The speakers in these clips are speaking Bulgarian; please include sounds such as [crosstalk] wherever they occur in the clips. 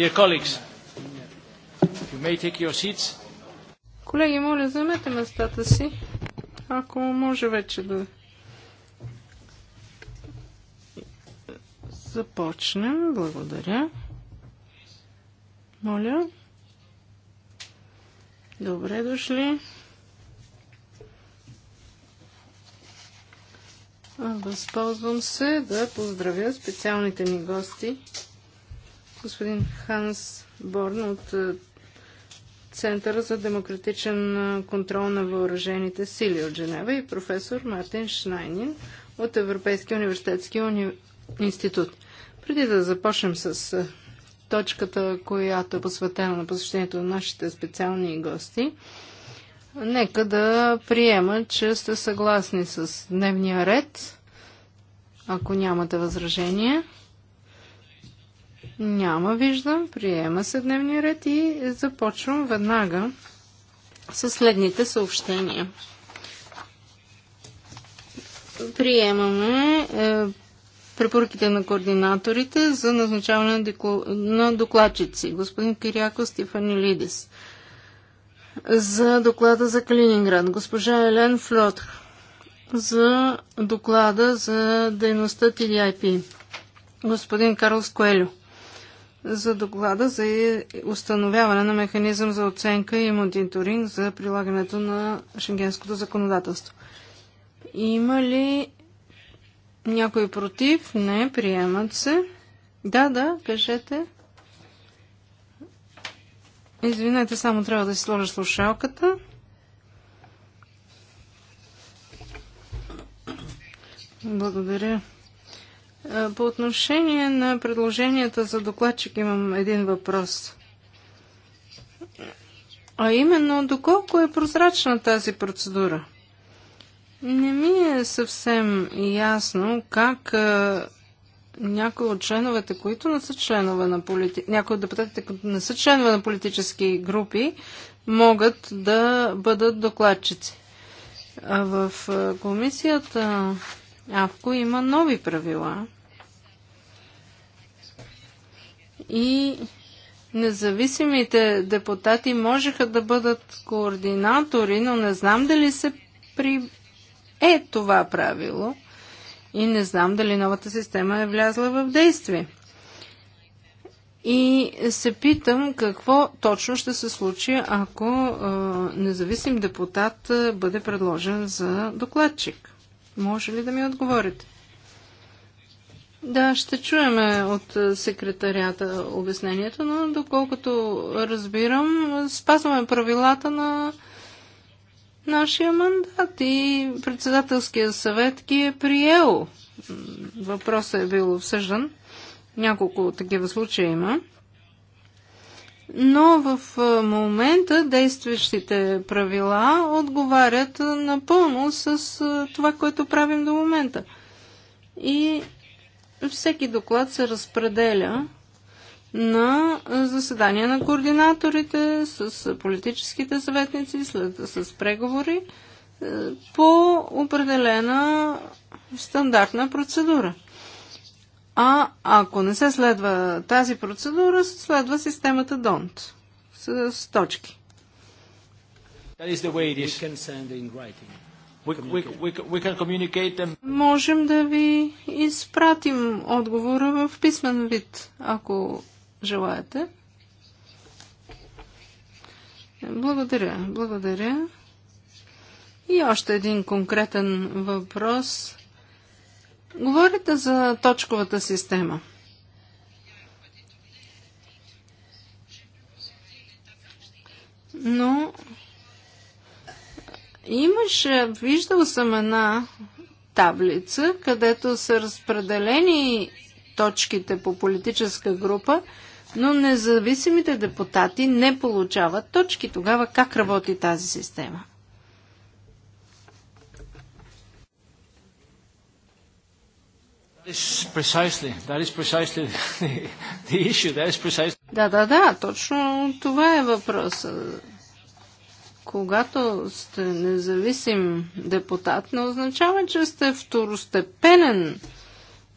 Dear colleagues, you may take your seats. Колеги, моля, вземете местата си. Ако може вече да започнем. Благодаря. Моля. Добре дошли. Възползвам се да поздравя специалните ми гости господин Ханс Борн от е, Центъра за демократичен е, контрол на въоръжените сили от Женева и професор Мартин Шнайнин от Европейския университетски уни... институт. Преди да започнем с е, точката, която е посветена на посещението на нашите специални гости, нека да приема, че сте съгласни с дневния ред, ако нямате възражения. Няма, виждам. Приема се дневния ред и започвам веднага с следните съобщения. Приемаме е, препоръките на координаторите за назначаване на, декло... на докладчици. Господин Киряко Стефани Лидис. За доклада за Калининград. Госпожа Елен Флот. За доклада за дейността TDIP. Господин Карлос Коелю за доклада за установяване на механизъм за оценка и мониторинг за прилагането на шенгенското законодателство. Има ли някой против? Не, приемат се. Да, да, кажете. Извинете, само трябва да си сложа слушалката. Благодаря. Е, по отношение на предложенията за докладчик имам един въпрос. А именно, доколко е прозрачна тази процедура? Не ми е съвсем ясно как е, някои от членовете, които не са членове на полити... някои от депутатите, които не са членове на политически групи, могат да бъдат докладчици. А в е, комисията Авко има нови правила. И независимите депутати можеха да бъдат координатори, но не знам дали се при... е това правило и не знам дали новата система е влязла в действие. И се питам какво точно ще се случи, ако е, независим депутат бъде предложен за докладчик. Може ли да ми отговорите? Да, ще чуеме от е, секретарята обяснението, но доколкото разбирам, спазваме правилата на нашия мандат и председателския съвет ги е приел. Въпросът е бил обсъждан. Няколко такива случая има но в момента действащите правила отговарят напълно с това, което правим до момента. И всеки доклад се разпределя на заседания на координаторите, с политическите съветници, след, с преговори по определена стандартна процедура. А ако не се следва тази процедура, следва системата ДОНТ с, с точки. Можем да ви изпратим отговора в писмен вид, ако желаете. Благодаря, благодаря. И още един конкретен въпрос Говорите за точковата система. Но имаше, виждал съм една таблица, където са разпределени точките по политическа група, но независимите депутати не получават точки. Тогава как работи тази система? Precisely... Да, да, да, точно това е въпросът. Когато сте независим депутат, не означава, че сте второстепенен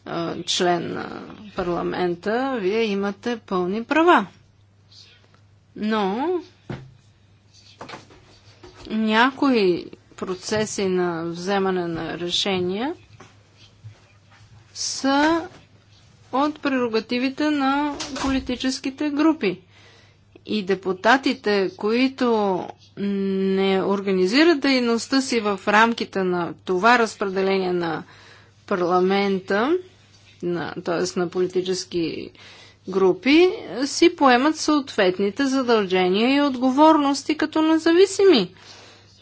а, член на парламента. Вие имате пълни права. Но някои процеси на вземане на решения са от прерогативите на политическите групи. И депутатите, които не организират дейността си в рамките на това разпределение на парламента, т.е. на политически групи, си поемат съответните задължения и отговорности като независими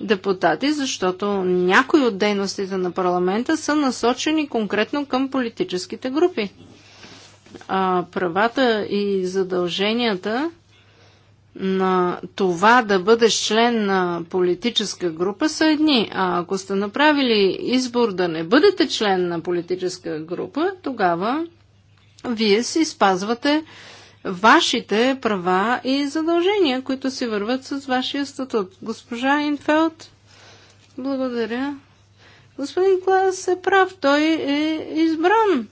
депутати, защото някои от дейностите на парламента са насочени конкретно към политическите групи. А правата и задълженията на това да бъдеш член на политическа група са едни. А ако сте направили избор да не бъдете член на политическа група, тогава вие си спазвате вашите права и задължения, които си върват с вашия статут. Госпожа Инфелд, благодаря. Господин Клас е прав, той е избран.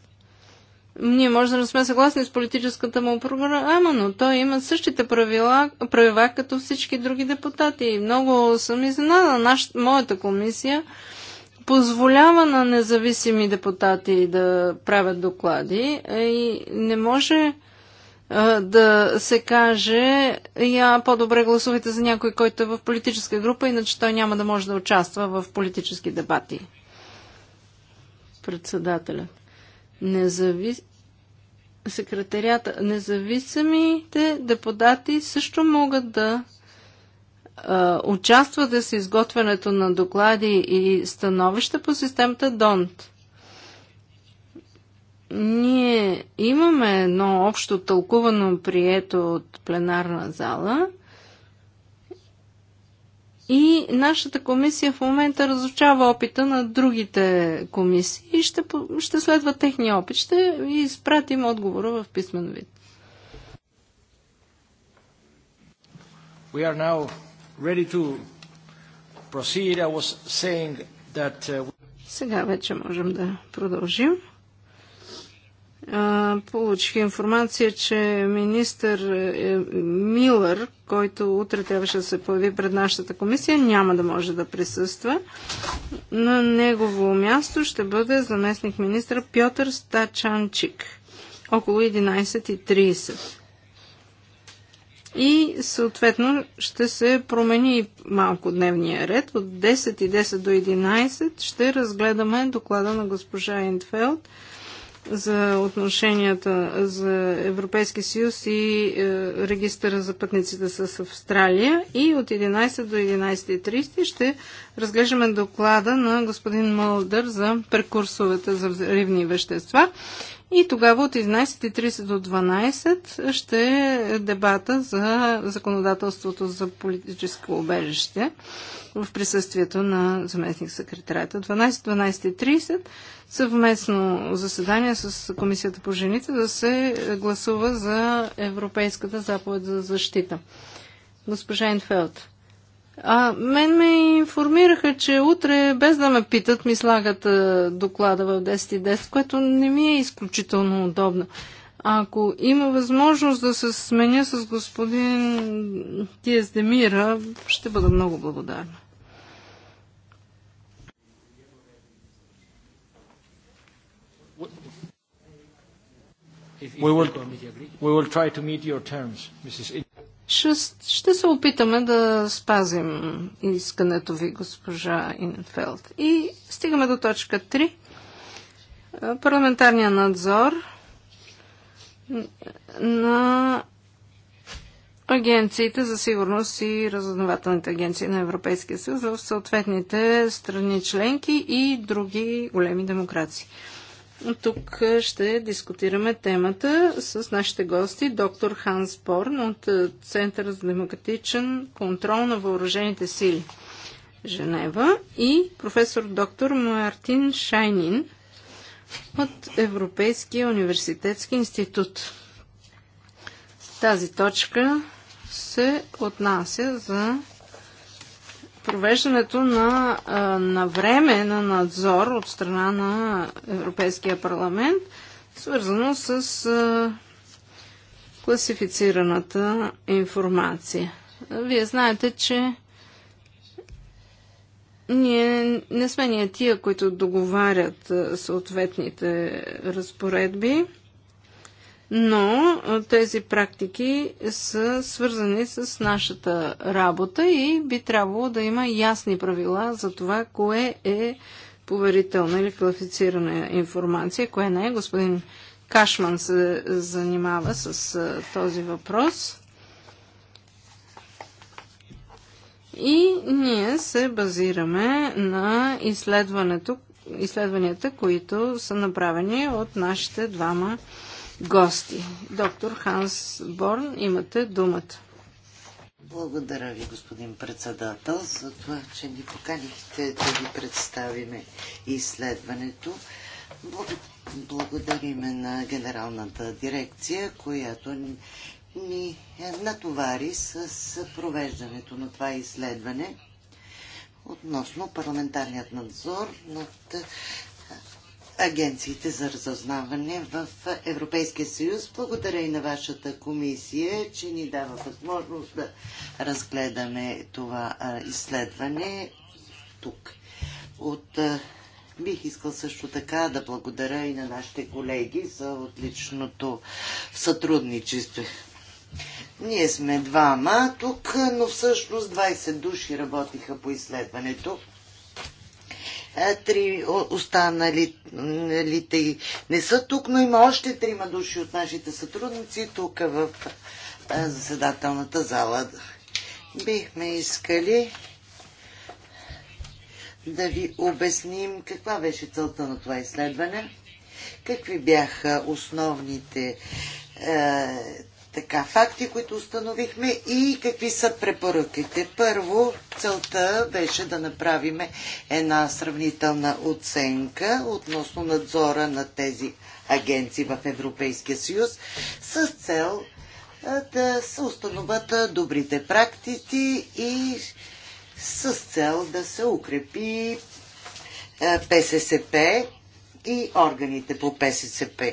Ние може да не сме съгласни с политическата му програма, но той има същите правила, правила като всички други депутати. Много съм изненада. Наш, моята комисия позволява на независими депутати да правят доклади е, и не може да се каже, я по-добре гласувайте за някой, който е в политическа група, иначе той няма да може да участва в политически дебати. Председателят. Независ... Секретарията. Независимите депутати също могат да а, участват с изготвянето на доклади и становища по системата ДОНТ ние имаме едно общо тълкувано прието от пленарна зала и нашата комисия в момента разучава опита на другите комисии и ще, ще следва техния опит. Ще изпратим отговора в писмен вид. We are now ready to proceed. I was saying that... Uh, Сега вече можем да продължим. Получих информация, че министър е, Милър, който утре трябваше да се появи пред нашата комисия, няма да може да присъства. На негово място ще бъде заместник министър Пьотър Стачанчик около 11.30. И съответно ще се промени малко дневния ред. От 10.10 .10 до 11 ще разгледаме доклада на госпожа Ентфелд – за отношенията за Европейски съюз и е, регистъра за пътниците с Австралия. И от 11 до 11.30 ще разглеждаме доклада на господин Мълдър за прекурсовете за взривни вещества. И тогава от 11.30 до 12 ще е дебата за законодателството за политическо убежище в присъствието на заместник секретарята. 12.12.30 съвместно заседание с Комисията по жените да се гласува за Европейската заповед за защита. Госпожа Енфелд. А, мен ме информираха, че утре, без да ме питат, ми слагат а, доклада в 10.10, .10, което не ми е изключително удобно. Ако има възможност да се сменя с господин Тиес Демира, ще бъда много благодарна. We will, we will try to meet your terms, Mrs. Ще, ще се опитаме да спазим искането ви, госпожа Инфелд. И стигаме до точка 3. Парламентарния надзор на агенциите за сигурност и разузнавателните агенции на Европейския съюз в съответните страни членки и други големи демокрации. Тук ще дискутираме темата с нашите гости, доктор Ханс Порн от е, Център за демократичен контрол на въоръжените сили Женева и професор доктор Мартин Шайнин от Европейския университетски институт. Тази точка се отнася за провеждането на, на време на надзор от страна на Европейския парламент, свързано с класифицираната информация. Вие знаете, че ние не сме ние тия, които договарят съответните разпоредби но тези практики са свързани с нашата работа и би трябвало да има ясни правила за това, кое е поверителна или квалифицирана информация, кое не е. Господин Кашман се занимава с този въпрос. И ние се базираме на изследването, изследванията, които са направени от нашите двама гости. Доктор Ханс Борн, имате думата. Благодаря ви, господин председател, за това, че ни поканихте да ви представиме изследването. Благодариме на генералната дирекция, която ни е натовари с провеждането на това изследване относно парламентарният надзор над агенциите за разузнаване в Европейския съюз. Благодаря и на вашата комисия, че ни дава възможност да разгледаме това изследване тук. От, бих искал също така да благодаря и на нашите колеги за отличното сътрудничество. Ние сме двама тук, но всъщност 20 души работиха по изследването. Е, три останалите не са тук, но има още трима души от нашите сътрудници тук в е, заседателната зала. Бихме искали да ви обясним каква беше целта на това изследване, какви бяха основните е, така, факти, които установихме и какви са препоръките. Първо, целта беше да направим една сравнителна оценка относно надзора на тези агенции в Европейския съюз с цел да се установят добрите практики и с цел да се укрепи ПССП и органите по ПССП.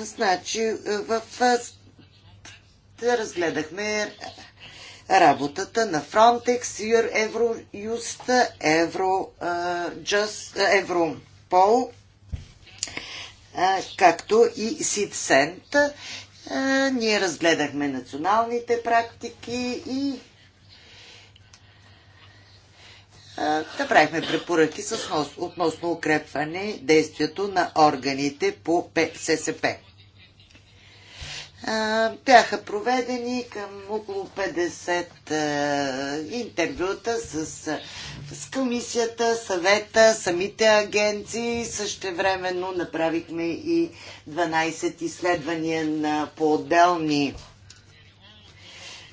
значи, в, разгледахме работата на Frontex, Евроюст, Евроджъст, Европол, както и СИДСЕНТ. Ние разгледахме националните практики и да правихме препоръки относно укрепване действието на органите по ССП. Бяха проведени към около 50 интервюта с, с комисията, съвета, самите агенции. Същевременно направихме и 12 изследвания на по-отделни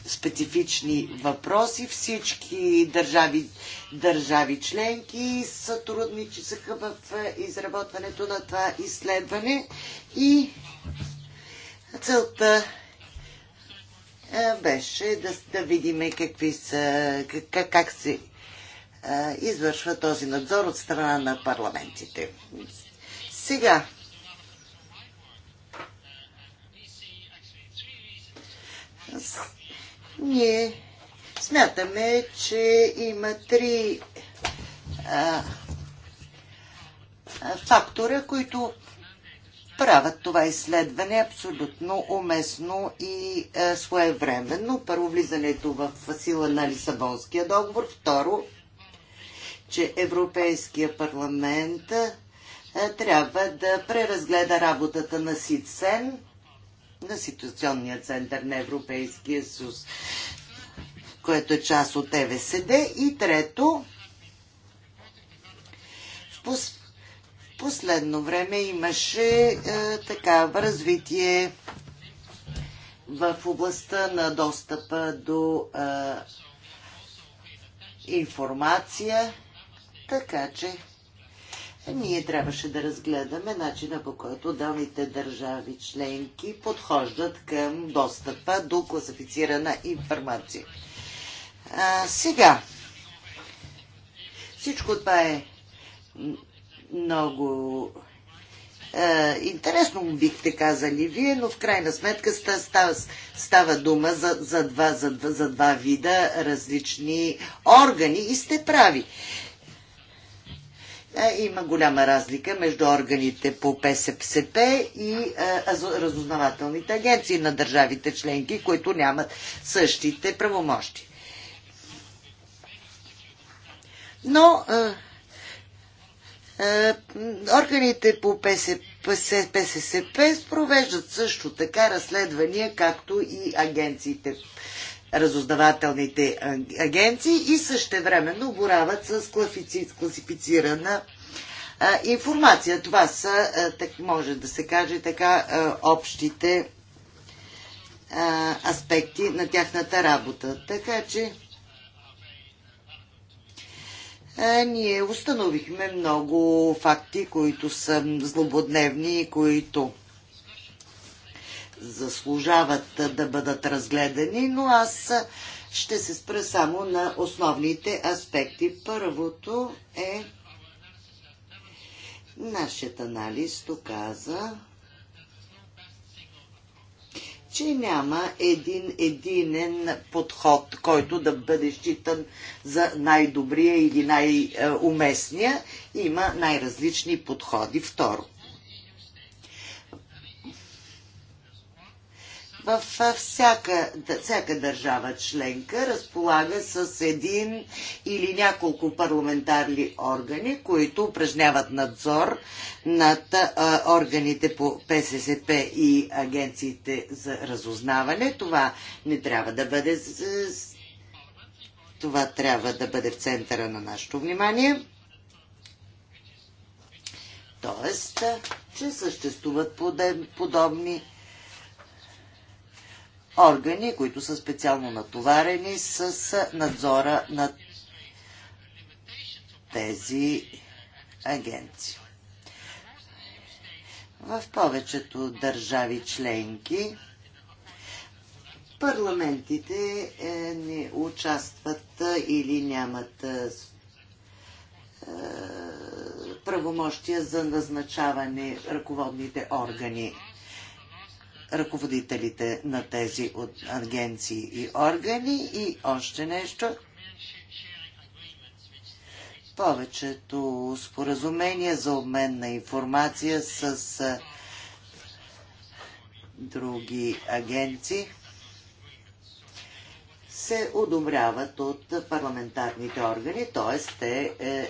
специфични въпроси. Всички държави, държави членки сътрудничаха в е, изработването на това изследване и целта е, беше да, да видим какви са, как, как се а, е, извършва този надзор от страна на парламентите. Сега, ние смятаме, че има три а, фактора, които правят това изследване абсолютно уместно и а, своевременно. Първо, влизането в сила на Лисабонския договор. Второ, че Европейския парламент а, трябва да преразгледа работата на СИДСЕН на Ситуационния център на Европейския съюз, което е част от ЕВСД. И трето, в пос... последно време имаше е, такава развитие в областта на достъпа до е, информация, така че ние трябваше да разгледаме начина по който отделните държави членки подхождат към достъпа до класифицирана информация. А, сега, всичко това е много а, е, интересно, бихте казали вие, но в крайна сметка става, става дума за, за, два, за, за два вида различни органи и сте прави. Е, има голяма разлика между органите по ПСПСП и е, разузнавателните агенции на държавите членки, които нямат същите правомощи. Но е, органите по ПСП ПССП провеждат също така разследвания, както и агенциите разузнавателните агенции и същевременно борават с класифицирана информация. Това са, так може да се каже така, общите аспекти на тяхната работа. Така че ние установихме много факти, които са злободневни и които заслужават да бъдат разгледани, но аз ще се спра само на основните аспекти. Първото е нашият анализ доказа, че няма един единен подход, който да бъде считан за най-добрия или най-уместния. Има най-различни подходи. Второ, във всяка, всяка държава членка разполага с един или няколко парламентарни органи, които упражняват надзор над а, органите по ПССП и агенциите за разузнаване. Това не трябва да бъде. Това трябва да бъде в центъра на нашето внимание. Тоест, че съществуват подобни органи, които са специално натоварени с надзора на тези агенции. В повечето държави членки парламентите е, не участват е, или нямат е, правомощия за назначаване ръководните органи ръководителите на тези от агенции и органи. И още нещо. Повечето споразумения за обмен на информация с други агенции се одобряват от парламентарните органи, т.е. те е,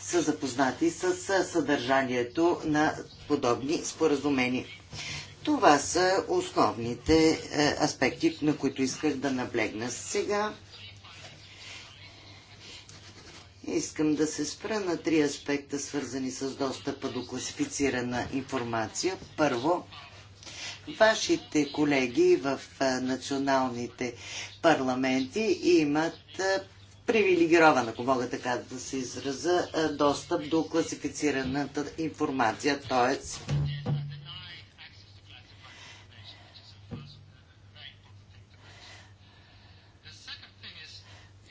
са запознати с съдържанието на подобни споразумения. Това са основните е, аспекти, на които исках да наблегна сега. Искам да се спра на три аспекта, свързани с достъпа до класифицирана информация. Първо, вашите колеги в е, националните парламенти имат е, привилегирован, ако мога така да се израза, достъп до класифицираната информация, т.е.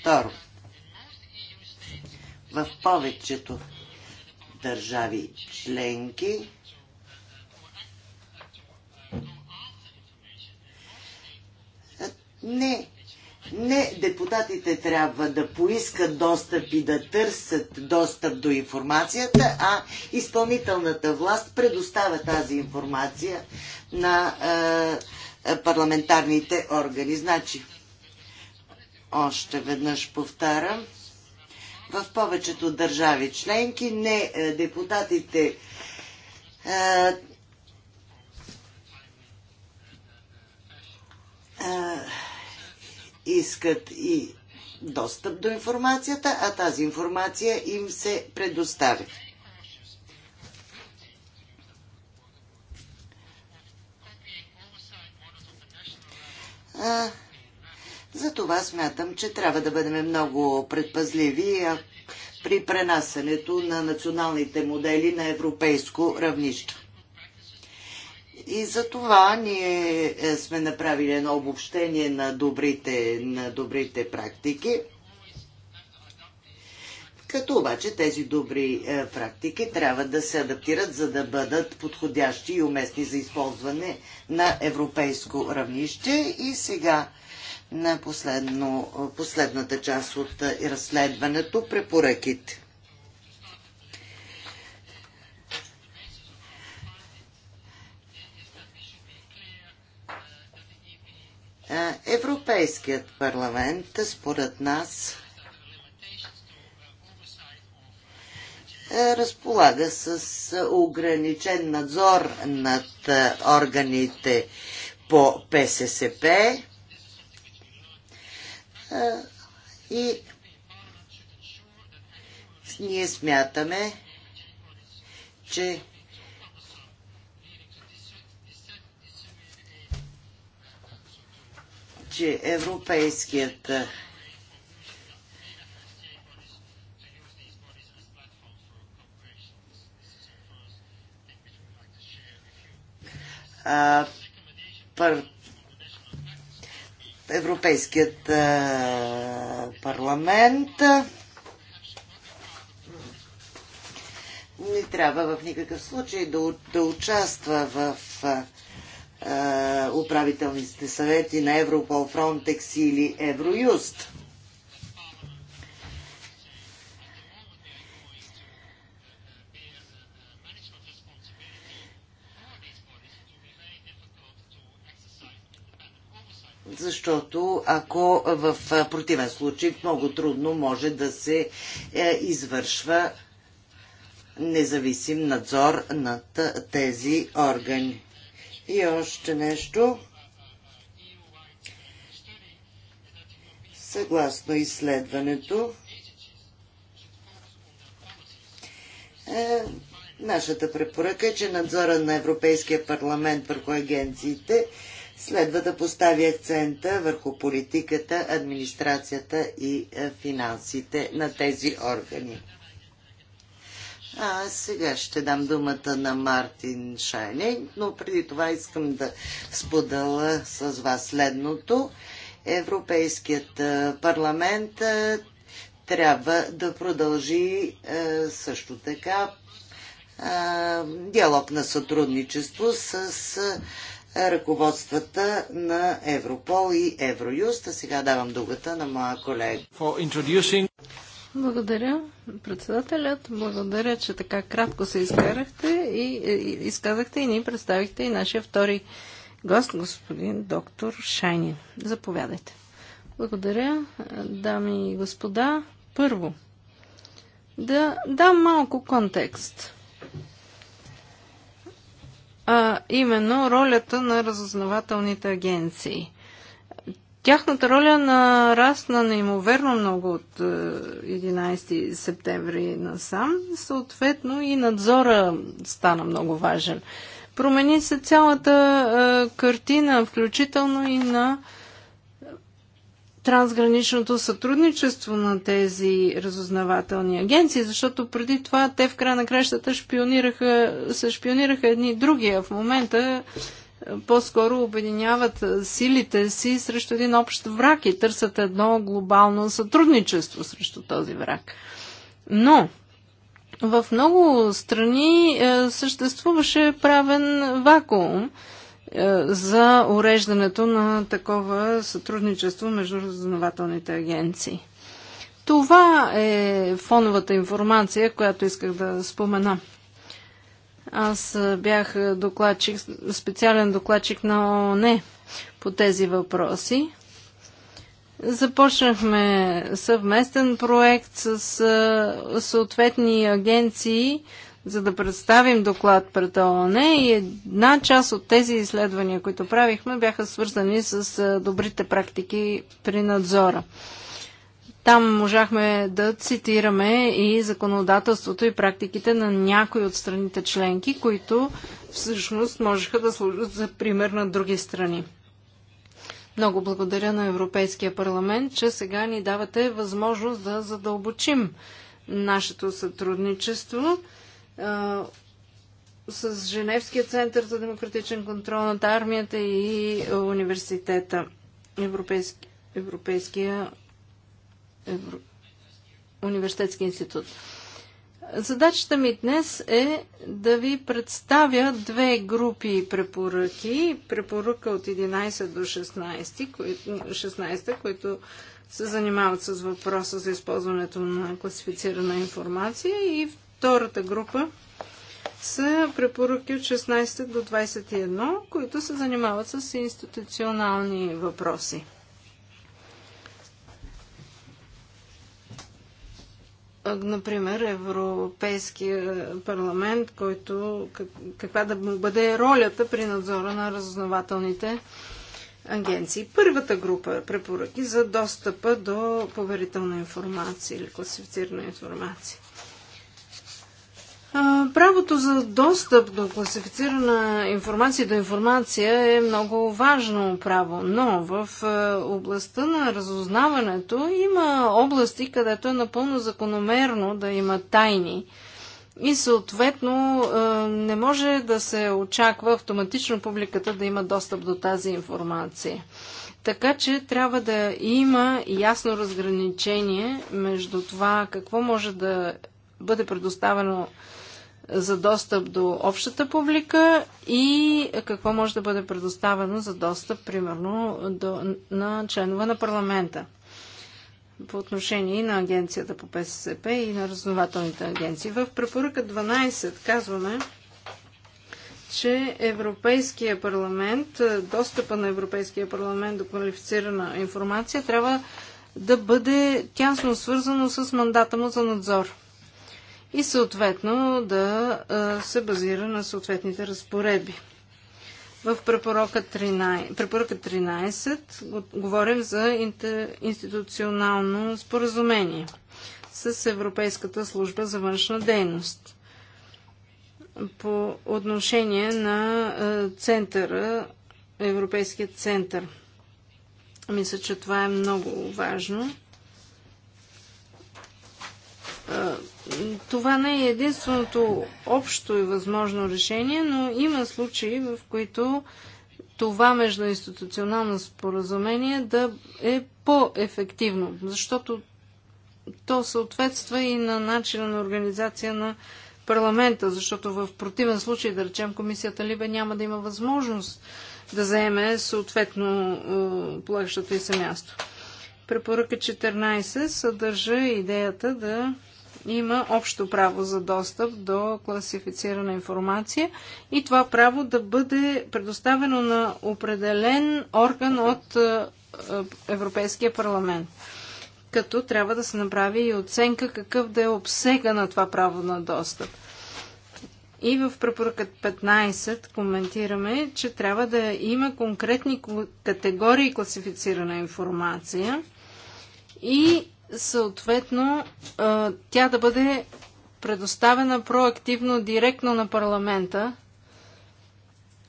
Второ, в повечето държави членки не не депутатите трябва да поискат достъп и да търсят достъп до информацията, а изпълнителната власт предоставя тази информация на е, е парламентарните органи. Значи, още веднъж повтарям, в повечето държави членки не е, депутатите а, е, а, е, искат и достъп до информацията, а тази информация им се предоставя. А, затова смятам, че трябва да бъдем много предпазливи при пренасенето на националните модели на европейско равнище. И за това ние е, сме направили едно обобщение на добрите, на добрите практики. Като обаче тези добри е, практики трябва да се адаптират, за да бъдат подходящи и уместни за използване на европейско равнище. И сега на последно, последната част от разследването, препоръките. Европейският парламент, според нас, е, разполага с ограничен надзор над органите по ПССП, и ние смятаме, че че Европейският пар, Европейският парламент не трябва в никакъв случай да, да участва в управителните съвети на Европол, Фронтекс или Евроюст. защото ако в противен случай много трудно може да се е, извършва независим надзор над тези органи. И още нещо. Съгласно изследването, е, нашата препоръка е, че надзора на Европейския парламент върху агенциите Следва да постави акцента върху политиката, администрацията и е, финансите на тези органи. А сега ще дам думата на Мартин Шайне, но преди това искам да споделя с вас следното. Европейският е, парламент е, трябва да продължи също така диалог на сътрудничество с ръководствата на Европол и Евроюст. А сега давам думата на моя колега. Introducing... Благодаря, председателят. Благодаря, че така кратко се изкарахте и, и изказахте и ни представихте и нашия втори гост, господин доктор Шайнин. Заповядайте. Благодаря, дами и господа. Първо, да дам малко контекст – а именно ролята на разузнавателните агенции. Тяхната роля нарасна неимоверно много от 11 е, септември насам. Съответно и надзора стана много важен. Промени се цялата е, картина, включително и на трансграничното сътрудничество на тези разузнавателни агенции, защото преди това те в края на кращата шпионираха, се шпионираха едни други, а в момента е, по-скоро обединяват е, силите си срещу един общ враг и търсят едно глобално сътрудничество срещу този враг. Но в много страни е, съществуваше правен вакуум, е, за уреждането на такова сътрудничество между разузнавателните агенции. Това е фоновата информация, която исках да спомена. Аз бях докладчик, специален докладчик на ООН по тези въпроси. Започнахме съвместен проект с е, съответни агенции, за да представим доклад пред ООН и една част от тези изследвания, които правихме, бяха свързани с добрите практики при надзора. Там можахме да цитираме и законодателството и практиките на някои от страните членки, които всъщност можеха да служат за пример на други страни. Много благодаря на Европейския парламент, че сега ни давате възможност да задълбочим нашето сътрудничество с Женевския център за демократичен контрол над армията и университета Европейски, Европейския Евро, университетски институт. Задачата ми днес е да ви представя две групи препоръки. Препоръка от 11 до 16, 16 които се занимават с въпроса за използването на класифицирана информация и Втората група са препоръки от 16 до 21, които се занимават с институционални въпроси. Например, Европейския парламент, който каква да бъде ролята при надзора на разузнавателните агенции. Първата група препоръки за достъпа до поверителна информация или класифицирана информация. Правото за достъп до класифицирана информация и до информация е много важно право, но в е, областта на разузнаването има области, където е напълно закономерно да има тайни. И съответно е, не може да се очаква автоматично публиката да има достъп до тази информация. Така че трябва да има ясно разграничение между това какво може да бъде предоставено за достъп до общата публика и какво може да бъде предоставено за достъп, примерно, до, на членове на парламента по отношение и на агенцията по ПССП и на разнователните агенции. В препоръка 12 казваме, че Европейския парламент, достъпа на Европейския парламент до квалифицирана информация трябва да бъде тясно свързано с мандата му за надзор и съответно да се базира на съответните разпоредби. В препоръка 13, говорим за институционално споразумение с Европейската служба за външна дейност по отношение на центъра, Европейският център. Мисля, че това е много важно това не е единственото общо и възможно решение, но има случаи, в които това междуинституционално споразумение да е по-ефективно, защото то съответства и на начина на организация на парламента, защото в противен случай, да речем, комисията Либе няма да има възможност да заеме съответно е, полагащото и се място. Препоръка 14 съдържа идеята да има общо право за достъп до класифицирана информация и това право да бъде предоставено на определен орган от е, е, Европейския парламент. Като трябва да се направи и оценка какъв да е обсега на това право на достъп. И в препоръкът 15 коментираме, че трябва да има конкретни категории класифицирана информация и съответно тя да бъде предоставена проактивно директно на парламента,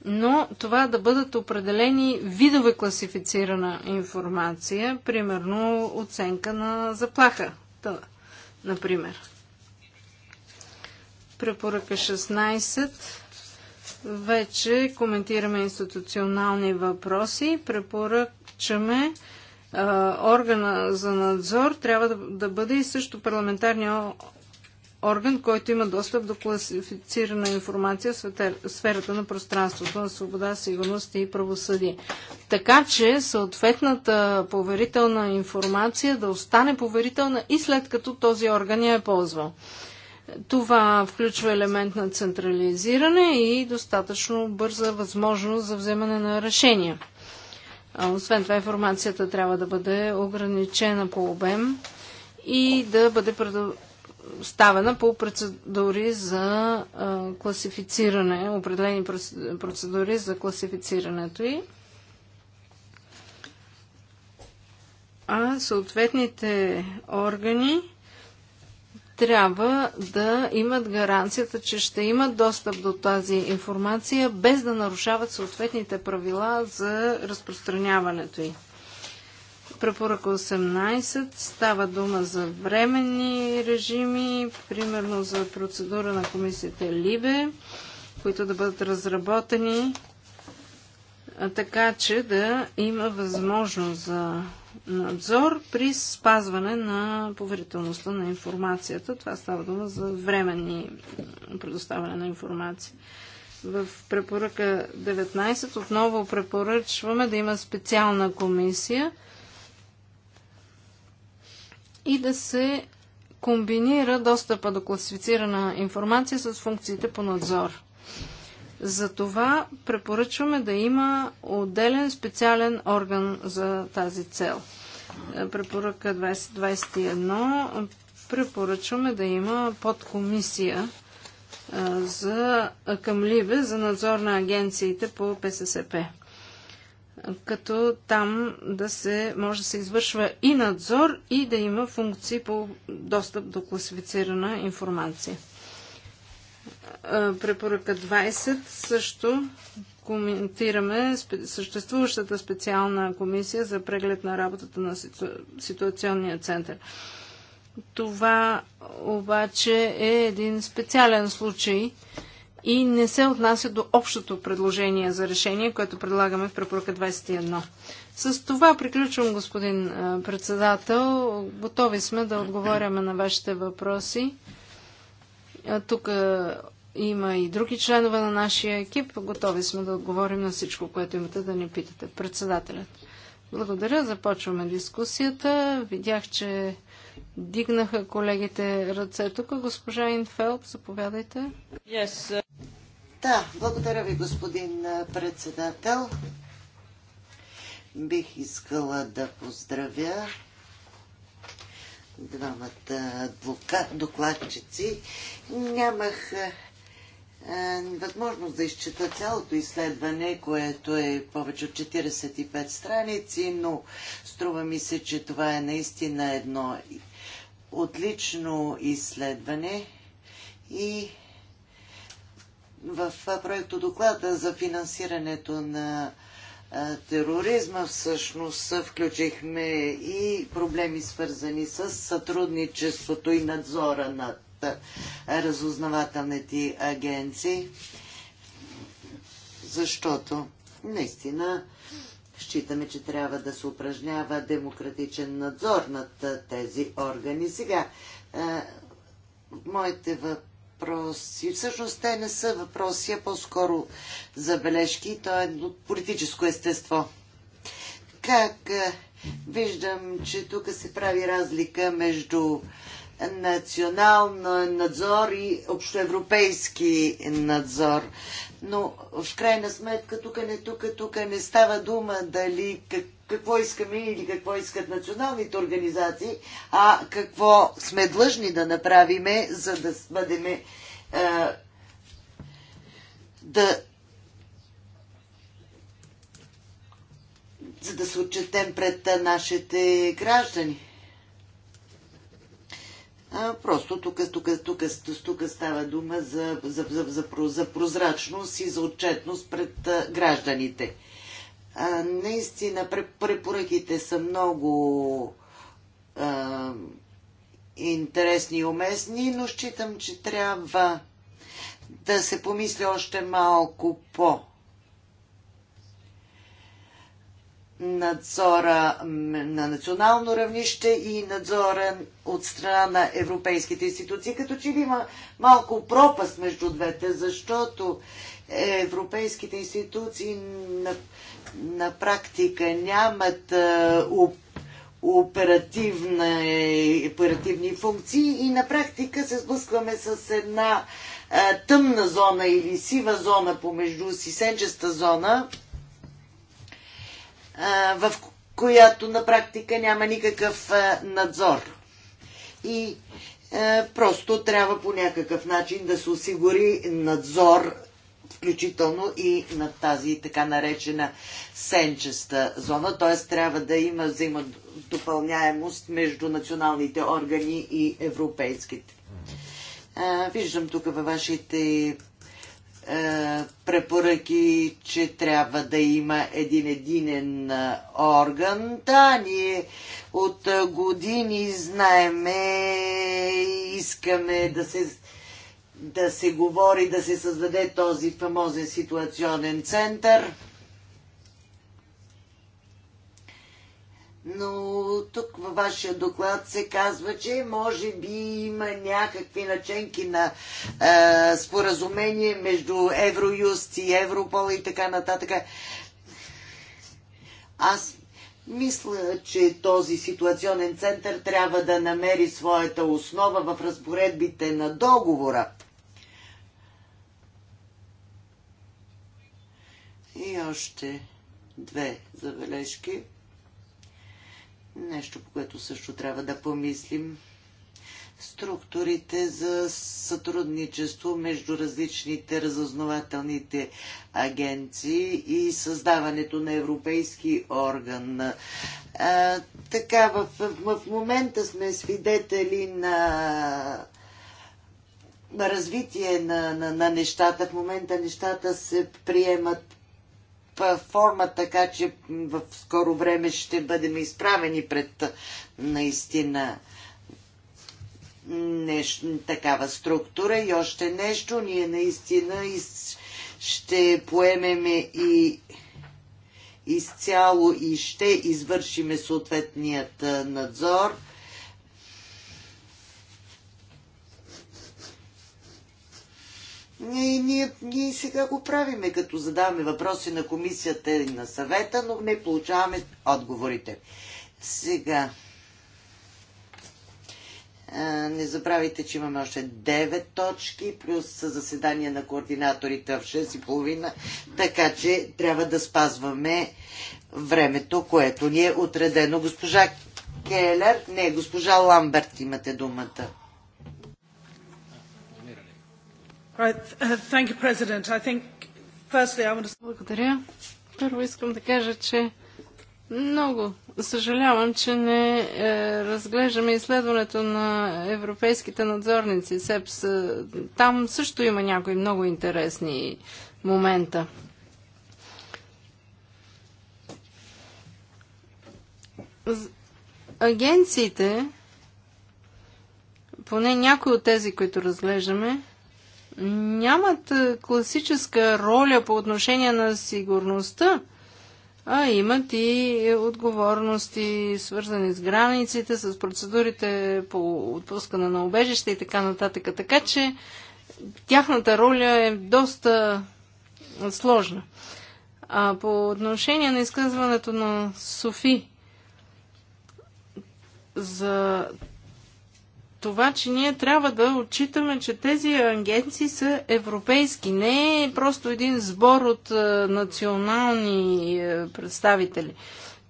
но това да бъдат определени видове класифицирана информация, примерно оценка на заплаха, например. Препоръка 16. Вече коментираме институционални въпроси. Препоръчаме органа за надзор трябва да, да бъде и също парламентарния орган, който има достъп до класифицирана информация в сферата на пространството на свобода, сигурност и правосъдие. Така че съответната поверителна информация да остане поверителна и след като този орган я е ползвал. Това включва елемент на централизиране и достатъчно бърза възможност за вземане на решения. Освен това, информацията трябва да бъде ограничена по обем и да бъде предоставена по процедури за класифициране, определени процедури за класифицирането й. А съответните органи трябва да имат гаранцията, че ще имат достъп до тази информация, без да нарушават съответните правила за разпространяването й. Препоръка 18 става дума за временни режими, примерно за процедура на комисията Либе, които да бъдат разработени така, че да има възможност за надзор при спазване на поверителността на информацията. Това става дума за временни предоставяне на информация. В препоръка 19 отново препоръчваме да има специална комисия и да се комбинира достъпа до класифицирана информация с функциите по надзор. Затова препоръчваме да има отделен специален орган за тази цел препоръка 2021 препоръчваме да има подкомисия за, към Либе за надзор на агенциите по ПССП. Като там да се, може да се извършва и надзор, и да има функции по достъп до класифицирана информация. Препоръка 20 също коментираме съществуващата специална комисия за преглед на работата на ситуационния център. Това обаче е един специален случай и не се отнася до общото предложение за решение, което предлагаме в препоръка 21. С това приключвам, господин председател. Готови сме да отговаряме на вашите въпроси. Тук има и други членове на нашия екип. Готови сме да отговорим на всичко, което имате да ни питате. Председателят. Благодаря. Започваме дискусията. Видях, че дигнаха колегите ръце. Тук госпожа Инфелд, заповядайте. Yes. Да, благодаря ви, господин председател. Бих искала да поздравя двамата докладчици. Нямах е, възможност да изчета цялото изследване, което е повече от 45 страници, но струва ми се, че това е наистина едно отлично изследване и в проекто доклада за финансирането на е, тероризма всъщност включихме и проблеми свързани с сътрудничеството и надзора над разузнавателните агенции, защото наистина Считаме, че трябва да се упражнява демократичен надзор над тези органи. Сега, моите въпроси, всъщност те не са въпроси, а по-скоро забележки, то е от политическо естество. Как виждам, че тук се прави разлика между национален надзор и общоевропейски надзор. Но в крайна сметка тук не, тук, тук не става дума дали как, какво искаме или какво искат националните организации, а какво сме длъжни да направиме, за да е, да за да се отчетем пред нашите граждани. Просто тук, тук, тук, тук става дума за, за, за, за, за прозрачност и за отчетност пред гражданите. наистина, препоръките са много а, интересни и уместни, но считам, че трябва да се помисли още малко по- надзора на национално равнище и надзора от страна на европейските институции. Като че ли има малко пропаст между двете, защото европейските институции на, на практика нямат оперативни, оперативни функции и на практика се сблъскваме с една тъмна зона или сива зона помежду си, сенчеста зона, в която на практика няма никакъв надзор. И просто трябва по някакъв начин да се осигури надзор, включително и на тази така наречена сенчеста зона, т.е. трябва да има взаимодопълняемост между националните органи и европейските. Виждам тук във вашите е, препоръки, че трябва да има един единен е, орган. Да, ние от е, години знаеме, искаме да се, да се говори, да се създаде този фамозен ситуационен център – но тук във вашия доклад се казва, че може би има някакви наченки на а, е, споразумение между Евроюст и Европол и така нататък. Аз мисля, че този ситуационен център трябва да намери своята основа в разпоредбите на договора. И още две забележки. Нещо, по което също трябва да помислим. Структурите за сътрудничество между различните разознавателните агенции и създаването на европейски орган. А, така, в, в, в момента сме свидетели на на развитие на, на, на нещата. В момента нещата се приемат форма, така че в скоро време ще бъдем изправени пред наистина нещо, такава структура и още нещо. Ние наистина из, ще поемеме и изцяло и ще извършиме съответният надзор Ние, ние, ние сега го правиме, като задаваме въпроси на комисията и на съвета, но не получаваме отговорите. Сега. Не забравяйте, че имаме още 9 точки, плюс заседание на координаторите в 6.30, така че трябва да спазваме времето, което ни е отредено. Госпожа Келер, не, госпожа Ламберт имате думата. Uh, Благодаря. Първо искам да кажа, че много съжалявам, че не е, разглеждаме изследването на европейските надзорници СЕПС. Е, там също има някои много интересни момента. Агенциите, поне някои от тези, които разглеждаме, нямат е, класическа роля по отношение на сигурността, а имат и е, отговорности, свързани с границите, с процедурите по отпускане на убежище и така нататък. Така че тяхната роля е доста сложна. А по отношение на изказването на Софи за това, че ние трябва да отчитаме, че тези агенции са европейски. Не е просто един сбор от е, национални е, представители.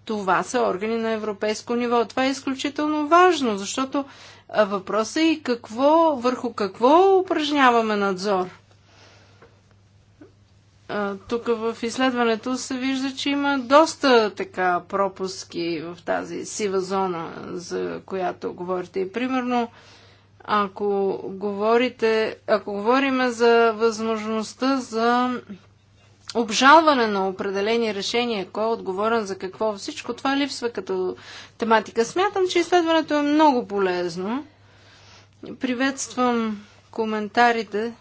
Това са органи на европейско ниво. Това е изключително важно, защото въпросът е и какво, върху какво упражняваме надзор тук в изследването се вижда, че има доста така пропуски в тази сива зона, за която говорите. И примерно, ако, говорите, ако говориме за възможността за обжалване на определени решения, кой е отговорен за какво, всичко това липсва като тематика. Смятам, че изследването е много полезно. Приветствам коментарите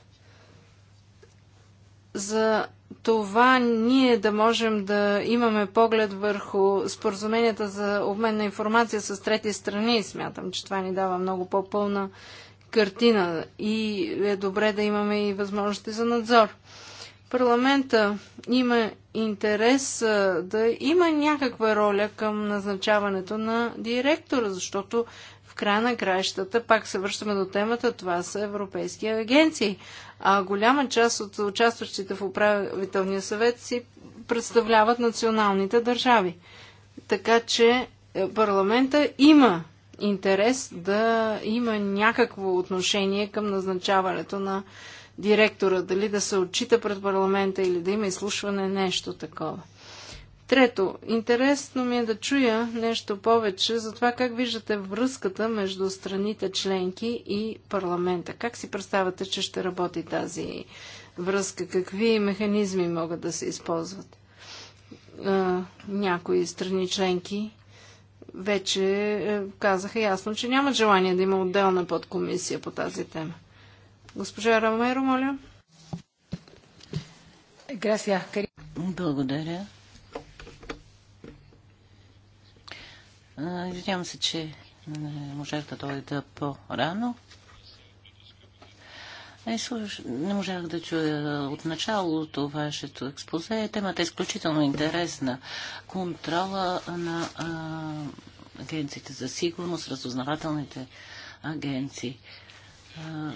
за това ние да можем да имаме поглед върху споразуменията за обмен на информация с трети страни. Смятам, че това ни дава много по-пълна картина и е добре да имаме и възможности за надзор. Парламента има интерес да има някаква роля към назначаването на директора, защото края на краищата, пак се връщаме до темата, това са европейски агенции. А голяма част от участващите в управителния съвет си представляват националните държави. Така че е, парламента има интерес да има някакво отношение към назначаването на директора, дали да се отчита пред парламента или да има изслушване, нещо такова. Трето, интересно ми е да чуя нещо повече за това как виждате връзката между страните членки и парламента. Как си представяте, че ще работи тази връзка? Какви механизми могат да се използват? някои страни членки вече е, казаха ясно, че нямат желание да има отделна подкомисия по тази тема. Госпожа Рамеро, моля. Благодаря. Извинявам се, че не можах да дойда по-рано. Е, не можах да чуя от началото вашето експозе. Темата е изключително интересна. Контрола на а, агенциите за сигурност, разузнавателните агенции. А,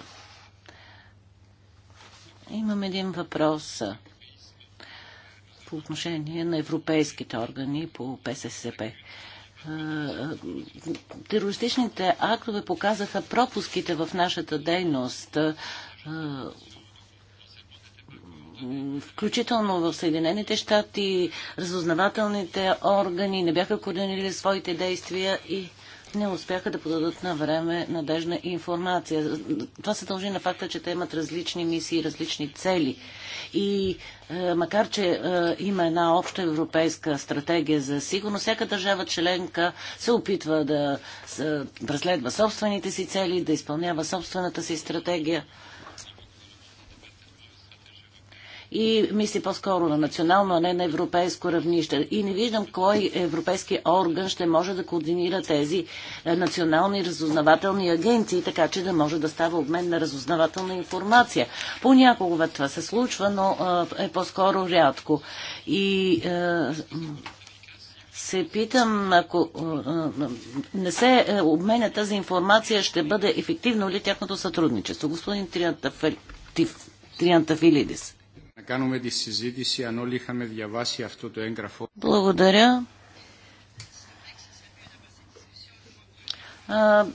имам един въпрос по отношение на европейските органи по ПССП терористичните актове показаха пропуските в нашата дейност, включително в Съединените щати, разузнавателните органи не бяха координирали своите действия и не успяха да подадат на време надежна информация. Това се дължи на факта, че те имат различни мисии, различни цели. И е, макар, че е, има една обща европейска стратегия за сигурност, всяка държава членка се опитва да разследва преследва собствените си цели, да изпълнява собствената си стратегия и мисли по-скоро на национално, а не на европейско равнище. И не виждам кой европейски орган ще може да координира тези е, национални разузнавателни агенции, така че да може да става обмен на разузнавателна информация. Понякога това се случва, но е, е по-скоро рядко. И е, се питам, ако не се обменя тази информация, ще бъде ефективно ли тяхното сътрудничество? Господин Триантафилидис. Благодаря.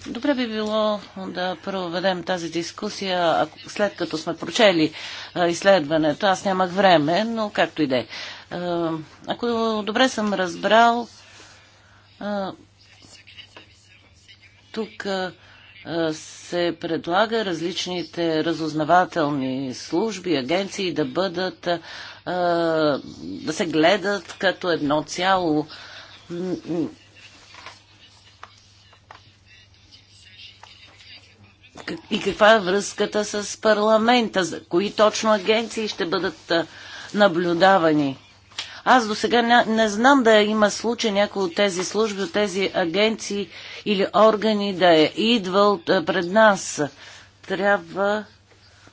Добре би било да проведем тази дискусия, след като сме прочели изследването. Аз нямах време, но както и да е. Ако добре съм разбрал, тук се предлага различните разузнавателни служби, агенции да бъдат, да се гледат като едно цяло. И каква е връзката с парламента? За Кои точно агенции ще бъдат наблюдавани? Аз до сега не, не знам да има случай някой от тези служби, от тези агенции или органи да е идвал пред нас. Трябва,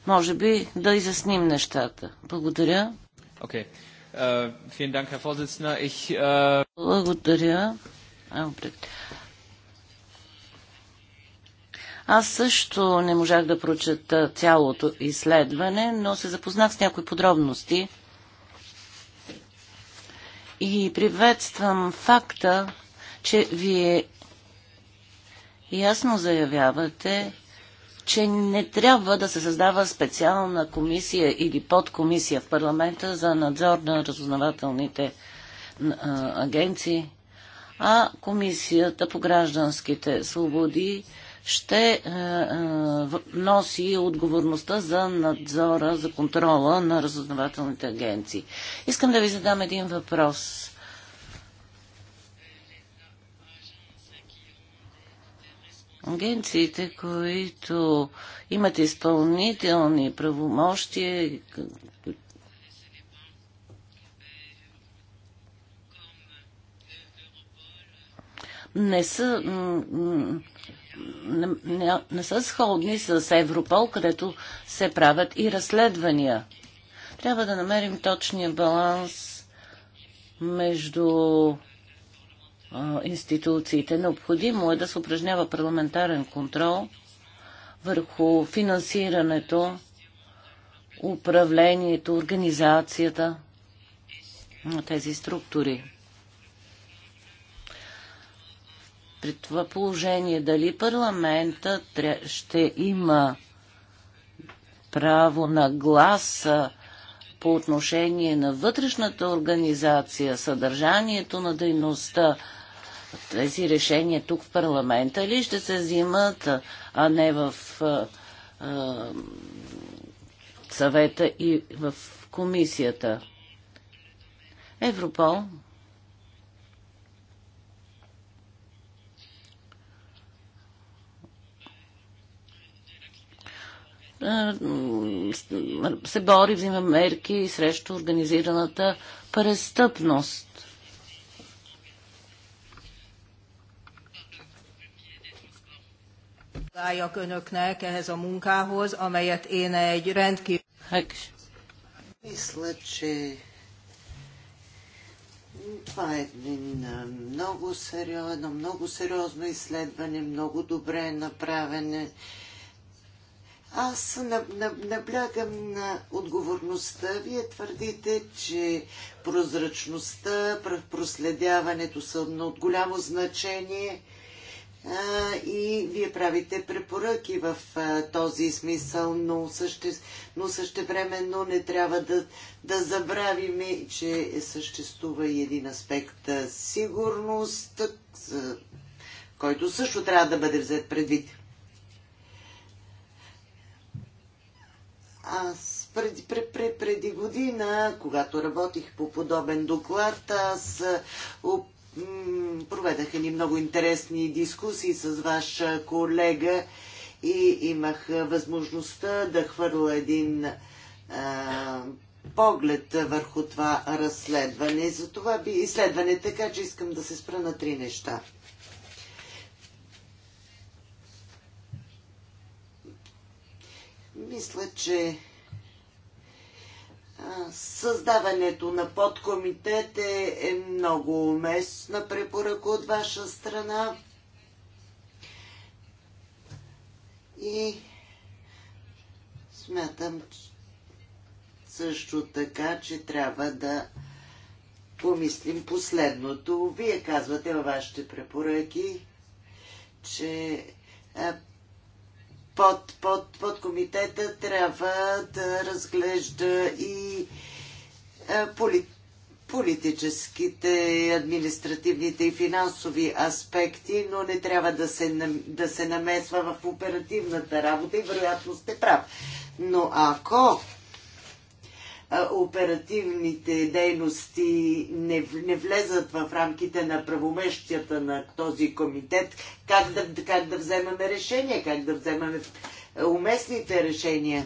може би, да изясним нещата. Благодаря. Okay. Uh, Dank, uh... Благодаря. Аз също не можах да прочета цялото изследване, но се запознах с някои подробности. И приветствам факта, че вие ясно заявявате, че не трябва да се създава специална комисия или подкомисия в парламента за надзор на разузнавателните агенции, а комисията по гражданските свободи ще е, е, носи отговорността за надзора, за контрола на разузнавателните агенции. Искам да ви задам един въпрос. агенциите, които имат изпълнителни правомощия, не са не, не, не са сходни с Европол, където се правят и разследвания. Трябва да намерим точния баланс между а, институциите. Необходимо е да се упражнява парламентарен контрол върху финансирането, управлението, организацията на тези структури. при това положение дали парламента ще има право на гласа по отношение на вътрешната организация, съдържанието на дейността, тези решения тук в парламента ли ще се взимат, а не в а, а, съвета и в комисията. Европол Е, се бори, взима мерки срещу организираната престъпност. Gratulálok önöknek ehhez a munkához, amelyet én egy rendkívül... Мисля, че това е много сериозно, много сериозно изследване, много добре направене аз наблягам на отговорността. Вие твърдите, че прозрачността, проследяването са от голямо значение и вие правите препоръки в този смисъл, но, съще, но същевременно не трябва да, да забравиме, че съществува и един аспект сигурност, който също трябва да бъде взет предвид. Аз преди, пред, пред, преди година, когато работих по подобен доклад, аз проведах ни много интересни дискусии с ваш колега и имах възможността да хвърля един а, поглед върху това разследване. За това би изследване, така че искам да се спра на три неща. Мисля, че създаването на подкомитет е, е много уместна препоръка от ваша страна. И смятам също така, че трябва да помислим последното. Вие казвате във вашите препоръки, че под, под, под комитета трябва да разглежда и е, поли, политическите, административните и финансови аспекти, но не трябва да се, да се намесва в оперативната работа и вероятно сте прав. Но ако оперативните дейности не, не влезат в рамките на правомещията на този комитет, как да, как да вземаме решения, как да вземаме уместните решения.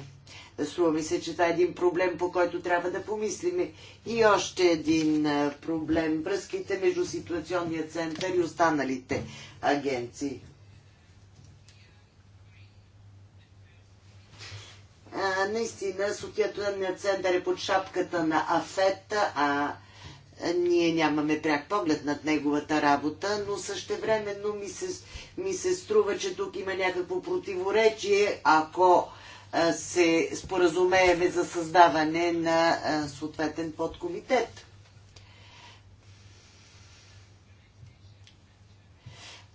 Струва ми се, че това е един проблем, по който трябва да помислим. И още един проблем – връзките между ситуационния център и останалите агенции. Наистина, наистина, е социалният център е под шапката на Афет, а ние нямаме пряк поглед над неговата работа, но същевременно ми се, ми се струва, че тук има някакво противоречие, ако се споразумееме за създаване на съответен подкомитет.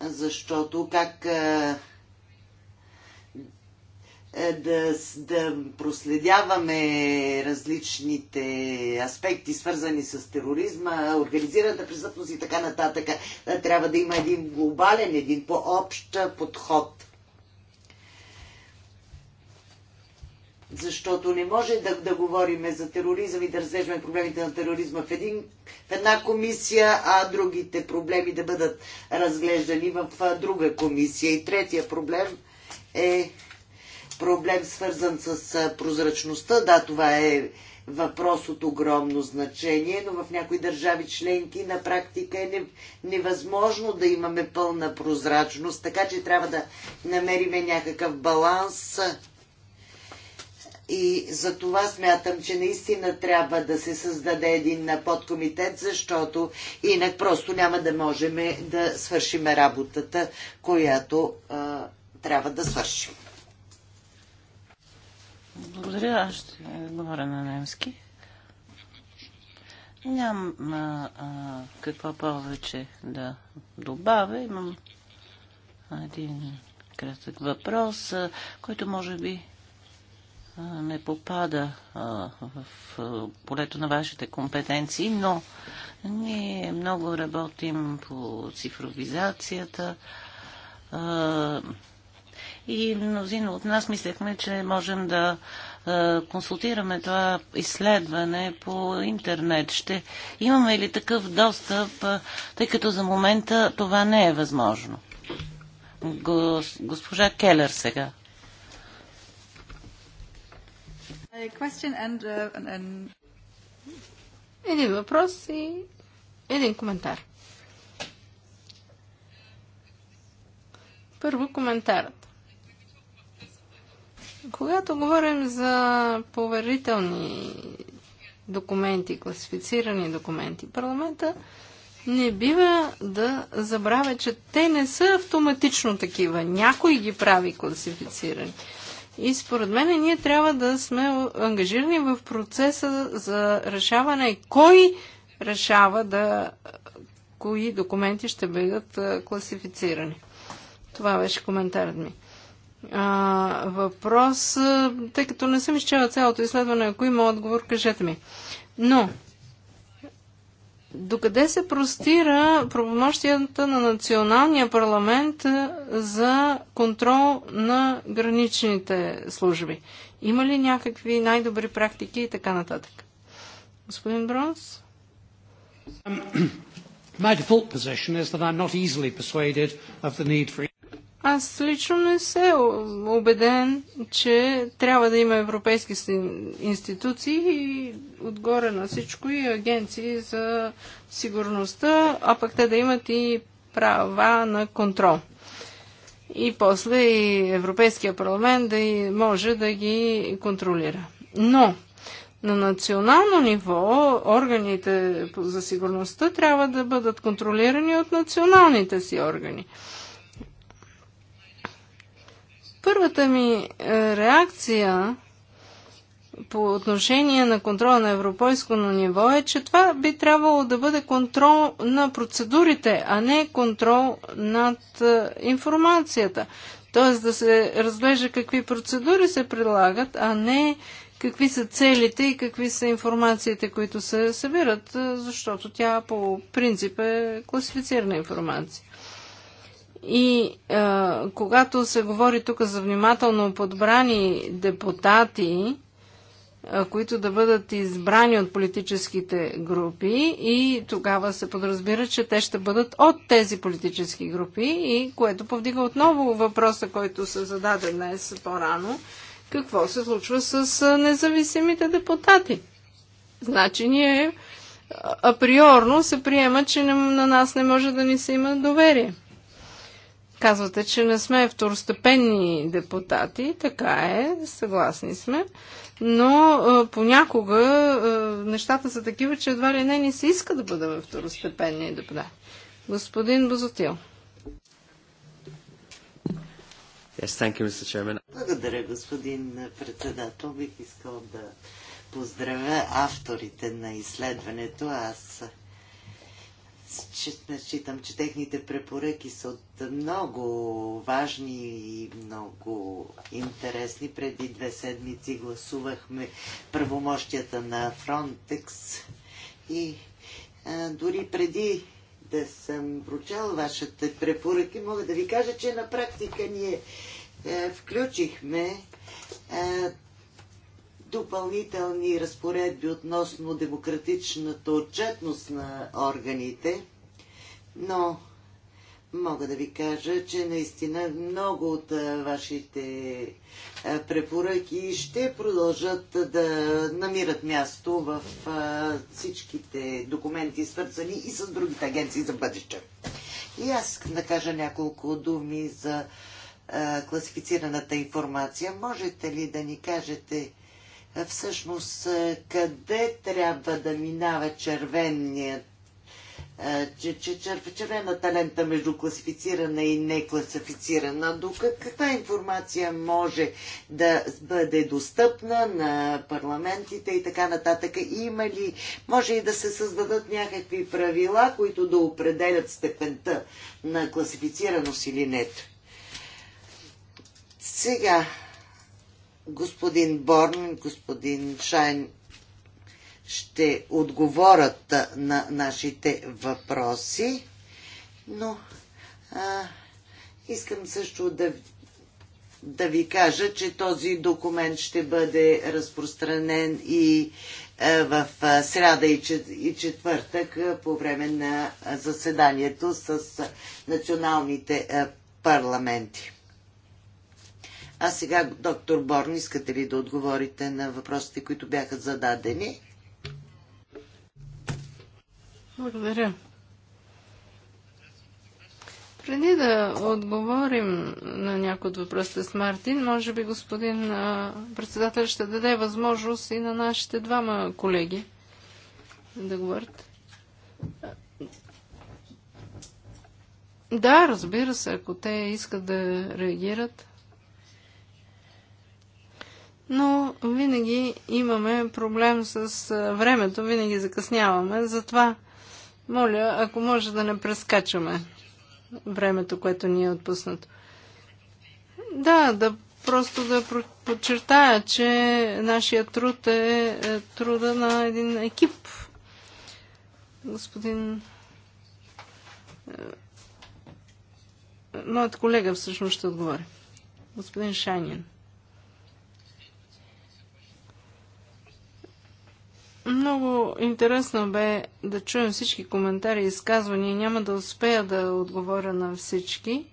Защото как е, да, да проследяваме различните аспекти, свързани с тероризма, организираната престъпност и така нататък. Е, трябва да има един глобален, един по-общ подход. Защото не може да, да говорим за тероризъм и да разглеждаме проблемите на тероризма в, един, в една комисия, а другите проблеми да бъдат разглеждани в друга комисия. И третия проблем е проблем свързан с прозрачността. Да, това е въпрос от огромно значение, но в някои държави членки на практика е невъзможно да имаме пълна прозрачност, така че трябва да намериме някакъв баланс. И за това смятам, че наистина трябва да се създаде един подкомитет, защото инак просто няма да можем да свършим работата, която а, трябва да свършим. Благодаря. Аз ще е, говоря на немски. Нямам а, какво повече да добавя. Имам един кратък въпрос, а, който може би а, не попада а, в а, полето на вашите компетенции, но ние много работим по цифровизацията. А, и мнозина от нас мислехме, че можем да консултираме това изследване по интернет. Ще имаме ли такъв достъп, тъй като за момента това не е възможно? Госпожа Келер сега. Uh, един въпрос и един коментар. Първо коментарът. Когато говорим за поверителни документи, класифицирани документи, парламента не бива да забравя, че те не са автоматично такива. Някой ги прави класифицирани. И според мен ние трябва да сме ангажирани в процеса за решаване кой решава да кои документи ще бъдат класифицирани. Това беше коментарът ми а, въпрос, тъй като не съм изчела цялото изследване, ако има отговор, кажете ми. Но, докъде се простира правомощията на националния парламент за контрол на граничните служби? Има ли някакви най-добри практики и така нататък? Господин Бронс? Um, [clears throat] my default position is that I'm not easily persuaded of the need for аз лично не се убеден, че трябва да има европейски институции и отгоре на всичко и агенции за сигурността, а пък те да имат и права на контрол. И после и Европейския парламент да и може да ги контролира. Но на национално ниво органите за сигурността трябва да бъдат контролирани от националните си органи. Първата ми е, реакция по отношение на контрола на европейско ниво е, че това би трябвало да бъде контрол на процедурите, а не контрол над е, информацията. Тоест да се разглежда какви процедури се прилагат, а не какви са целите и какви са информациите, които се събират, е, защото тя по принцип е класифицирана информация. И а, когато се говори тук за внимателно подбрани депутати, а, които да бъдат избрани от политическите групи и тогава се подразбира, че те ще бъдат от тези политически групи и което повдига отново въпроса, който се зададе днес по-рано, какво се случва с независимите депутати. Значи ние априорно се приема, че на нас не може да ни се има доверие. Казвате, че не сме второстепенни депутати, така е, съгласни сме, но а, понякога а, нещата са такива, че едва ли не ни се иска да бъдем второстепенни депутати. Господин Бозотил. Yes, thank you, Mr. Chairman. Благодаря, господин председател. Бих искал да поздравя авторите на изследването. Аз считам, че техните препоръки са от много важни и много интересни. Преди две седмици гласувахме правомощията на Фронтекс и а, дори преди да съм прочел вашите препоръки, мога да ви кажа, че на практика ние е, включихме е, допълнителни разпоредби относно демократичната отчетност на органите, но мога да ви кажа, че наистина много от вашите препоръки ще продължат да намират място в всичките документи, свързани и с другите агенции за бъдеще. И аз да кажа няколко думи за класифицираната информация. Можете ли да ни кажете е, всъщност е, къде трябва да минава червеният е, червената лента между класифицирана и некласифицирана. До каква информация може да бъде достъпна на парламентите и така нататък? Има ли, може и да се създадат някакви правила, които да определят степента на класифицираност или не? Сега, господин Борн, господин Шайн ще отговорят на нашите въпроси, но а, искам също да, да ви кажа, че този документ ще бъде разпространен и а, в а, сряда и, чет, и четвъртък а, по време на заседанието с националните парламенти. А сега, доктор Борн, искате ли да отговорите на въпросите, които бяха зададени? Благодаря. Преди да отговорим на някои от въпросите с Мартин, може би господин председател ще даде възможност и на нашите двама колеги да говорят. Да, разбира се, ако те искат да реагират но винаги имаме проблем с времето, винаги закъсняваме, затова моля, ако може да не прескачаме времето, което ни е отпуснато. Да, да просто да подчертая, че нашия труд е, е труда на един екип. Господин е, Моят колега всъщност ще отговори. Господин Шанин. Много интересно бе да чуем всички коментари и изказвания. Няма да успея да отговоря на всички.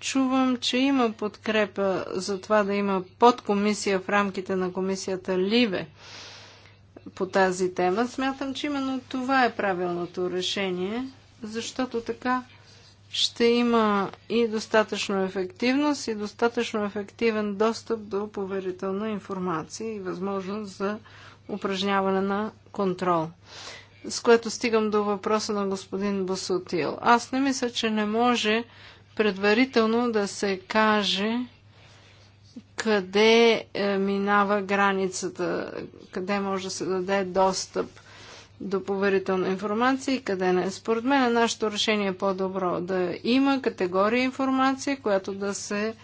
Чувам, че има подкрепа за това да има подкомисия в рамките на комисията Ливе по тази тема. Смятам, че именно това е правилното решение, защото така ще има и достатъчно ефективност, и достатъчно ефективен достъп до поверителна информация и възможност за упражняване на контрол. С което стигам до въпроса на господин Босотил. Аз не мисля, че не може предварително да се каже къде е, минава границата, къде може да се даде достъп до поверителна информация и къде не. Според мен нашето решение е по-добро да има категория информация, която да се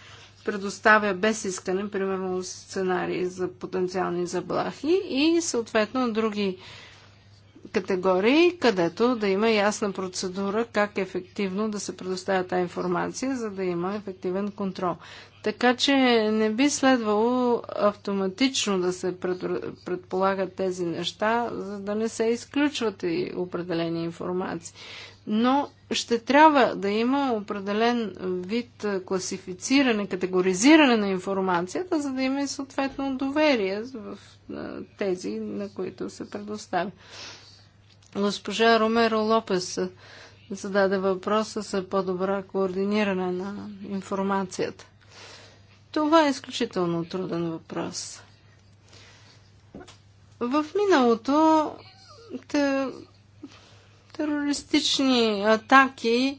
предоставя без искане, примерно сценарии за потенциални заблахи и съответно други категории, където да има ясна процедура как ефективно да се предоставя тази информация, за да има ефективен контрол. Така че не би следвало автоматично да се предполагат тези неща, за да не се изключват и определени информации но ще трябва да има определен вид класифициране, категоризиране на информацията, за да има и съответно доверие в тези, на които се предоставя. Госпожа Ромеро Лопес зададе въпроса за по-добра координиране на информацията. Това е изключително труден въпрос. В миналото терористични атаки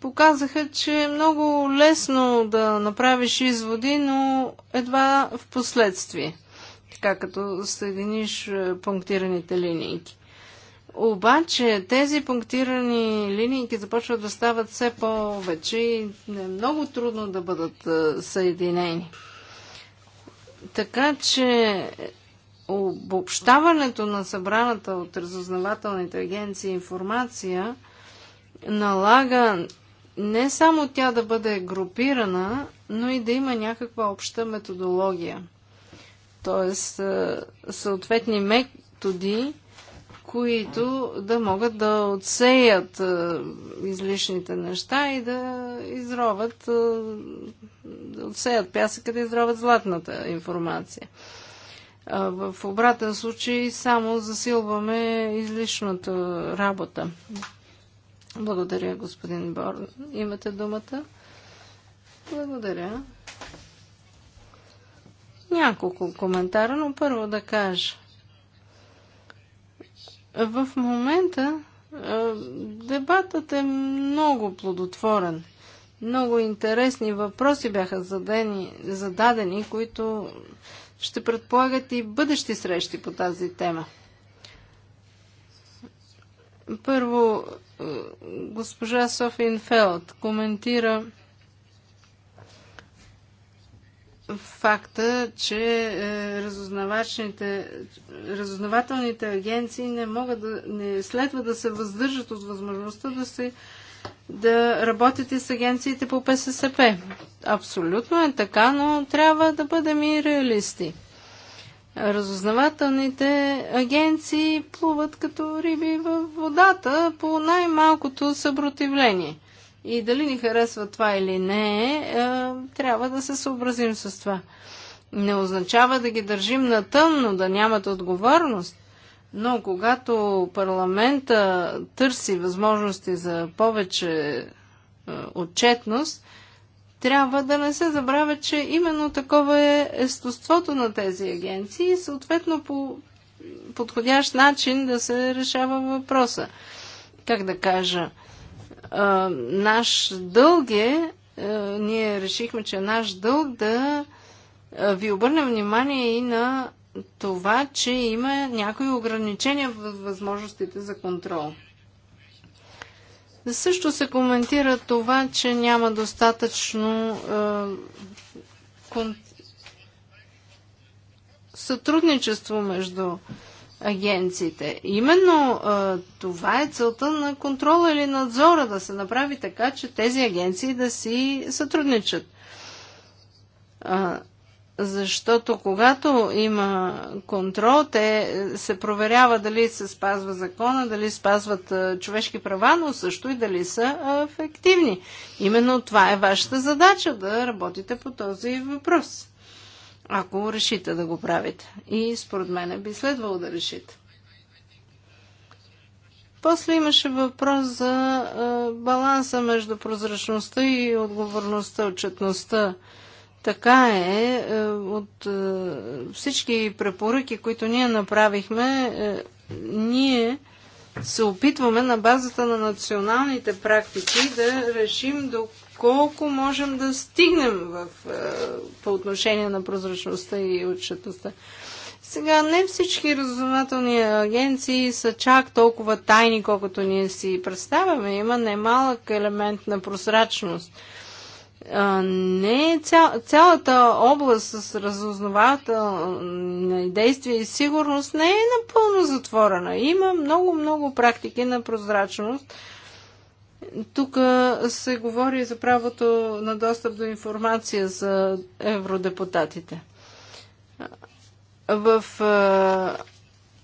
показаха, че е много лесно да направиш изводи, но едва в последствие, така като съединиш е, пунктираните линии. Обаче тези пунктирани линии започват да стават все повече и е много трудно да бъдат е, съединени. Така че обобщаването на събраната от разузнавателните агенции информация налага не само тя да бъде групирана, но и да има някаква обща методология. Тоест, е, съответни методи, които да могат да отсеят е, излишните неща и да изроват, е, да отсеят пясъка, да изроват златната информация. В обратен случай само засилваме излишната работа. Благодаря, господин Борн. Имате думата. Благодаря. Няколко коментара, но първо да кажа. В момента дебатът е много плодотворен. Много интересни въпроси бяха задени, зададени, които ще предполагат и бъдещи срещи по тази тема. Първо, е, госпожа Софин Фелт коментира факта, че е, разузнавателните агенции не, могат да, не следва да се въздържат от възможността да се да работите с агенциите по ПССП. Абсолютно е така, но трябва да бъдем и реалисти. Разузнавателните агенции плуват като риби в водата по най-малкото съпротивление. И дали ни харесва това или не, е, е, трябва да се съобразим с това. Не означава да ги държим на тъмно, да нямат отговорност. Но когато парламента търси възможности за повече е, отчетност, трябва да не се забравя, че именно такова е естеството на тези агенции и съответно по подходящ начин да се решава въпроса. Как да кажа? Е, наш дълг е, е, ние решихме, че наш дълг да ви обърнем внимание и на това, че има някои ограничения в възможностите за контрол. Също се коментира това, че няма достатъчно е, кон... сътрудничество между агенциите. Именно е, това е целта на контрола или надзора да се направи така, че тези агенции да си сътрудничат. Защото когато има контрол, те се проверява дали се спазва закона, дали спазват човешки права, но също и дали са ефективни. Именно това е вашата задача да работите по този въпрос. Ако решите да го правите. И според мен би следвало да решите. После имаше въпрос за баланса между прозрачността и отговорността, отчетността. Така е, е от е, всички препоръки, които ние направихме, е, ние се опитваме на базата на националните практики да решим доколко можем да стигнем в, по отношение на прозрачността и отчетността. Сега не всички разузнавателни агенции са чак толкова тайни, колкото ние си представяме. Има немалък елемент на прозрачност – не ця, цялата област с разузнавателни действия и сигурност не е напълно затворена. Има много-много практики на прозрачност. Тук се говори за правото на достъп до информация за евродепутатите. В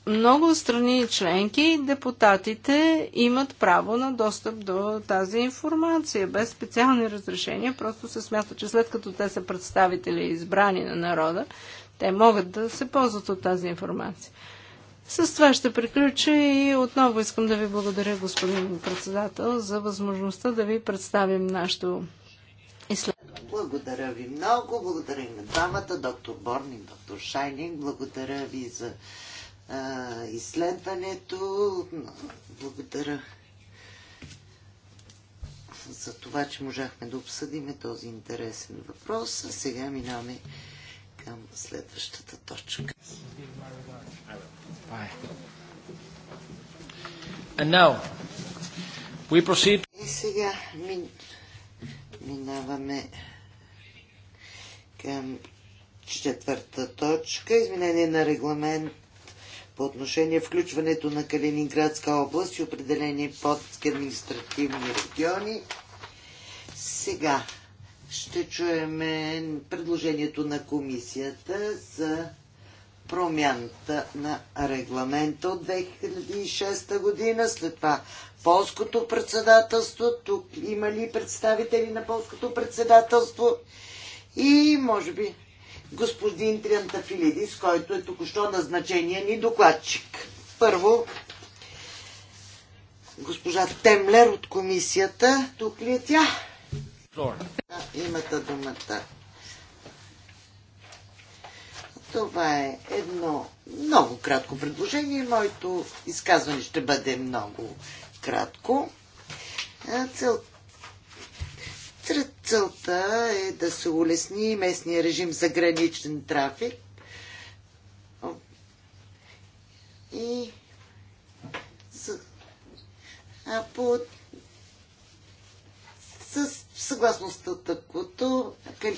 много страни и членки депутатите имат право на достъп до тази информация. Без специални разрешения просто се смята, че след като те са представители избрани на народа, те могат да се ползват от тази информация. С това ще приключа и отново искам да ви благодаря, господин председател, за възможността да ви представим нашето изследване. Благодаря ви много. Благодаря и на двамата, доктор Борни, доктор Шайнинг. Благодаря ви за а, изследването. Благодаря за това, че можахме да обсъдиме този интересен въпрос. А сега минаваме към следващата точка. И сега мин... минаваме към четвърта точка. Изменение на регламент по отношение включването на Калининградска област и определени подски административни региони. Сега ще чуем предложението на комисията за промяната на регламента от 2006 година. След това полското председателство. Тук има ли представители на полското председателство? И може би господин Триантафилидис, който е току-що назначения ни докладчик. Първо, госпожа Темлер от комисията. Тук ли е тя? Да, имате думата. Това е едно много кратко предложение. Моето изказване ще бъде много кратко. Целта Целта е да се улесни местния режим за граничен трафик и а по с, съгласно статъкото,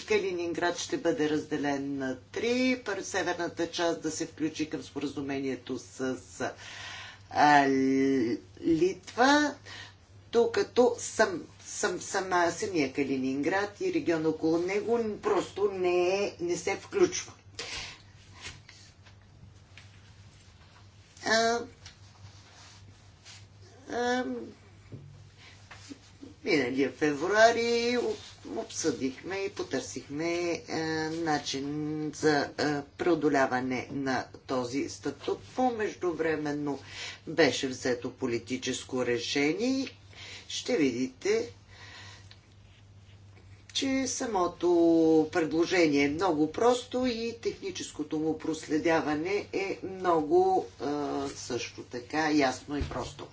Калининград ще бъде разделен на три. Първо северната част да се включи към споразумението с а, Литва докато като съм, съм, сама, самия Калининград и регион около него просто не, е, не се включва. миналия февруари обсъдихме и потърсихме а, начин за а, преодоляване на този статут. По междувременно беше взето политическо решение, ще видите, че самото предложение е много просто и техническото му проследяване е много също така ясно и просто.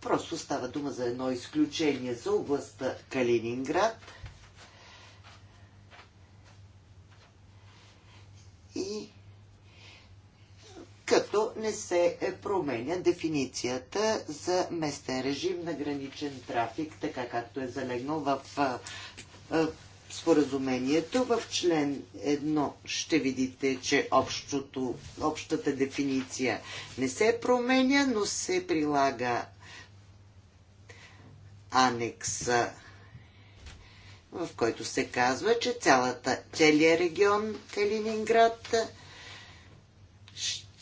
Просто става дума за едно изключение за областта Калининград. И като не се е, променя дефиницията за местен режим на граничен трафик, така както е залегнал в споразумението. В член 1 ще видите, че общото, общата дефиниция не се променя, но се прилага анекс, в който се казва, че цялата, целият регион Калининград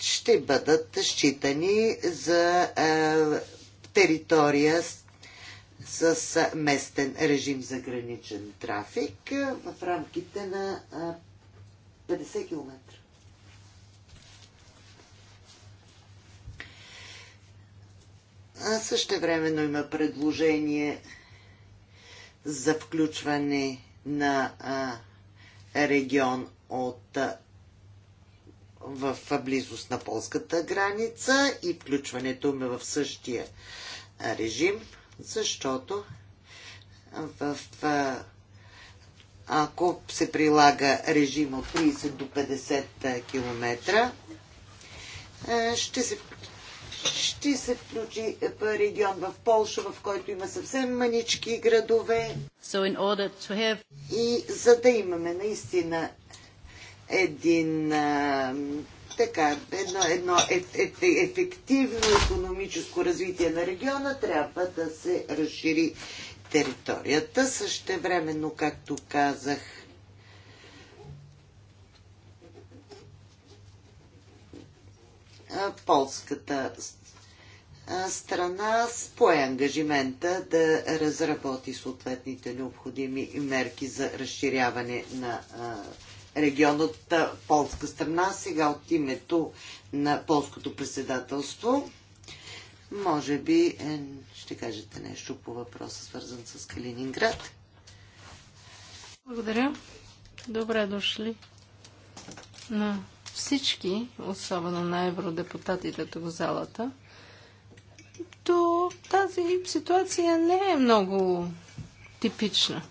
ще бъдат считани за е, територия с, с местен режим за граничен трафик в рамките на е, 50 км. А също времено има предложение за включване на а, регион от в близост на полската граница и включването ми в същия режим, защото в, ако се прилага режим от 30 до 50 км, е, ще се, ще се включи регион в Полша, в който има съвсем манички градове. So have... И за да имаме наистина един а, така, едно, едно еф, еф, е, ефективно економическо развитие на региона трябва да се разшири територията. Същевременно, както казах, полската страна спое ангажимента да разработи съответните необходими мерки за разширяване на а, регион от полска страна. Сега от името на полското председателство. Може би е, ще кажете нещо по въпроса, свързан с Калининград. Благодаря. Добре дошли на всички, особено на евродепутатите тук в залата. То тази ситуация не е много типична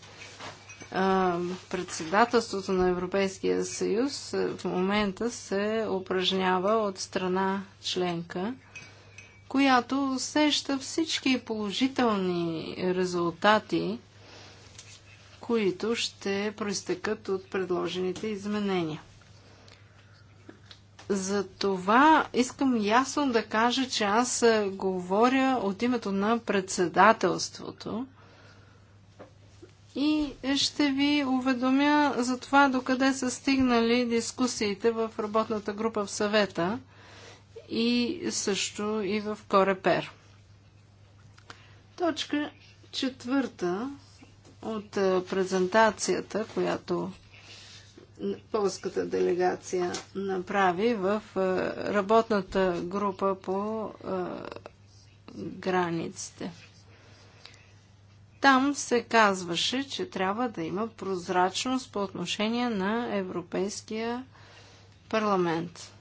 председателството на Европейския съюз е, в момента се упражнява от страна членка, която усеща всички положителни резултати, които ще проистекат от предложените изменения. За това искам ясно да кажа, че аз е, говоря от името на председателството, и ще ви уведомя за това докъде са стигнали дискусиите в работната група в съвета и също и в Корепер. Точка четвърта от е, презентацията, която полската делегация направи в е, работната група по е, границите. Там се казваше, че трябва да има прозрачност по отношение на Европейския парламент.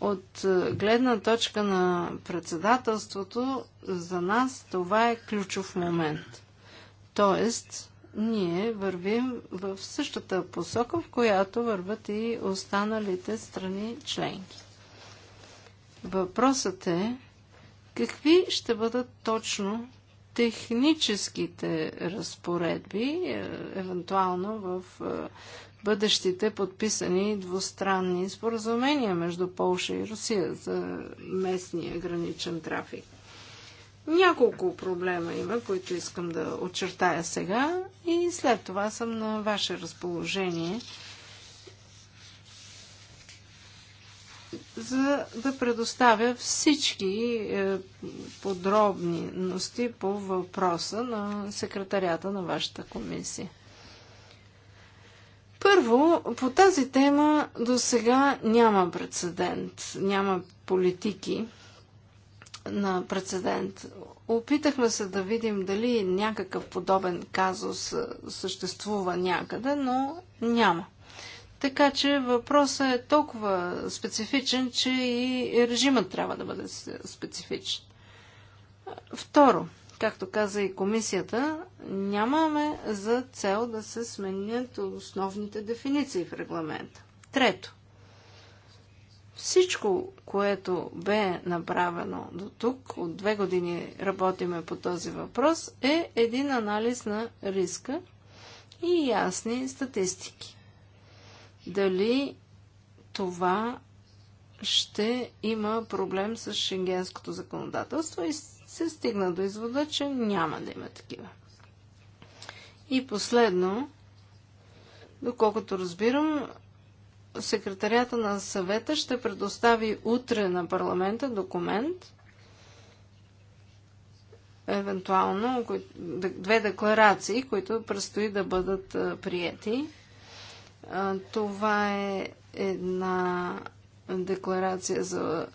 От е, гледна точка на председателството, за нас това е ключов момент. Тоест, ние вървим в същата посока, в която върват и останалите страни членки. Въпросът е, какви ще бъдат точно техническите разпоредби, е, евентуално в е, бъдещите подписани двустранни споразумения между Полша и Русия за местния граничен трафик. Няколко проблема има, които искам да очертая сега и след това съм на ваше разположение – за да предоставя всички е, подробности по въпроса на секретарята на вашата комисия. Първо, по тази тема до сега няма прецедент, няма политики на прецедент. Опитахме се да видим дали някакъв подобен казус е, съществува някъде, но няма. Така че въпросът е толкова специфичен, че и режимът трябва да бъде специфичен. Второ, както каза и комисията, нямаме за цел да се сменят основните дефиниции в регламента. Трето, всичко, което бе направено до тук, от две години работиме по този въпрос, е един анализ на риска и ясни статистики дали това ще има проблем с шенгенското законодателство и се стигна до извода, че няма да има такива. И последно, доколкото разбирам, секретарията на съвета ще предостави утре на парламента документ, евентуално две декларации, които предстои да бъдат приети това е една декларация за,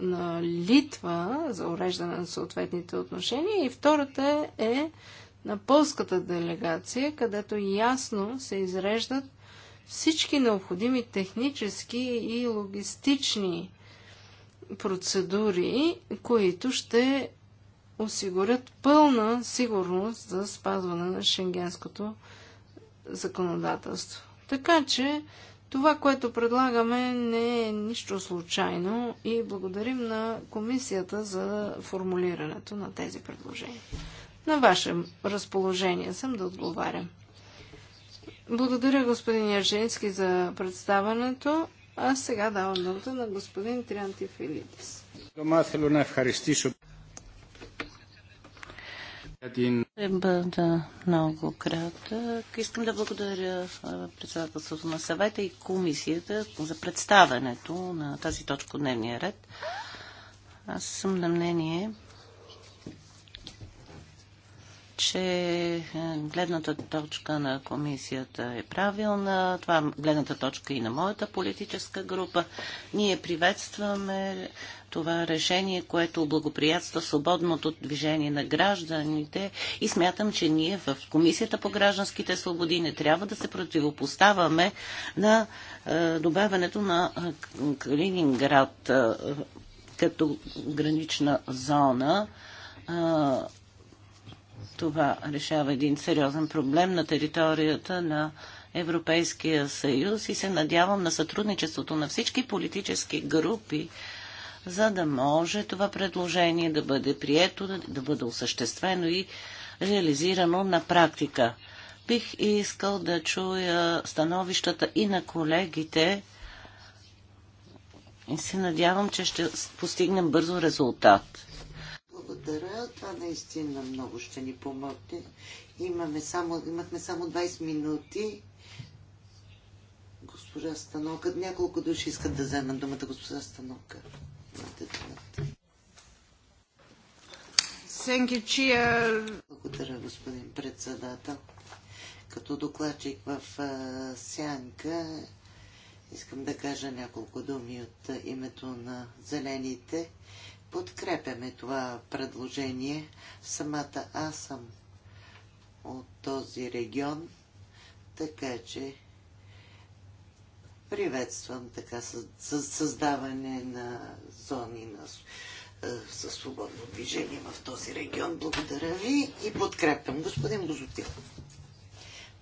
на Литва за уреждане на съответните отношения и втората е на полската делегация, където ясно се изреждат всички необходими технически и логистични процедури, които ще осигурят пълна сигурност за спазване на шенгенското законодателство. Така че това, което предлагаме, не е нищо случайно и благодарим на комисията за формулирането на тези предложения. На ваше разположение съм да отговарям. Благодаря господин Ярженски за представането. А сега давам думата на господин Трианти Филидис. Ще бъда много кратък. Искам да благодаря председателството на съвета и комисията за представенето на тази точка от дневния ред. Аз съм на мнение, че е, гледната точка на комисията е правилна. Това е гледната точка и на моята политическа група. Ние приветстваме това решение, което благоприятства свободното движение на гражданите и смятам, че ние в Комисията по гражданските свободи не трябва да се противопоставаме на е, добавянето на е, Калининград е, като гранична зона. Е, това решава един сериозен проблем на територията на Европейския съюз и се надявам на сътрудничеството на всички политически групи, за да може това предложение да бъде прието, да, бъде осъществено и реализирано на практика. Бих искал да чуя становищата и на колегите и се надявам, че ще постигнем бързо резултат. Благодаря. Това наистина много ще ни помогне. Имаме само, имахме само 20 минути. Госпожа Станока, няколко души искат да вземат думата. Госпожа Станока, имате думата. Благодаря, господин председател. Като докладчик в Сянка, искам да кажа няколко думи от името на Зелените подкрепяме това предложение. Самата аз съм от този регион, така че приветствам така създаване на зони на със е, свободно движение в този регион. Благодаря ви и подкрепям господин Бозотил.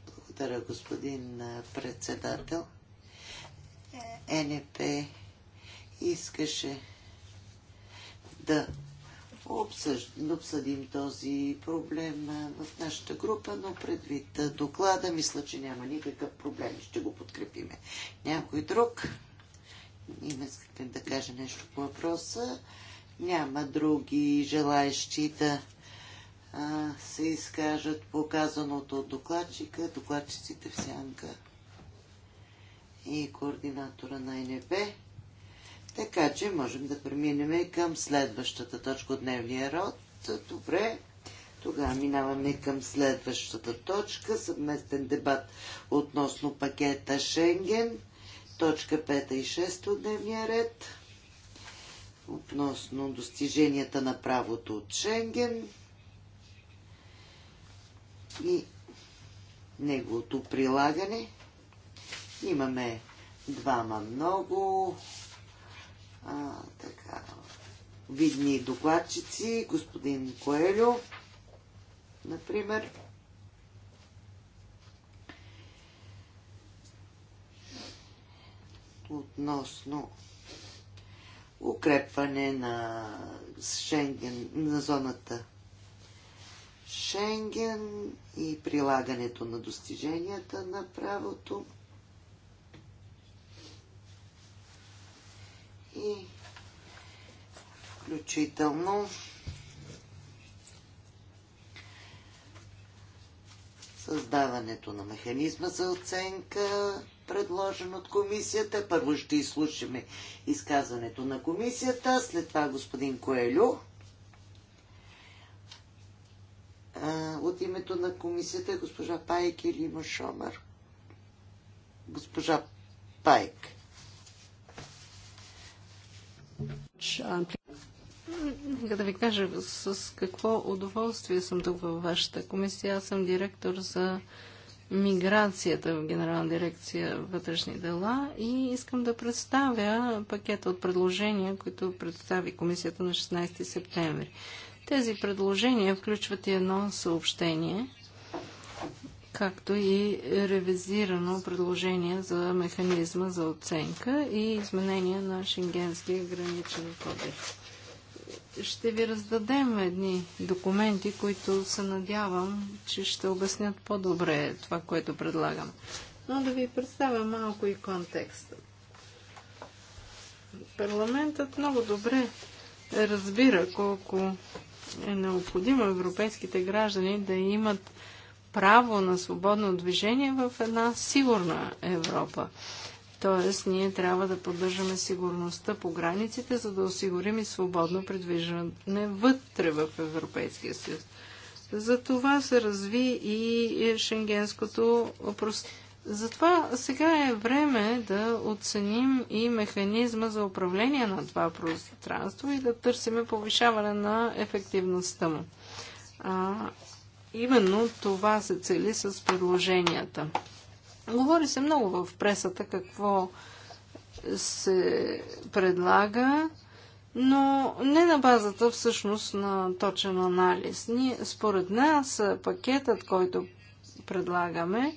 Благодаря, господин е, председател. Е, НП искаше да обсъж... да обсъдим този проблем в нашата група, но предвид доклада, мисля, че няма никакъв проблем. Ще го подкрепиме. Някой друг? Има искате да каже нещо по въпроса. Няма други желаещи да а, се изкажат по казаното от докладчика, докладчиците в сянка и координатора на НП. Така че можем да преминем към следващата точка от дневния род. Добре. Тогава минаваме към следващата точка. Съвместен дебат относно пакета Шенген. Точка 5 и 6 от дневния ред. Относно достиженията на правото от Шенген. И неговото прилагане. Имаме двама много а, така, видни докладчици, господин Коелю, например. Относно укрепване на Шенген, на зоната Шенген и прилагането на достиженията на правото. и включително създаването на механизма за оценка, предложен от комисията. Първо ще изслушаме изказването на комисията, след това господин Коелю. От името на комисията е госпожа Пайк или има Шомър? Госпожа Пайк. Нека да ви кажа с какво удоволствие съм тук във вашата комисия. Аз съм директор за миграцията в Генерална дирекция вътрешни дела и искам да представя пакета от предложения, които представи комисията на 16 септември. Тези предложения включват и едно съобщение както и ревизирано предложение за механизма за оценка и изменение на Шенгенския граничен кодекс. Ще ви раздадем едни документи, които се надявам, че ще обяснят по-добре това, което предлагам. Но да ви представя малко и контекста. Парламентът много добре разбира колко е необходимо европейските граждани да имат право на свободно движение в една сигурна Европа. Тоест, ние трябва да поддържаме сигурността по границите, за да осигурим и свободно придвижване вътре в Европейския съюз. За това се разви и шенгенското пространство. Затова сега е време да оценим и механизма за управление на това пространство и да търсиме повишаване на ефективността му. А, именно това се цели с предложенията. Говори се много в пресата какво се предлага, но не на базата всъщност на точен анализ. Ние, според нас пакетът, който предлагаме,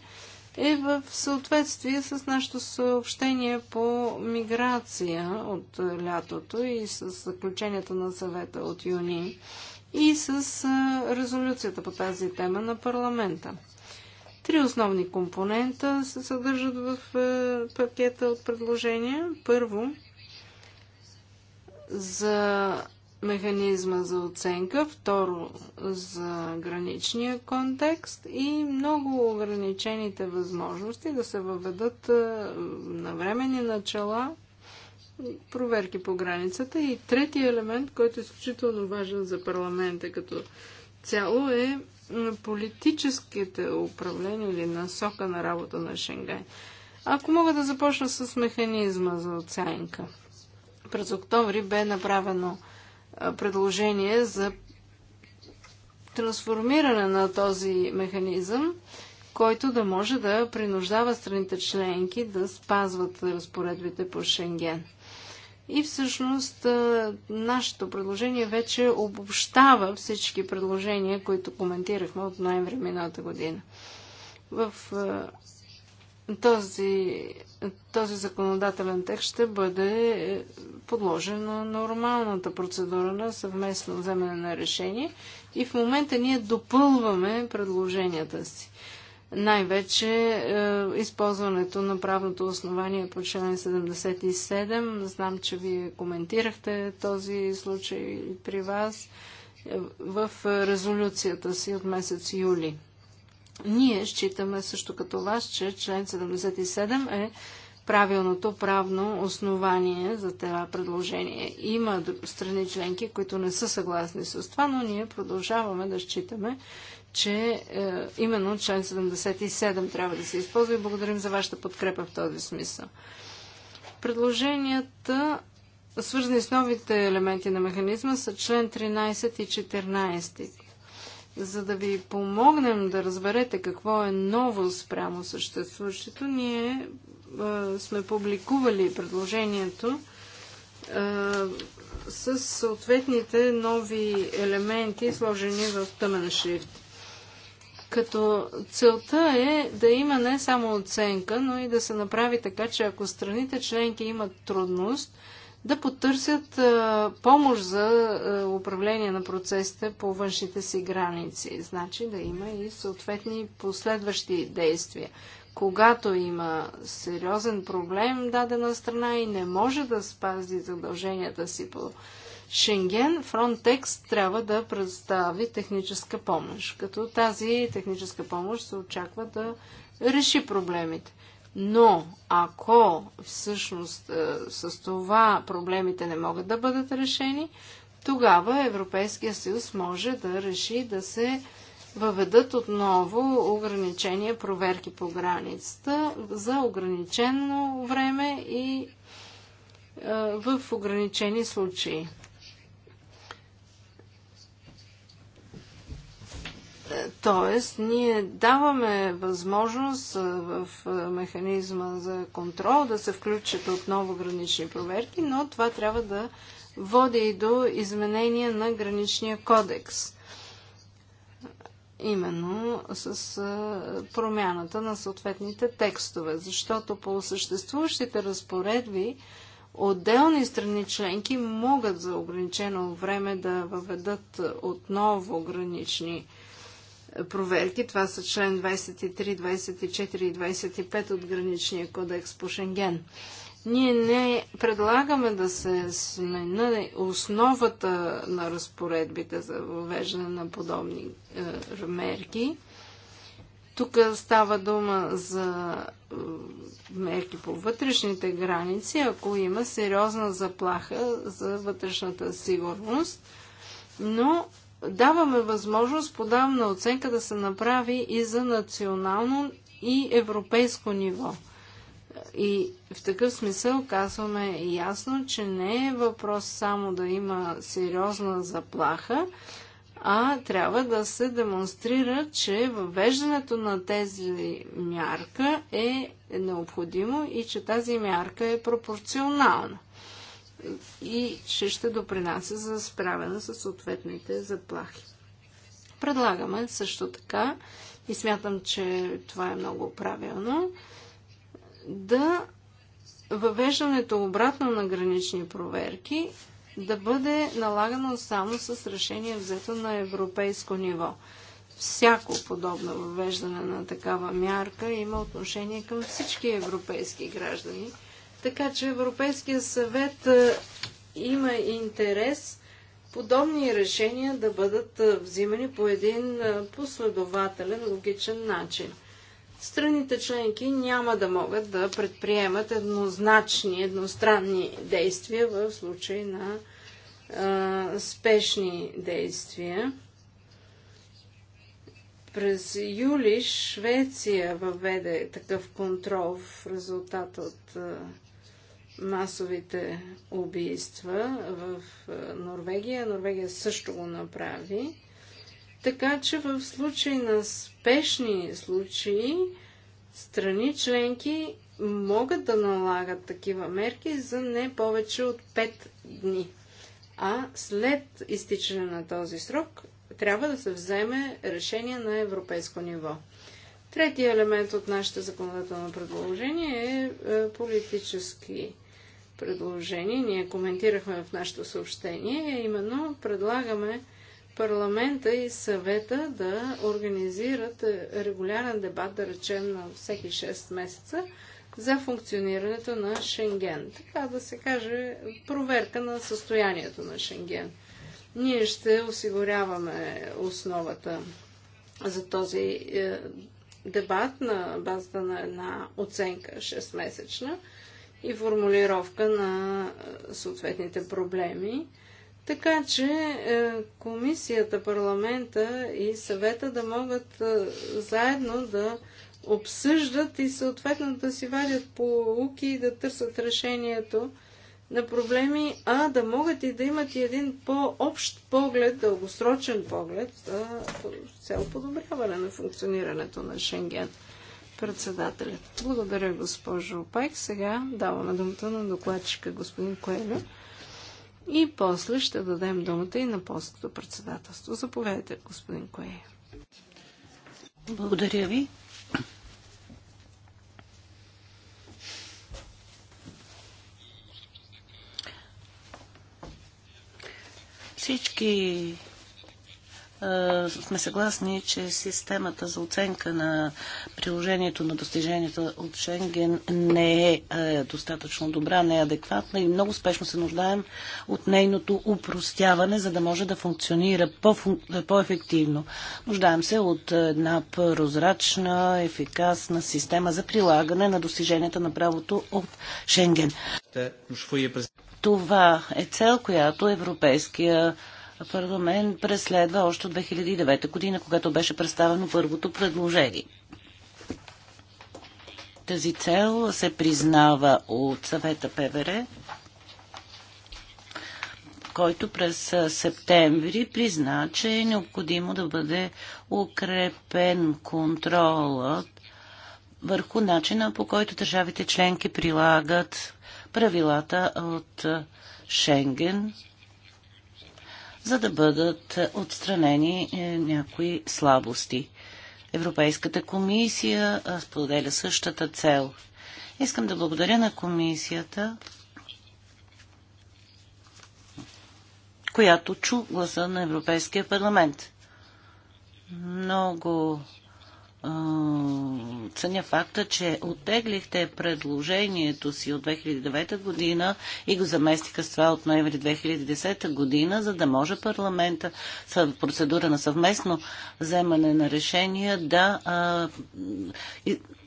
е в съответствие с нашето съобщение по миграция от лятото и с заключенията на съвета от юни и с резолюцията по тази тема на парламента. Три основни компонента се съдържат в е, пакета от предложения. Първо, за механизма за оценка, второ, за граничния контекст и много ограничените възможности да се въведат е, на времени начала проверки по границата. И третия елемент, който е изключително важен за парламента като цяло е политическите управления или насока на работа на Шенгай. Ако мога да започна с механизма за оценка. През октомври бе направено предложение за трансформиране на този механизъм, който да може да принуждава страните членки да спазват разпоредбите по Шенген. И всъщност нашето предложение вече обобщава всички предложения, които коментирахме от ноември миналата година. В този, този законодателен текст ще бъде е, подложен на нормалната процедура на съвместно вземане на решение и в момента ние допълваме предложенията си най-вече е, използването на правното основание по член 77. Знам, че вие коментирахте този случай при вас е, в резолюцията си от месец юли. Ние считаме също като вас, че член 77 е правилното правно основание за това предложение. Има страни членки, които не са съгласни с това, но ние продължаваме да считаме, че е, именно член 77 трябва да се използва и благодарим за вашата подкрепа в този смисъл. Предложенията, свързани с новите елементи на механизма, са член 13 и 14. За да ви помогнем да разберете какво е ново спрямо съществуващото, ние е, сме публикували предложението е, с съответните нови елементи, сложени в тъмен шрифт. Като целта е да има не само оценка, но и да се направи така, че ако страните членки имат трудност, да потърсят а, помощ за а, управление на процесите по външните си граници. Значи да има и съответни последващи действия. Когато има сериозен проблем дадена страна и не може да спази задълженията си по Шенген, Frontex трябва да представи техническа помощ, като тази техническа помощ се очаква да реши проблемите. Но ако всъщност е, с това проблемите не могат да бъдат решени, тогава Европейския съюз може да реши да се въведат отново ограничения, проверки по границата за ограничено време и е, в ограничени случаи. Тоест, ние даваме възможност в механизма за контрол да се включат отново гранични проверки, но това трябва да води и до изменения на граничния кодекс. Именно с промяната на съответните текстове, защото по съществуващите разпоредби отделни страни членки могат за ограничено време да въведат отново гранични проверки проверки. Това са член 23, 24 и 25 от Граничния кодекс по Шенген. Ние не предлагаме да се смена основата на разпоредбите за въвеждане на подобни е, мерки. Тук става дума за е, мерки по вътрешните граници, ако има сериозна заплаха за вътрешната сигурност, но даваме възможност подавна оценка да се направи и за национално и европейско ниво. И в такъв смисъл казваме ясно, че не е въпрос само да има сериозна заплаха, а трябва да се демонстрира, че въвеждането на тези мярка е необходимо и че тази мярка е пропорционална и че ще допринася за справяне с съответните заплахи. Предлагаме също така, и смятам, че това е много правилно, да въвеждането обратно на гранични проверки да бъде налагано само с решение взето на европейско ниво. Всяко подобно въвеждане на такава мярка има отношение към всички европейски граждани – така че Европейския съвет е, има интерес подобни решения да бъдат е, взимани по един е, последователен, логичен начин. Страните членки няма да могат да предприемат еднозначни, едностранни действия в случай на а, спешни действия. През юли Швеция въведе такъв контрол в резултат от масовите убийства в Норвегия. Норвегия също го направи. Така че в случай на спешни случаи, страни членки могат да налагат такива мерки за не повече от 5 дни. А след изтичане на този срок трябва да се вземе решение на европейско ниво. Третия елемент от нашето законодателно предложение е, е политически предложение, ние коментирахме в нашето съобщение, именно предлагаме парламента и съвета да организират е, регулярен дебат, да речем на всеки 6 месеца, за функционирането на Шенген. Така да се каже, проверка на състоянието на Шенген. Ние ще осигуряваме основата за този е, дебат на базата на една оценка 6-месечна и формулировка на съответните проблеми. Така че е, комисията, парламента и съвета да могат е, заедно да обсъждат и съответно да си вадят полуки и да търсят решението на проблеми, а да могат и да имат и един по-общ поглед, дългосрочен поглед за цел подобряване на функционирането на Шенген председателя. Благодаря, госпожо Пак. Сега даваме думата на докладчика господин Коелю. И после ще дадем думата и на полското председателство. Заповядайте, господин Коелю. Благодаря ви. Всички е, сме съгласни, че системата за оценка на приложението на достиженията от Шенген не е, е достатъчно добра, не е адекватна и много спешно се нуждаем от нейното упростяване, за да може да функционира по-ефективно. Нуждаем се от една прозрачна, ефикасна система за прилагане на достиженията на правото от Шенген. Е Това е цел, която Европейския парламент преследва още от 2009 година, когато беше представено първото предложение. Тази цел се признава от съвета ПВР, който през септември призна, че е необходимо да бъде укрепен контролът върху начина по който държавите членки прилагат правилата от Шенген за да бъдат отстранени е, някои слабости. Европейската комисия споделя същата цел. Искам да благодаря на комисията, която чу гласа на Европейския парламент. Много ценя факта, че оттеглихте предложението си от 2009 година и го заместиха с това от ноември 2010 година, за да може парламента с процедура на съвместно вземане на решения да а,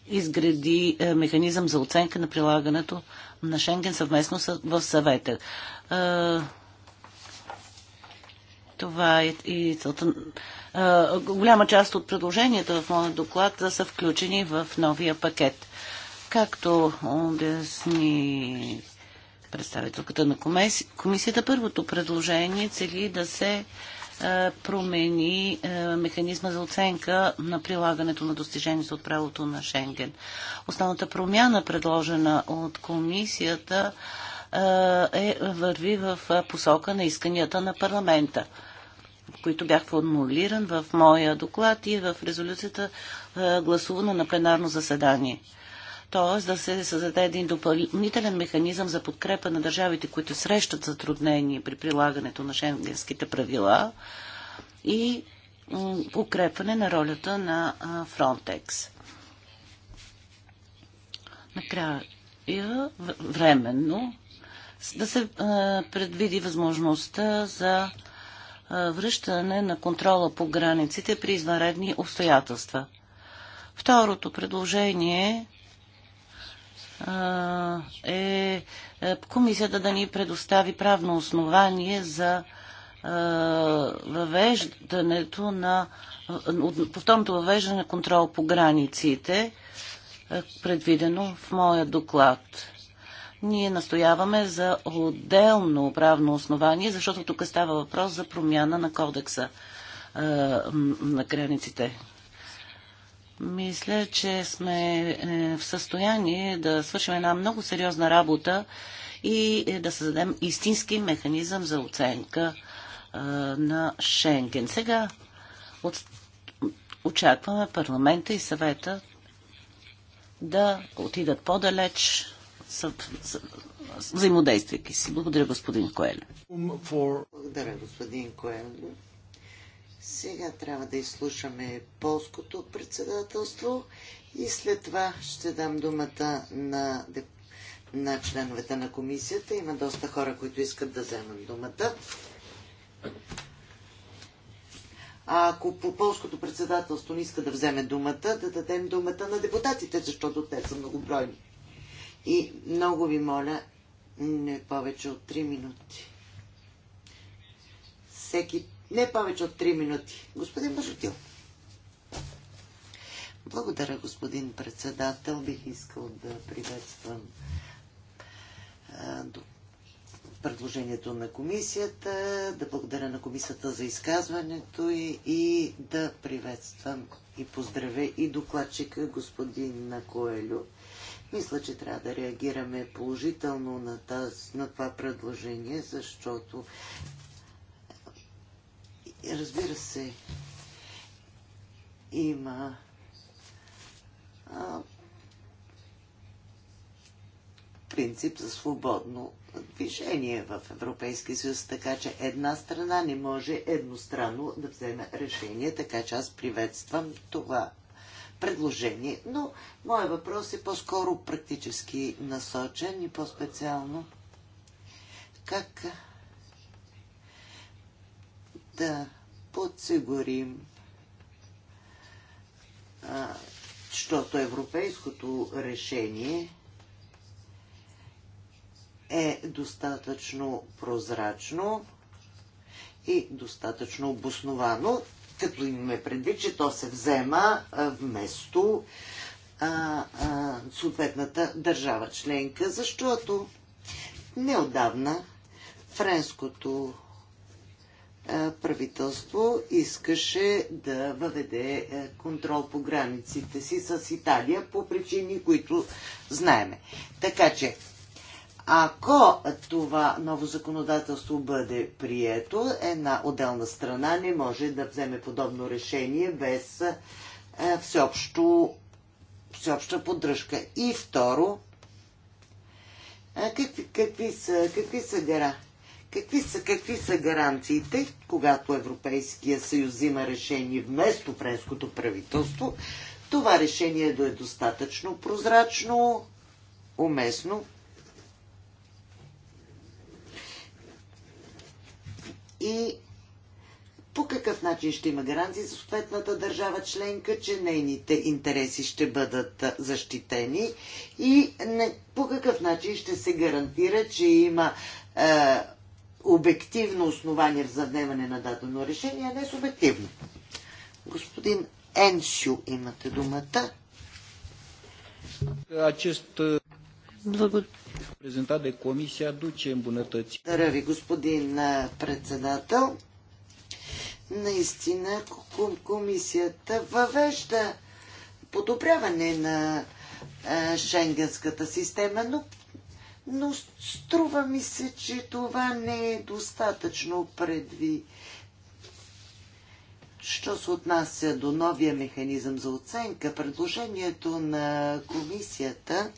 изгради е, механизъм за оценка на прилагането на Шенген съвместно в съвета. Това е и целта. Голяма част от предложенията в моят доклад са включени в новия пакет. Както обясни представителката на комисията, комисията първото предложение цели да се промени механизма за оценка на прилагането на достиженията от правото на Шенген. Основната промяна, предложена от комисията, е, върви в посока на исканията на парламента, които бях формулиран в моя доклад и в резолюцията гласувана на пленарно заседание. Тоест да се създаде един допълнителен механизъм за подкрепа на държавите, които срещат затруднения при прилагането на шенгенските правила и укрепване на ролята на Фронтекс. Накрая временно да се предвиди възможността за връщане на контрола по границите при извънредни обстоятелства. Второто предложение е, е комисията да ни предостави правно основание за въвеждането на повторното въвеждане на контрол по границите, предвидено в моя доклад ние настояваме за отделно правно основание, защото тук става въпрос за промяна на кодекса е, на границите. Мисля, че сме е, в състояние да свършим една много сериозна работа и е, да създадем истински механизъм за оценка на Шенген. Сега от... очакваме парламента и съвета да отидат по-далеч взаимодействайки си. Благодаря, господин Коелю. Благодаря, господин Коелю. Сега трябва да изслушаме полското председателство и след това ще дам думата на, на членовете на комисията. Има доста хора, които искат да вземат думата. А ако по полското председателство не иска да вземе думата, да дадем думата на депутатите, защото те са многобройни. И много ви моля, не повече от 3 минути. Всеки, не повече от 3 минути. Господин Бажутил. Благодаря, господин председател. Бих искал да приветствам предложението на комисията, да благодаря на комисията за изказването и, и да приветствам и поздравя и докладчика господин Коелю мисля, че трябва да реагираме положително на, таз, на това предложение, защото разбира се, има а, принцип за свободно движение в Европейския съюз, така че една страна не може едностранно да вземе решение, така че аз приветствам това предложение. Но моят въпрос е по-скоро практически насочен и по-специално как да подсигурим защото европейското решение е достатъчно прозрачно и достатъчно обосновано, като имаме предвид, че то се взема вместо а, а, съответната държава членка, защото неодавна френското правителство искаше да въведе контрол по границите си с Италия по причини, които знаеме. Така че ако това ново законодателство бъде прието, една отделна страна не може да вземе подобно решение без е, всеобщо, всеобща поддръжка. И второ, е, какви, какви, са, какви са гара? Какви са, какви са гаранциите, когато Европейския съюз взима решение вместо френското правителство, това решение да е достатъчно прозрачно, уместно и по какъв начин ще има гаранции за съответната държава членка, че нейните интереси ще бъдат защитени и не, по какъв начин ще се гарантира, че има е, обективно основание за вземане на дадено решение, а не субективно. Господин Еншю, имате думата. Е, Благодаря. Презентат де комисия дуче îmbunătăți. Благодаря ви, господин председател. Наистина, комисията въвежда подобряване на шенгенската система, но, но струва ми се, че това не е достатъчно предви. Що се отнася до новия механизъм за оценка, предложението на комисията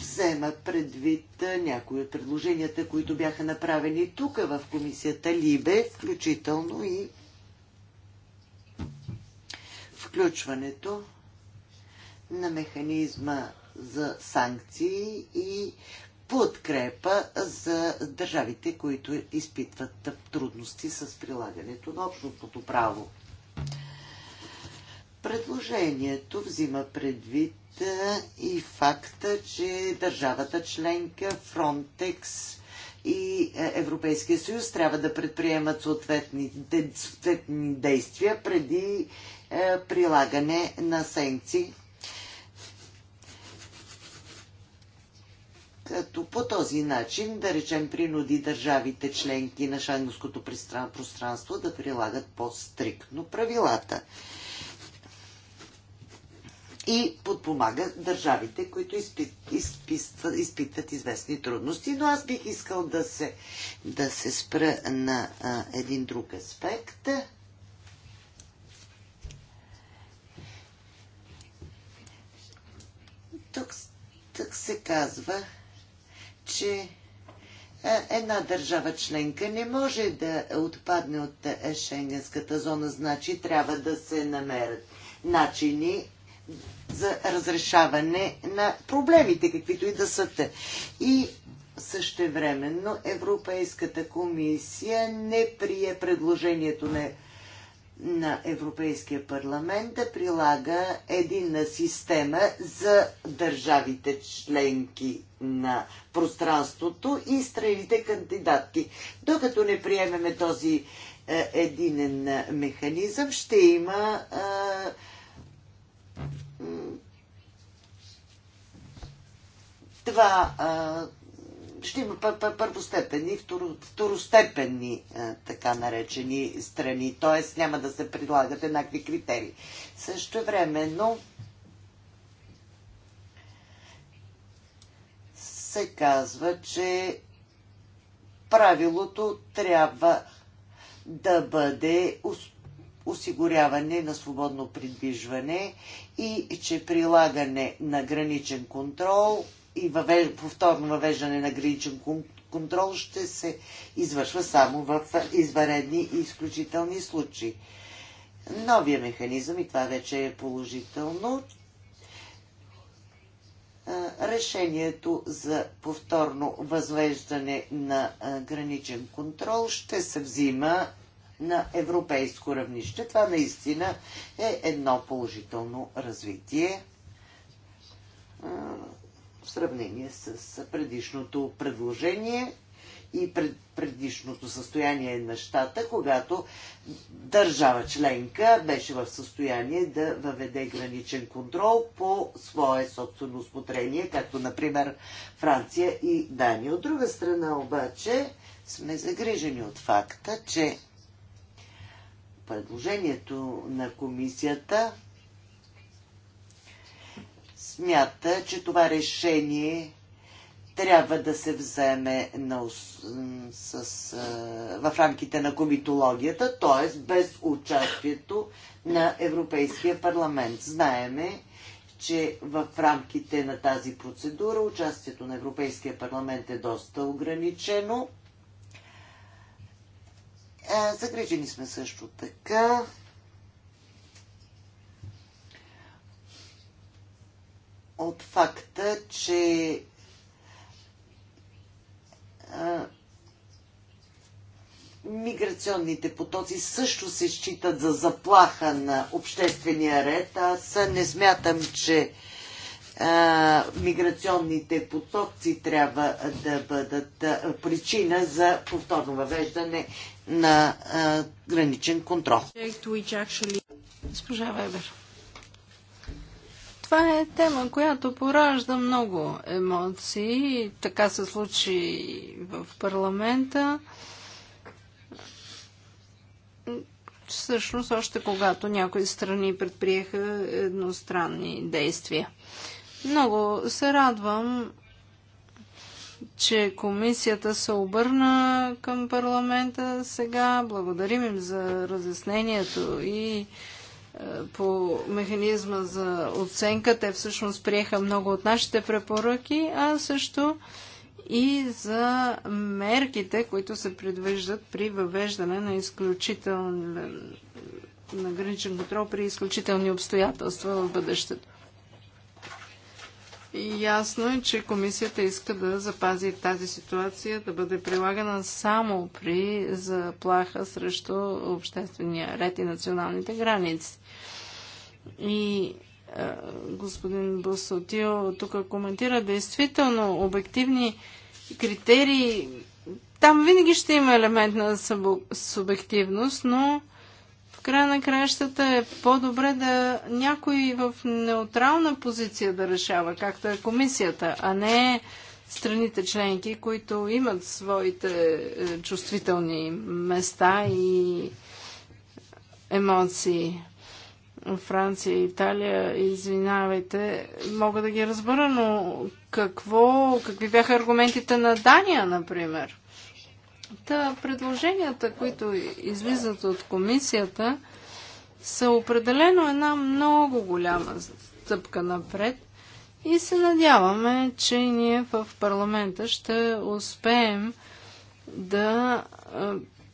взема предвид някои от предложенията, които бяха направени тук в комисията Либе, включително и включването на механизма за санкции и подкрепа за държавите, които изпитват трудности с прилагането на общото право. Предложението взима предвид и факта, че държавата членка Фронтекс и е, Европейския съюз трябва да предприемат съответни, съответни действия преди е, прилагане на санкции. Като по този начин, да речем, принуди държавите членки на шангското пространство да прилагат по-стриктно правилата и подпомага държавите, които изпит, изпитват известни трудности. Но аз бих искал да се, да се спра на а, един друг аспект. Тук, тук се казва, че една държава членка не може да отпадне от Шенгенската зона, значи трябва да се намерят начини за разрешаване на проблемите, каквито и да са те. И същевременно Европейската комисия не прие предложението на на Европейския парламент да прилага единна система за държавите членки на пространството и страните кандидатки. Докато не приемеме този е, единен е, механизъм, ще има е, това а, ще има първостепенни, второ, второстепенни, а, така наречени страни, т.е. няма да се предлагат еднакви критерии. Също е времено се казва, че правилото трябва да бъде осигуряване на свободно придвижване и че прилагане на граничен контрол и въвеж... повторно въвеждане на граничен контрол ще се извършва само в изваредни и изключителни случаи. Новия механизъм, и това вече е положително, решението за повторно възвеждане на граничен контрол ще се взима на европейско равнище. Това наистина е едно положително развитие в сравнение с предишното предложение и пред, предишното състояние на щата, когато държава членка беше в състояние да въведе граничен контрол по свое собствено усмотрение, както например Франция и Дания. От друга страна обаче сме загрижени от факта, че предложението на комисията смята, че това решение трябва да се вземе на, с, с, в рамките на комитологията, т.е. без участието на Европейския парламент. Знаеме, че в рамките на тази процедура участието на Европейския парламент е доста ограничено е, загрижени сме също така от факта, че е, миграционните потоци също се считат за заплаха на обществения ред. Аз не смятам, че а, е, миграционните потоци трябва да бъдат причина за повторно въвеждане на а, граничен контрол. Госпожа Вебер. Това е тема, която поражда много емоции. Така се случи в парламента. Всъщност, още когато някои страни предприеха едностранни действия. Много се радвам, че комисията се обърна към парламента сега. Благодарим им за разяснението и е, по механизма за оценка. Те всъщност приеха много от нашите препоръки, а също и за мерките, които се предвиждат при въвеждане на изключителен на граничен контрол при изключителни обстоятелства в бъдещето. Ясно е, че комисията иска да запази тази ситуация, да бъде прилагана само при заплаха срещу обществения ред и националните граници. И господин Босотио тук коментира действително обективни критерии. Там винаги ще има елемент на субективност, но края на краищата е по-добре да някой в неутрална позиция да решава, както е комисията, а не страните членки, които имат своите е, чувствителни места и емоции. Франция и Италия, извинявайте, мога да ги разбера, но какво, какви бяха аргументите на Дания, например? Та, предложенията, които излизат от комисията, са определено една много голяма стъпка напред и се надяваме, че ние в парламента ще успеем да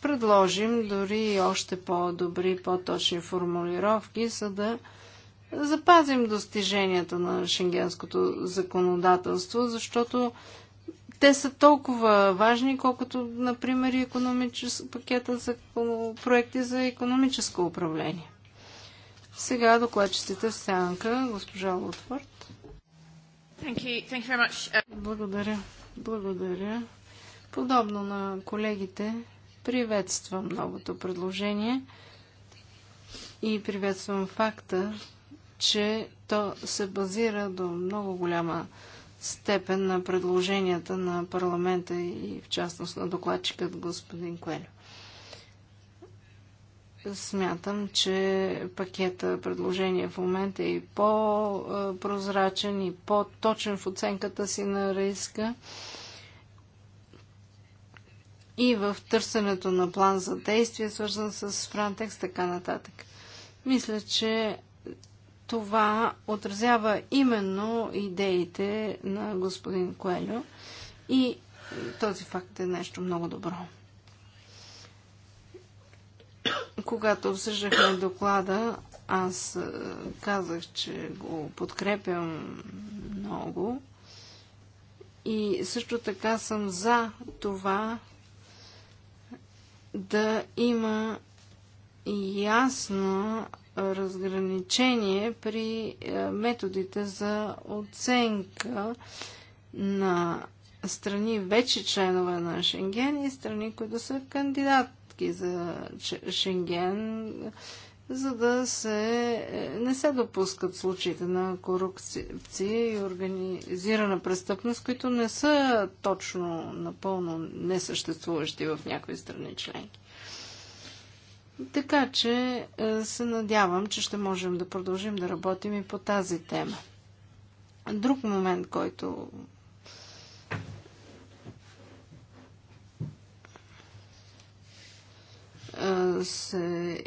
предложим дори още по-добри, по-точни формулировки, за да запазим достиженията на шенгенското законодателство, защото те са толкова важни, колкото, например, и економичес... пакета за проекти за економическо управление. Сега докладчиците в сянка, госпожа Лотфорд. Благодаря. Благодаря. Подобно на колегите, приветствам новото предложение и приветствам факта, че то се базира до много голяма степен на предложенията на парламента и в частност на докладчикът господин Коелю. Смятам, че пакета предложения в момента е и по-прозрачен и по-точен в оценката си на риска и в търсенето на план за действие, свързан с Франтекс, така нататък. Мисля, че това отразява именно идеите на господин Коелю и този факт е нещо много добро. Когато обсъждахме доклада, аз е, казах, че го подкрепям много и също така съм за това да има ясна разграничение при е, методите за оценка на страни вече членове на Шенген и страни, които са кандидатки за Шенген, за да се, е, не се допускат случаите на корупция и организирана престъпност, които не са точно напълно несъществуващи в някои страни членки. Така че е, се надявам, че ще можем да продължим да работим и по тази тема. Друг момент, който е, се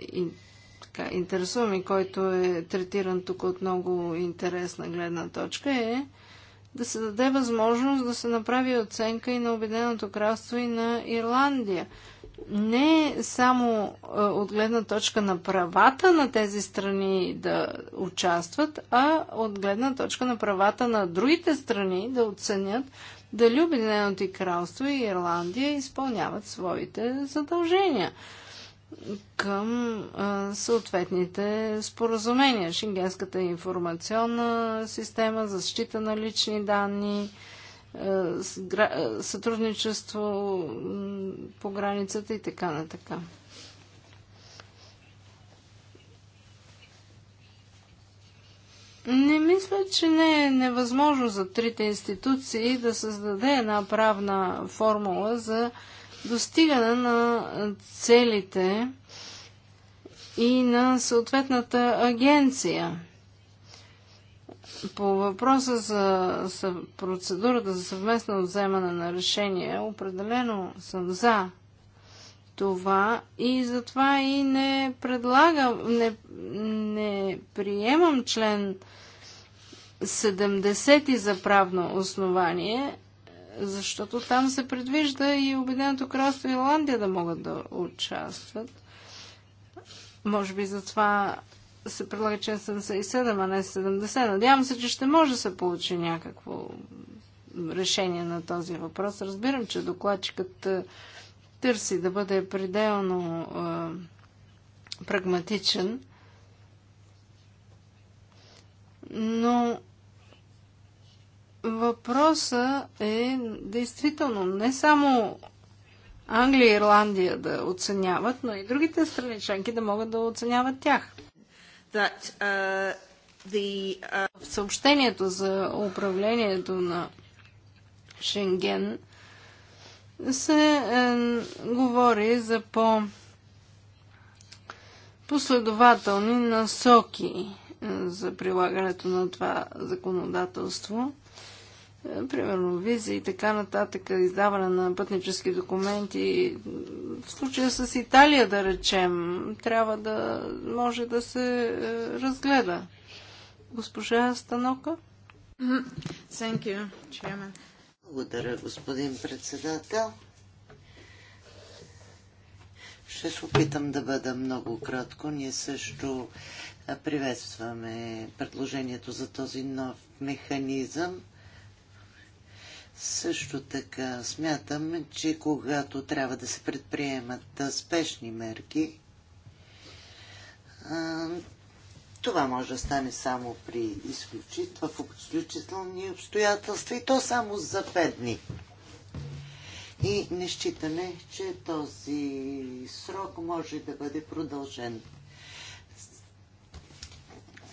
така, интересувам и който е третиран тук от много интересна гледна точка е да се даде възможност да се направи оценка и на Обеденото кралство и на Ирландия – не е само е, от гледна точка на правата на тези страни да участват, а от гледна точка на правата на другите страни да оценят дали Обединеното кралство и Ирландия изпълняват своите задължения към а, е, съответните споразумения. Шенгенската информационна система, защита на лични данни, сътрудничество по границата и така на така. Не мисля, че не е невъзможно за трите институции да създаде една правна формула за достигане на целите и на съответната агенция. По въпроса за процедурата за съвместно вземане на решение, определено съм за това и затова и не предлагам, не, не приемам член 70 за правно основание, защото там се предвижда и Обединеното кралство и Ирландия да могат да участват. Може би затова се предлага член 77, а не 70. Надявам се, че ще може да се получи някакво решение на този въпрос. Разбирам, че докладчикът е, търси да бъде пределно е, прагматичен, но въпроса е действително не само Англия и Ирландия да оценяват, но и другите страни членки да могат да оценяват тях. Uh, uh, В съобщението за управлението на Шенген се е, говори за по последователни насоки е, за прилагането на това законодателство – е, примерно визи и така нататък, издаване на пътнически документи. В случая с Италия, да речем, трябва да може да се е, разгледа. Госпожа Станока? Thank you, chairman. Благодаря, господин председател. Ще се опитам да бъда много кратко. Ние също е, приветстваме предложението за този нов механизъм също така смятам, че когато трябва да се предприемат спешни мерки, това може да стане само при изключител в изключителни обстоятелства и то само за пет дни. И не считаме, че този срок може да бъде продължен.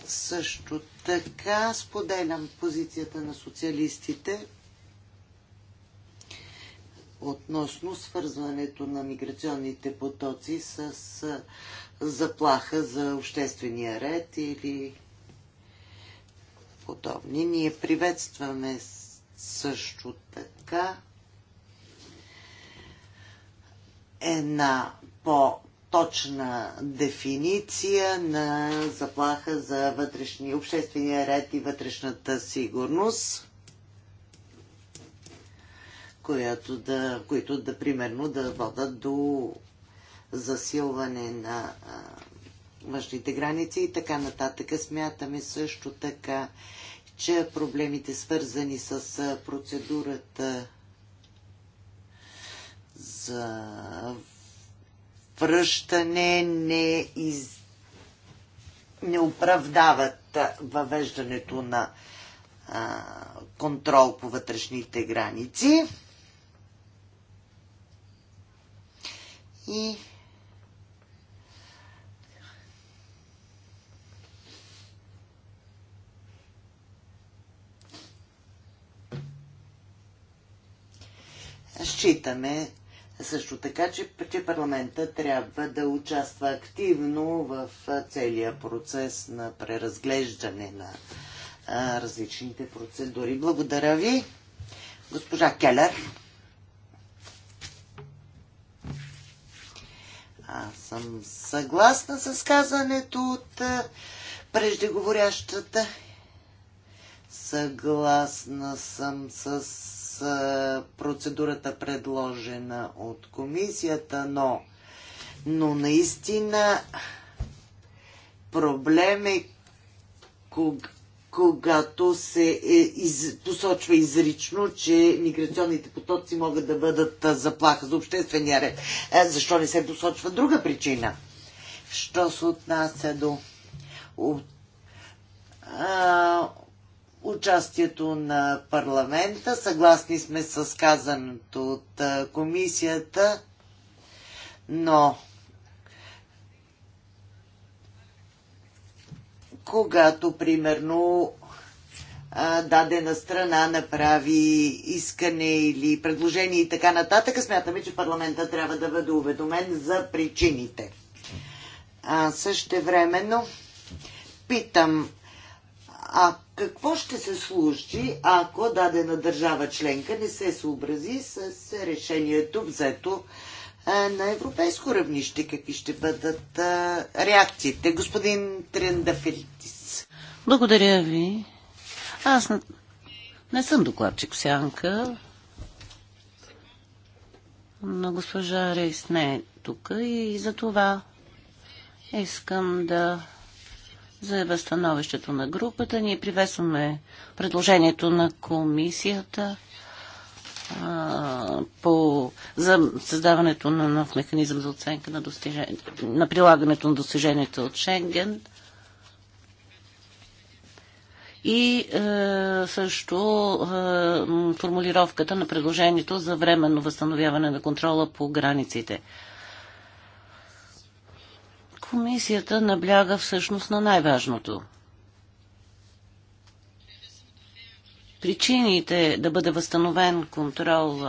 Също така споделям позицията на социалистите, относно свързването на миграционните потоци с заплаха за обществения ред или подобни. Ние приветстваме също така една по-точна дефиниция на заплаха за вътрешния, обществения ред и вътрешната сигурност която да, които да, примерно, да водат до засилване на а, външните граници и така нататък. Смятаме също така, че проблемите свързани с процедурата за връщане не, из... не оправдават въвеждането на а, контрол по вътрешните граници. и Считаме също така, че, че парламента трябва да участва активно в целия процес на преразглеждане на а, различните процедури. Благодаря ви, госпожа Келер. Аз съм съгласна с казането от е, преждеговорящата. Съгласна съм с е, процедурата предложена от комисията, но, но наистина проблем е кога когато се е, из, посочва изрично, че миграционните потоци могат да бъдат заплаха за обществения ред. Е, защо не се посочва друга причина? Що се отнася до а, участието на парламента, съгласни сме с казаното от комисията, но когато, примерно, дадена страна направи искане или предложение и така нататък, смятаме, че парламента трябва да бъде уведомен за причините. А също времено питам, а какво ще се случи, ако дадена държава членка не се съобрази с решението взето на европейско равнище? Какви ще бъдат реакциите? Господин Трендафилип. Благодаря ви. Аз не, не съм докладчик сянка. Но госпожа Рейс не е тук и за това искам да заявя становището на групата. Ние приветстваме предложението на комисията а, по, за създаването на нов механизъм за оценка на, на прилагането на достиженията от Шенген – и е, също е, формулировката на предложението за временно възстановяване на контрола по границите. Комисията набляга всъщност на най-важното. Причините да бъде възстановен контрол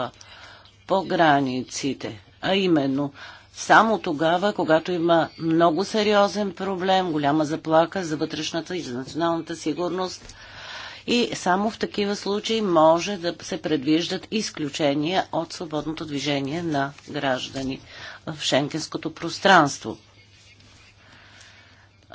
по границите, а именно само тогава, когато има много сериозен проблем, голяма заплака за вътрешната и за националната сигурност. И само в такива случаи може да се предвиждат изключения от свободното движение на граждани в шенкенското пространство.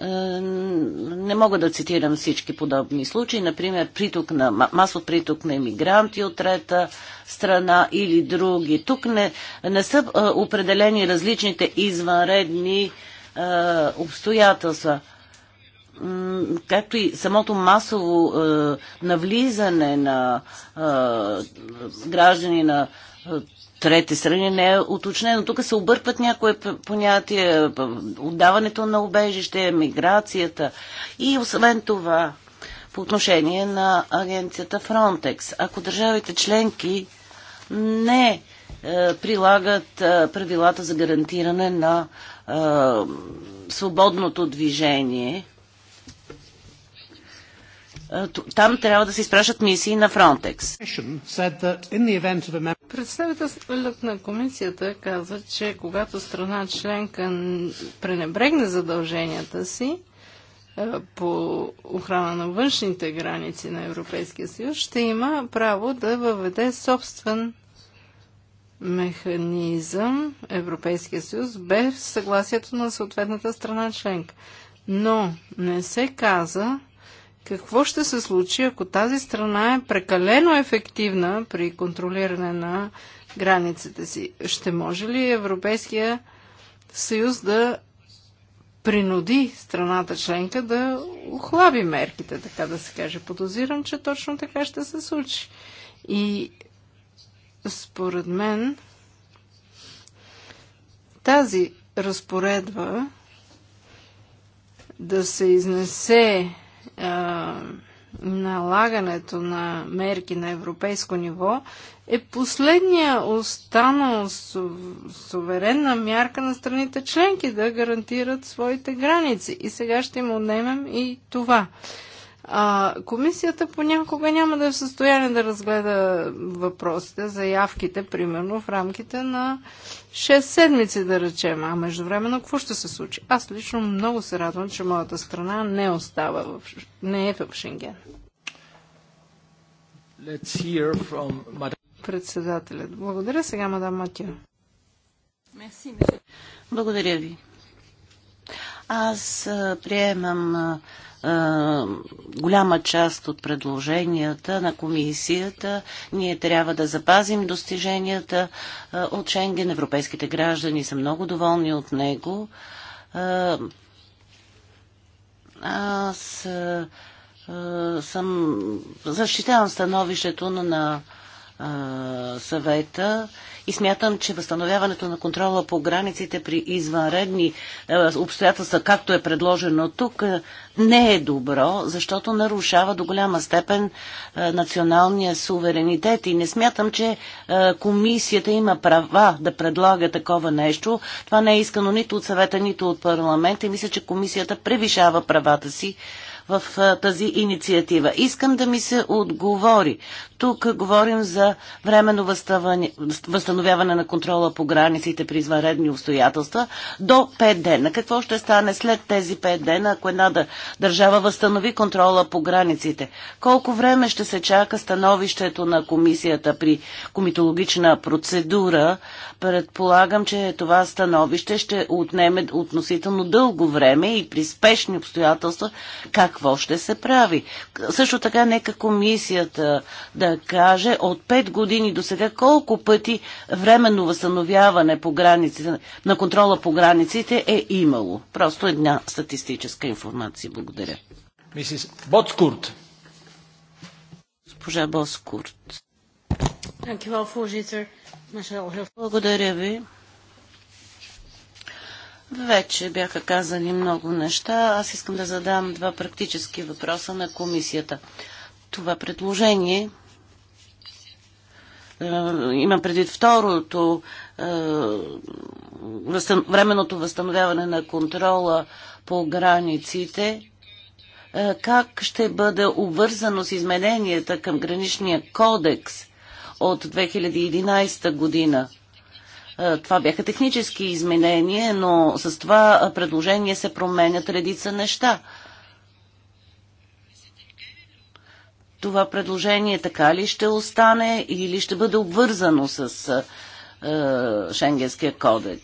Е, не мога да цитирам всички подобни случаи, например приток на, масов приток на иммигранти от трета страна или други. Тук не, не са е, определени различните извънредни е, обстоятелства. Както и самото масово навлизане на граждани на трети страни не е уточнено. Тук се объркват някои понятия, отдаването на убежище, миграцията и освен това по отношение на агенцията Frontex. Ако държавите членки не е, прилагат е, правилата за гарантиране на е, свободното движение, там трябва да се изпращат мисии на Фронтекс. Представителят на комисията каза, че когато страна членка пренебрегне задълженията си по охрана на външните граници на Европейския съюз, ще има право да въведе собствен механизъм Европейския съюз без съгласието на съответната страна членка. Но не се каза какво ще се случи, ако тази страна е прекалено ефективна при контролиране на границите си? Ще може ли Европейския съюз да принуди страната членка да охлаби мерките, така да се каже. Подозирам, че точно така ще се случи. И според мен тази разпоредба да се изнесе налагането на мерки на европейско ниво е последния останал суверенна мярка на страните членки да гарантират своите граници. И сега ще им отнемем и това. А, комисията понякога няма да е в състояние да разгледа въпросите, заявките, примерно в рамките на 6 седмици, да речем. А междувременно какво ще се случи? Аз лично много се радвам, че моята страна не остава в, не е в Шенген. Let's hear from... Председателят. Благодаря сега, мадам Матио. Благодаря ви. Аз приемам голяма част от предложенията на комисията. Ние трябва да запазим достиженията от Шенген. Европейските граждани са много доволни от него. Аз съм защитавам становището на съвета и смятам, че възстановяването на контрола по границите при извънредни обстоятелства, както е предложено тук, не е добро, защото нарушава до голяма степен националния суверенитет и не смятам, че комисията има права да предлага такова нещо. Това не е искано нито от съвета, нито от парламента и мисля, че комисията превишава правата си в тази инициатива. Искам да ми се отговори тук говорим за временно възстановяване на контрола по границите при извънредни обстоятелства до 5 дена. Какво ще стане след тези 5 дена, ако една държава възстанови контрола по границите? Колко време ще се чака становището на комисията при комитологична процедура? Предполагам, че това становище ще отнеме относително дълго време и при спешни обстоятелства какво ще се прави? Също така нека комисията да каже от 5 години до сега колко пъти временно възстановяване по границите, на контрола по границите е имало. Просто една статистическа информация. Благодаря. Мисис Боцкурт. Госпожа Боцкурт. Благодаря ви. Вече бяха казани много неща. Аз искам да задам два практически въпроса на комисията. Това предложение е, имам предвид второто е, временното възстановяване на контрола по границите, е, как ще бъде обвързано с измененията към граничния кодекс от 2011 година. Това бяха технически изменения, но с това предложение се променят редица неща. това предложение така ли ще остане или ще бъде обвързано с е, Шенгенския кодекс?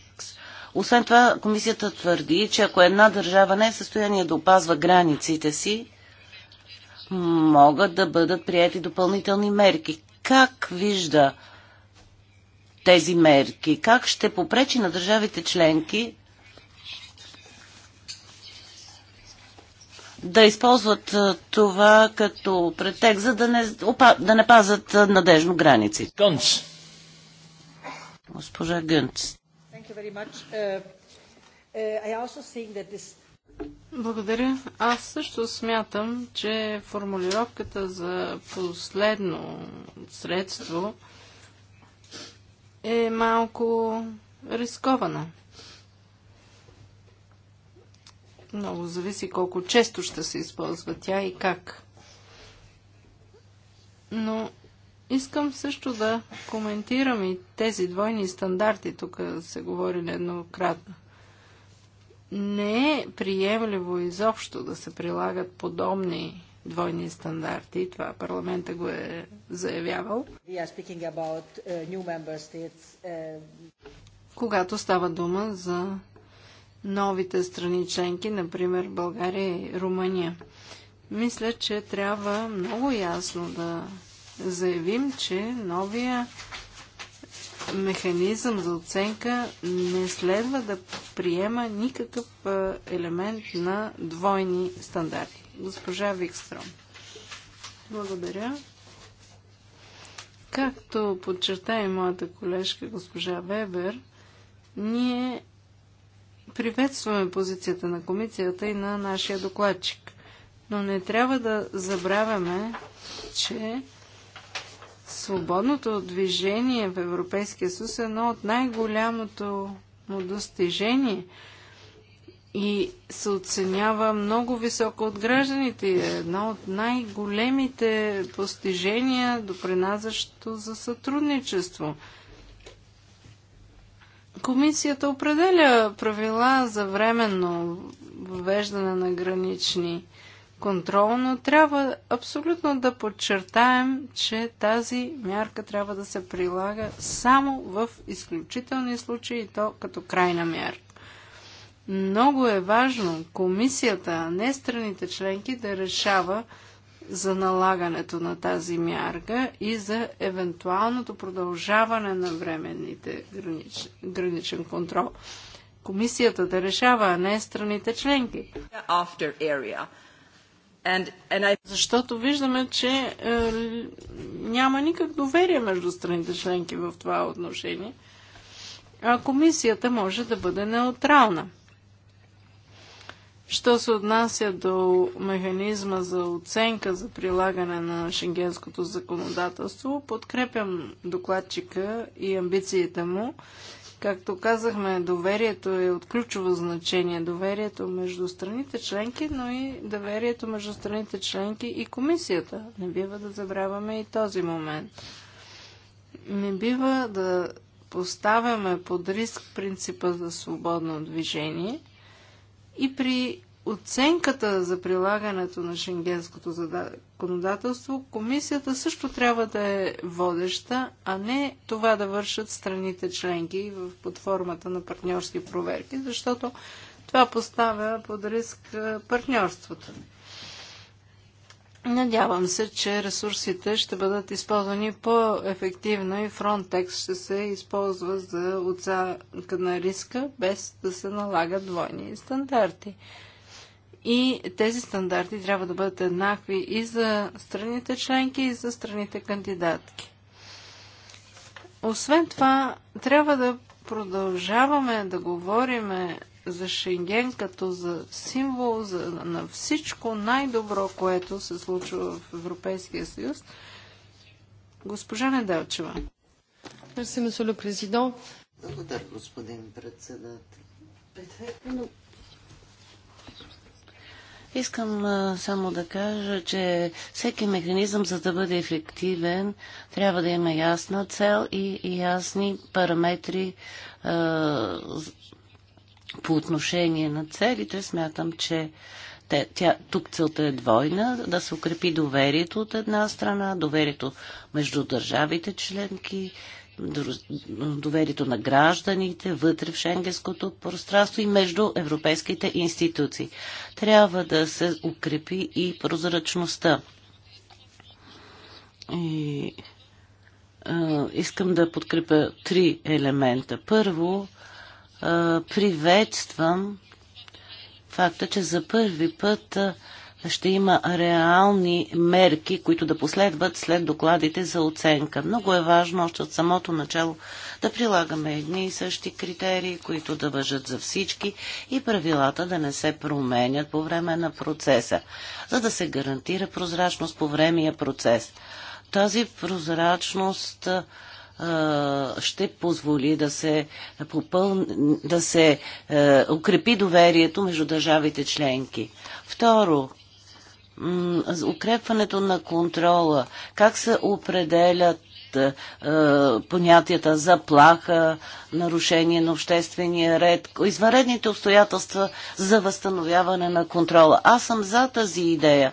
Освен това, комисията твърди, че ако една държава не е в състояние да опазва границите си, могат да бъдат прияти допълнителни мерки. Как вижда тези мерки? Как ще попречи на държавите членки да използват това като претекст, за да не, опа, да не пазат надежно граници. Гънц. Госпожа Гънц. Uh, uh, Благодаря. Аз също смятам, че формулировката за последно средство е малко рискована. Много зависи колко често ще се използва тя и как. Но искам също да коментирам и тези двойни стандарти, тук се говори еднократно. Не е приемливо изобщо да се прилагат подобни двойни стандарти. Това парламента го е заявявал. About, uh, states, uh... Когато става дума за новите страни членки, например България и Румъния. Мисля, че трябва много ясно да заявим, че новия механизъм за оценка не следва да приема никакъв елемент на двойни стандарти. Госпожа Викстром. Благодаря. Както подчерта и моята колежка госпожа Вебер, ние Приветстваме позицията на комисията и на нашия докладчик. Но не трябва да забравяме, че свободното движение в Европейския съюз е едно от най-голямото му достижение и се оценява много високо от гражданите. Е едно от най-големите постижения, допринасящо за сътрудничество – Комисията определя правила за временно въвеждане на гранични контрол, но трябва абсолютно да подчертаем, че тази мярка трябва да се прилага само в изключителни случаи и то като крайна мярка. Много е важно комисията, а не страните членки да решава за налагането на тази мярка и за евентуалното продължаване на временните гранич, граничен контрол. Комисията да решава, а не страните членки. And, and I... Защото виждаме, че е, няма никак доверие между страните членки в това отношение, а комисията може да бъде неутрална. Що се отнася до механизма за оценка за прилагане на шенгенското законодателство, подкрепям докладчика и амбициите му. Както казахме, доверието е от ключово значение. Доверието между страните членки, но и доверието между страните членки и комисията. Не бива да забравяме и този момент. Не бива да поставяме под риск принципа за свободно движение – и при оценката за прилагането на шенгенското законодателство, комисията също трябва да е водеща, а не това да вършат страните членки в под формата на партньорски проверки, защото това поставя под риск партньорството. Надявам се, че ресурсите ще бъдат използвани по-ефективно и Frontex ще се използва за оценка на риска, без да се налагат двойни стандарти. И тези стандарти трябва да бъдат еднакви и за страните членки, и за страните кандидатки. Освен това, трябва да продължаваме да говориме за Шенген като за символ за, на всичко най-добро, което се случва в Европейския съюз. Госпожа Неделчева. Мерси, месоле президент. Благодаря, господин председател. Искам а, само да кажа, че всеки механизъм, за да бъде ефективен, трябва да има ясна цел и, и ясни параметри а, по отношение на целите, смятам, че те, тя, тук целта е двойна да се укрепи доверието от една страна, доверието между държавите членки, доверието на гражданите вътре в шенгенското пространство и между европейските институции. Трябва да се укрепи и прозрачността. И, а, искам да подкрепя три елемента. Първо, а, приветствам факта, че за първи път ще има реални мерки, които да последват след докладите за оценка. Много е важно още от самото начало да прилагаме едни и същи критерии, които да въжат за всички и правилата да не се променят по време на процеса, за да се гарантира прозрачност по време на процес. Тази прозрачност ще позволи да се, попъл... да се е, укрепи доверието между държавите членки. Второ, укрепването на контрола. Как се определят е, е, понятията за плаха, нарушение на обществения ред, извънредните обстоятелства за възстановяване на контрола. Аз съм за тази идея,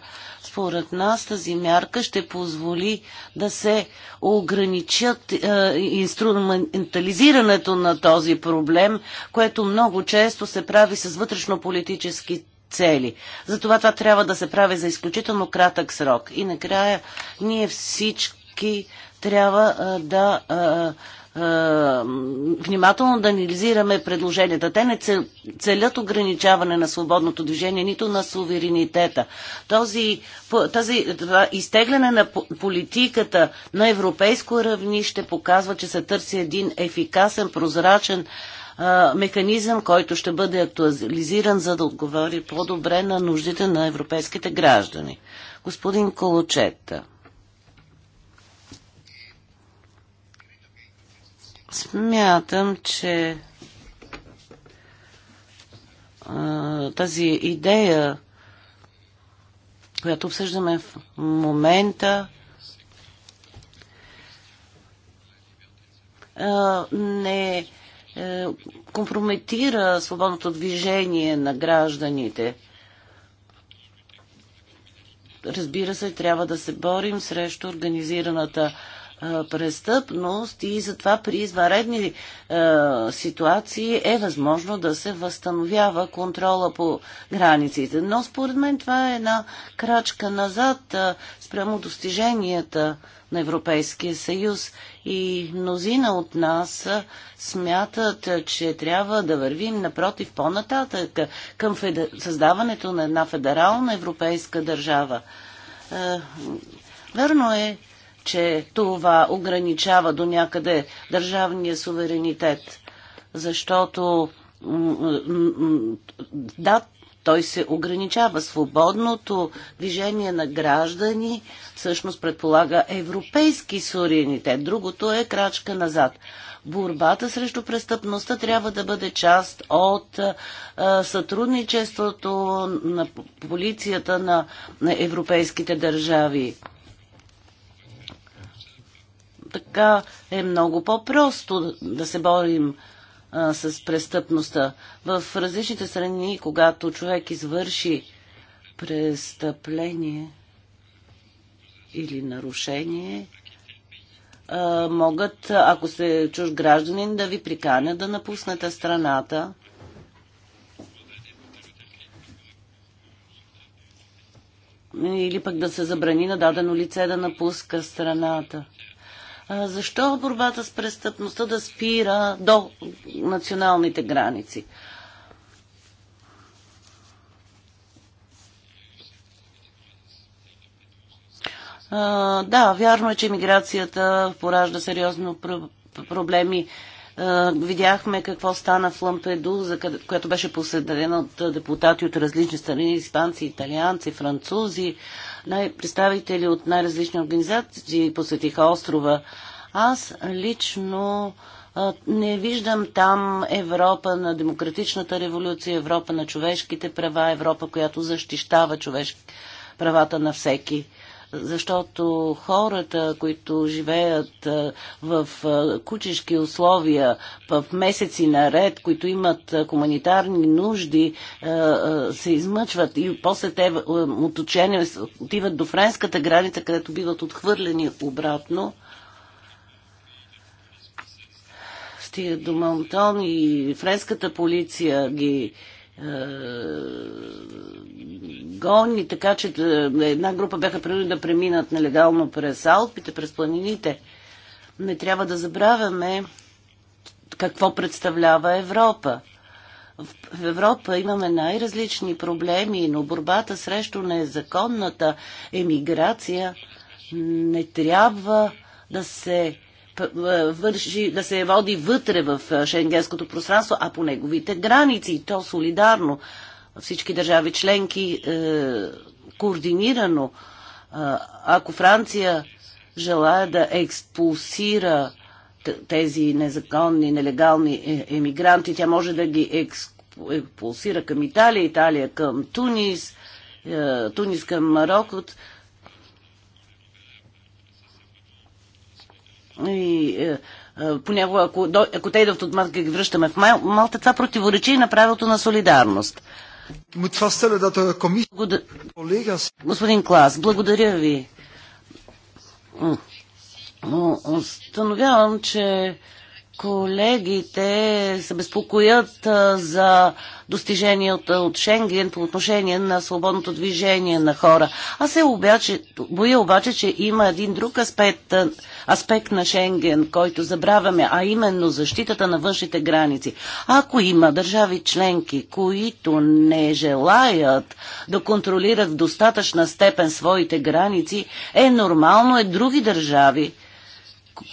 според нас тази мярка ще позволи да се ограничат е, инструментализирането на този проблем, което много често се прави с вътрешно-политически цели. Затова това трябва да се прави за изключително кратък срок. И накрая ние всички трябва е, да е, е, внимателно да анализираме предложенията. Те не целят ограничаване на свободното движение, нито на суверенитета. Този, тази, това изтегляне на политиката на европейско равнище показва, че се търси един ефикасен, прозрачен а, е, механизъм, който ще бъде актуализиран, за да отговори по-добре на нуждите на европейските граждани. Господин Колочета. Смятам, че а, тази идея, която обсъждаме в момента, а, не е, компрометира свободното движение на гражданите. Разбира се, трябва да се борим срещу организираната престъпност и затова при изваредни ситуации е възможно да се възстановява контрола по границите. Но според мен това е една крачка назад спрямо достиженията на Европейския съюз и мнозина от нас смятат, че трябва да вървим напротив по-нататък към федер... създаването на една федерална европейска държава. Верно е, че това ограничава до някъде държавния суверенитет, защото да, той се ограничава. Свободното движение на граждани всъщност предполага европейски суверенитет. Другото е крачка назад. Борбата срещу престъпността трябва да бъде част от сътрудничеството на полицията на, на европейските държави така е много по-просто да се борим а, с престъпността. В различните страни, когато човек извърши престъпление или нарушение, а, могат, ако се чуж гражданин, да ви приканя да напуснете страната. Или пък да се забрани на дадено лице да напуска страната. Защо борбата с престъпността да спира до националните граници? да, вярно е, че миграцията поражда сериозно проблеми. видяхме какво стана в Лампеду, която беше поседена от депутати от различни страни, испанци, италианци, французи. Най- представители от най-различни организации посетиха острова. Аз лично не виждам там Европа на демократичната революция, Европа на човешките права, Европа, която защищава човешки правата на всеки защото хората, които живеят в кучешки условия в месеци наред, които имат хуманитарни нужди, се измъчват и после те отучени отиват до френската граница, където биват отхвърлени обратно. Стигат до Монтон и френската полиция ги гони, така че една група бяха принудени да преминат нелегално през Алпите, през планините. Не трябва да забравяме какво представлява Европа. В Европа имаме най-различни проблеми, но борбата срещу незаконната емиграция не трябва да се върши, да се води вътре в шенгенското пространство, а по неговите граници, и то солидарно всички държави членки е, координирано. Е, ако Франция желая да експулсира тези незаконни, нелегални е, емигранти, тя може да ги експулсира към Италия, Италия към Тунис, е, Тунис към Марокко. И е, е понякога, ако, ако те идват от Малта, ги връщаме в Малта, това противоречи и на правилото на солидарност. Господин Клас, благодаря ви. Но установявам, че колегите се безпокоят за достиженията от Шенген по отношение на свободното движение на хора. Аз се обаче, боя обаче, че има един друг аспект, аспект на Шенген, който забравяме, а именно защитата на външните граници. Ако има държави членки, които не желаят да контролират в достатъчна степен своите граници, е нормално е други държави,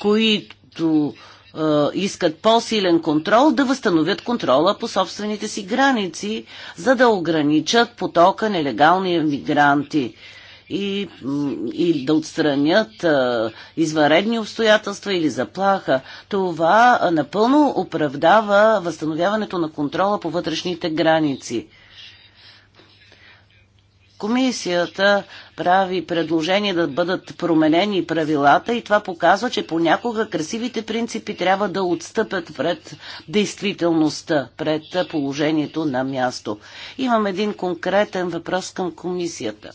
които е, искат по-силен контрол, да възстановят контрола по собствените си граници, за да ограничат потока нелегални мигранти и, и да отстранят е, изваредни обстоятелства или заплаха. Това е, напълно оправдава възстановяването на контрола по вътрешните граници. Комисията прави предложение да бъдат променени правилата и това показва, че понякога красивите принципи трябва да отстъпят пред действителността, пред положението на място. Имам един конкретен въпрос към комисията.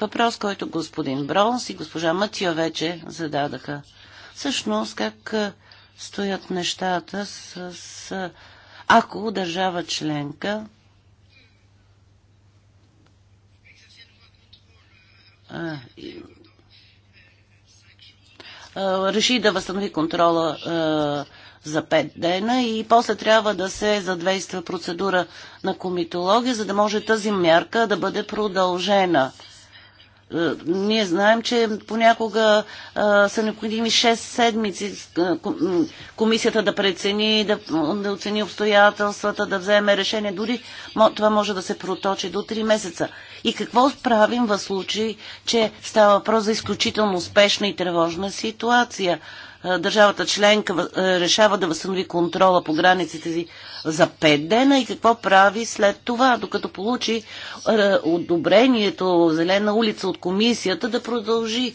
Въпрос, който господин Бронс и госпожа Матио вече зададаха. Всъщност, как стоят нещата с, с ако държава членка реши да възстанови контрола за 5 дена и после трябва да се задейства процедура на комитология, за да може тази мярка да бъде продължена. Е, ние знаем, че понякога е, са необходими 6 седмици е, комисията да прецени, да, да оцени обстоятелствата, да вземе решение. Дори това може да се проточи до 3 месеца. И какво правим в случай, че става въпрос за изключително успешна и тревожна ситуация? Е, държавата членка е, решава да възстанови контрола по границите си за 5 дена и какво прави след това, докато получи е, одобрението зелена улица от комисията да продължи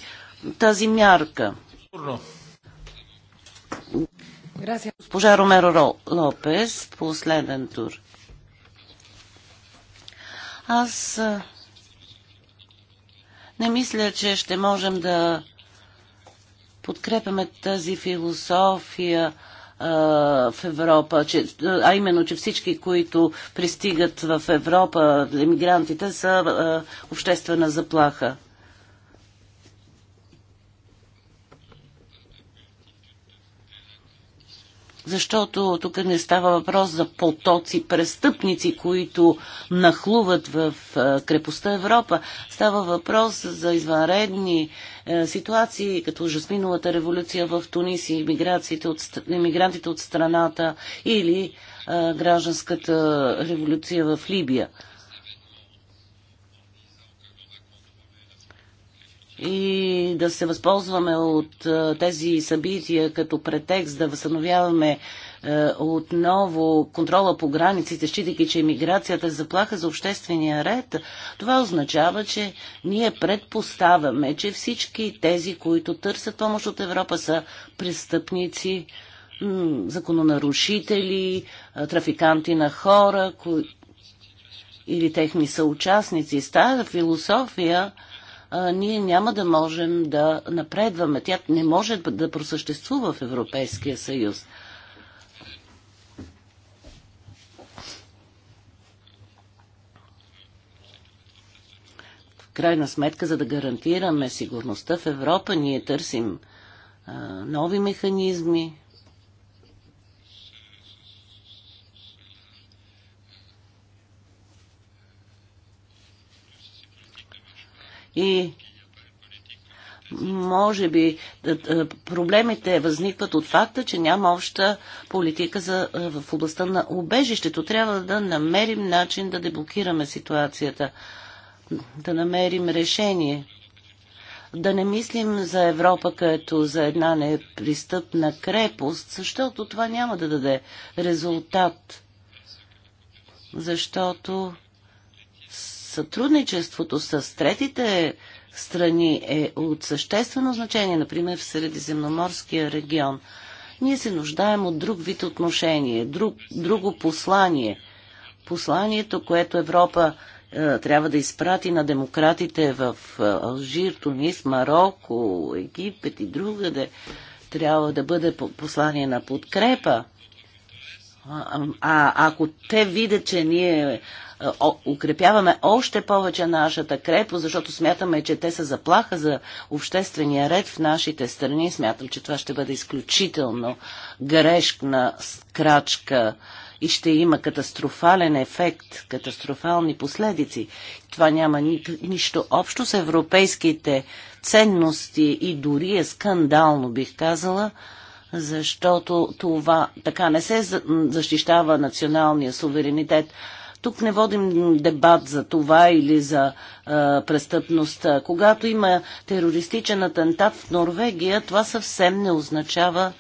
тази мярка. Госпожа Ромеро Лопес, последен тур. Аз не мисля, че ще можем да подкрепяме тази философия а, в Европа, че, а именно, че всички, които пристигат в Европа, емигрантите, са а, обществена заплаха. защото тук не става въпрос за потоци престъпници, които нахлуват в крепостта Европа. Става въпрос за извънредни е, ситуации, като Жасминовата революция в Тунис и иммигрантите от, страната или гражданската революция в Либия. и да се възползваме от е, тези събития като претекст да възстановяваме е, отново контрола по границите, считайки, че иммиграцията е заплаха за обществения ред, това означава, че ние предпоставяме, че всички тези, които търсят помощ от Европа, са престъпници, закононарушители, е, трафиканти на хора кои... или техни съучастници. Стара философия а, ние няма да можем да напредваме. Тя не може да просъществува в Европейския съюз. В крайна сметка, за да гарантираме сигурността в Европа, ние търсим а, нови механизми, И може би е, е, проблемите възникват от факта, че няма обща политика за, е, в областта на убежището. Трябва да намерим начин да деблокираме ситуацията, да намерим решение. Да не мислим за Европа като за една непристъпна крепост, защото това няма да даде резултат. Защото Сътрудничеството с третите страни е от съществено значение, например в Средиземноморския регион. Ние се нуждаем от друг вид отношение, друг, друго послание. Посланието, което Европа е, трябва да изпрати на демократите в е, Алжир, Тунис, Марокко, Египет и другаде, трябва да бъде послание на подкрепа а, а ако те видят, че ние е, о, укрепяваме още повече нашата крепост, защото смятаме, че те са заплаха за обществения ред в нашите страни, смятам, че това ще бъде изключително грешна крачка и ще има катастрофален ефект, катастрофални последици. Това няма ни, нищо общо с европейските ценности и дори е скандално, бих казала, защото това така не се защищава националния суверенитет. Тук не водим дебат за това или за а, престъпността. Когато има терористичен атентат в Норвегия, това съвсем не означава,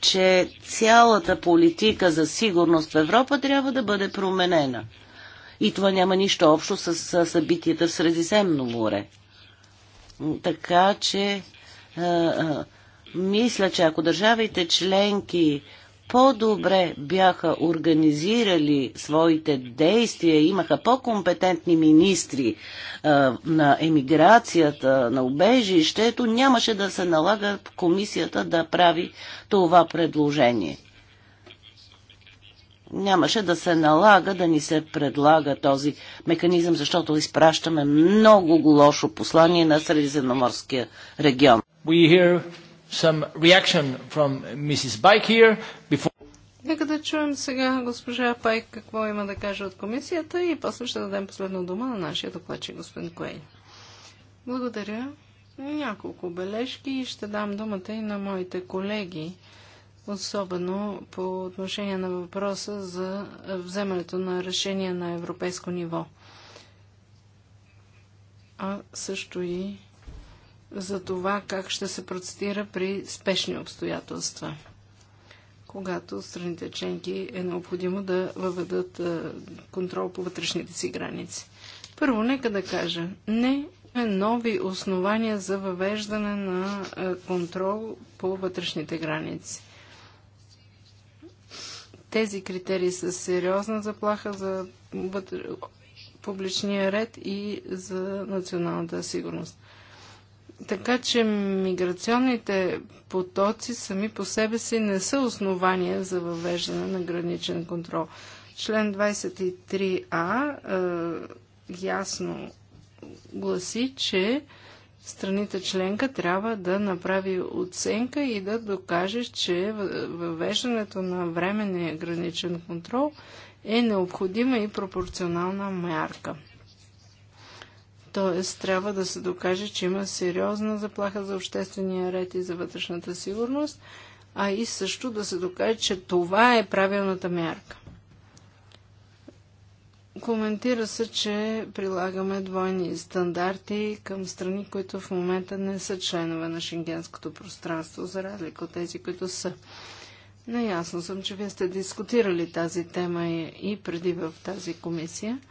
че цялата политика за сигурност в Европа трябва да бъде променена. И това няма нищо общо с, с събитията в Средиземно море. Така че. А, а, мисля, че ако държавите членки по-добре бяха организирали своите действия, имаха по-компетентни министри а, на емиграцията, на убежището, нямаше да се налага комисията да прави това предложение. Нямаше да се налага да ни се предлага този механизъм, защото изпращаме много лошо послание на Средиземноморския регион. We hear some reaction from Mrs. here before... Нека да чуем сега госпожа Пайк какво има да каже от комисията и после ще дадем последна дума на нашия докладчик господин Коей. Благодаря. Няколко бележки и ще дам думата и на моите колеги, особено по отношение на въпроса за вземането на решения на европейско ниво, а също и за това как ще се процедира при спешни обстоятелства, когато страните членки е необходимо да въведат контрол по вътрешните си граници. Първо, нека да кажа, не е нови основания за въвеждане на контрол по вътрешните граници. Тези критерии са сериозна заплаха за публичния ред и за националната сигурност. Така че миграционните потоци сами по себе си не са основания за въвеждане на граничен контрол. Член 23а е, ясно гласи, че страните членка трябва да направи оценка и да докаже, че въвеждането на временния граничен контрол е необходима и пропорционална мярка. Тоест, трябва да се докаже, че има сериозна заплаха за обществения ред и за вътрешната сигурност, а и също да се докаже, че това е правилната мярка. Коментира се, че прилагаме двойни стандарти към страни, които в момента не са членове на шенгенското пространство, за разлика от тези, които са. Наясно съм, че вие сте дискутирали тази тема и преди в тази комисия –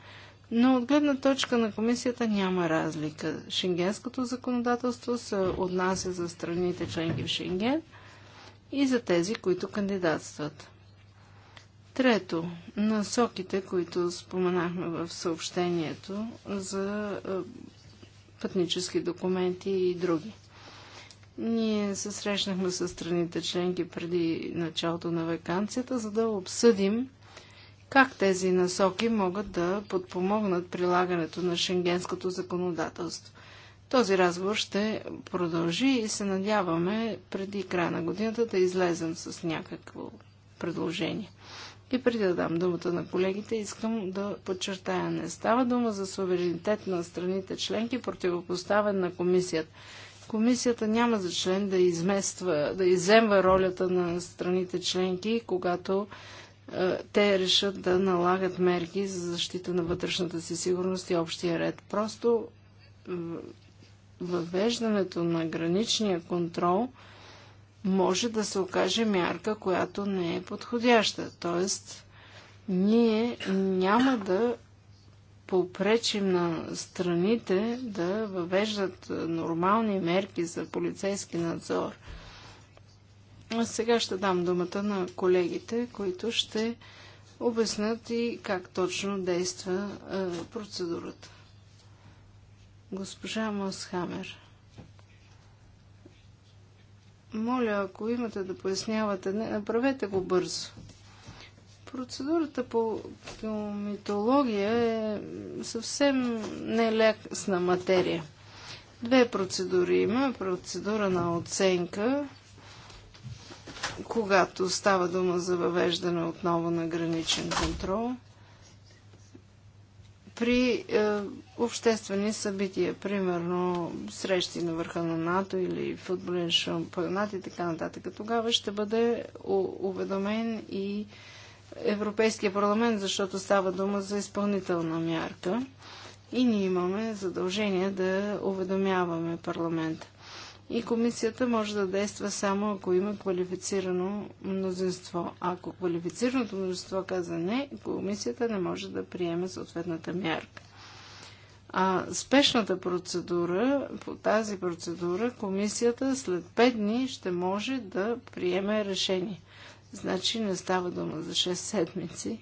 но от гледна точка на комисията няма разлика. Шенгенското законодателство се отнася за страните членки в Шенген и за тези, които кандидатстват. Трето, насоките, които споменахме в съобщението за пътнически документи и други. Ние се срещнахме с страните членки преди началото на вакансията, за да обсъдим как тези насоки могат да подпомогнат прилагането на шенгенското законодателство? Този разговор ще продължи и се надяваме преди края на годината да излезем с някакво предложение. И преди да дам думата на колегите, искам да подчертая, не става дума за суверенитет на страните членки, противопоставен на комисията. Комисията няма за член да измества, да иземва ролята на страните членки, когато те решат да налагат мерки за защита на вътрешната си сигурност и общия ред. Просто въвеждането на граничния контрол може да се окаже мярка, която не е подходяща. Тоест, ние няма да попречим на страните да въвеждат нормални мерки за полицейски надзор – сега ще дам думата на колегите, които ще обяснат и как точно действа процедурата. Госпожа Мосхамер. Моля, ако имате да пояснявате, не, направете го бързо. Процедурата по километология е съвсем нелесна материя. Две процедури има. Процедура на оценка когато става дума за въвеждане отново на граничен контрол при е, обществени събития, примерно срещи на върха на НАТО или футболен шампионат и така нататък. Тогава ще бъде уведомен и Европейския парламент, защото става дума за изпълнителна мярка и ние имаме задължение да уведомяваме парламента и комисията може да действа само ако има квалифицирано мнозинство. Ако квалифицираното мнозинство каза не, комисията не може да приеме съответната мярка. А спешната процедура, по тази процедура, комисията след 5 дни ще може да приеме решение. Значи не става дума за 6 седмици,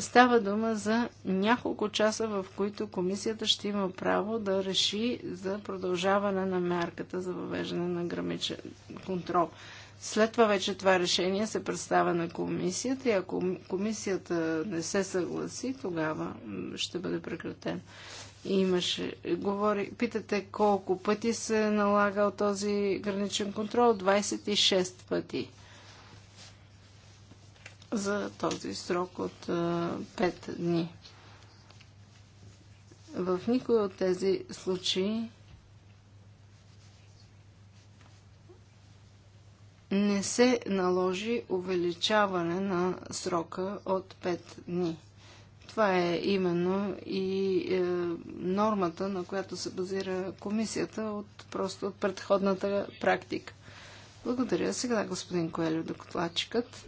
Става дума за няколко часа, в които комисията ще има право да реши за продължаване на мярката за въвеждане на граничен контрол. След това вече това решение се представя на комисията и ако комисията не се съгласи, тогава ще бъде прекратен. Имаше, говори, питате колко пъти се налагал този граничен контрол? 26 пъти за този срок от 5 дни. В никой от тези случаи не се наложи увеличаване на срока от 5 дни. Това е именно и е, нормата, на която се базира комисията от просто от предходната практика. Благодаря. Сега господин Коелю, докладчикът.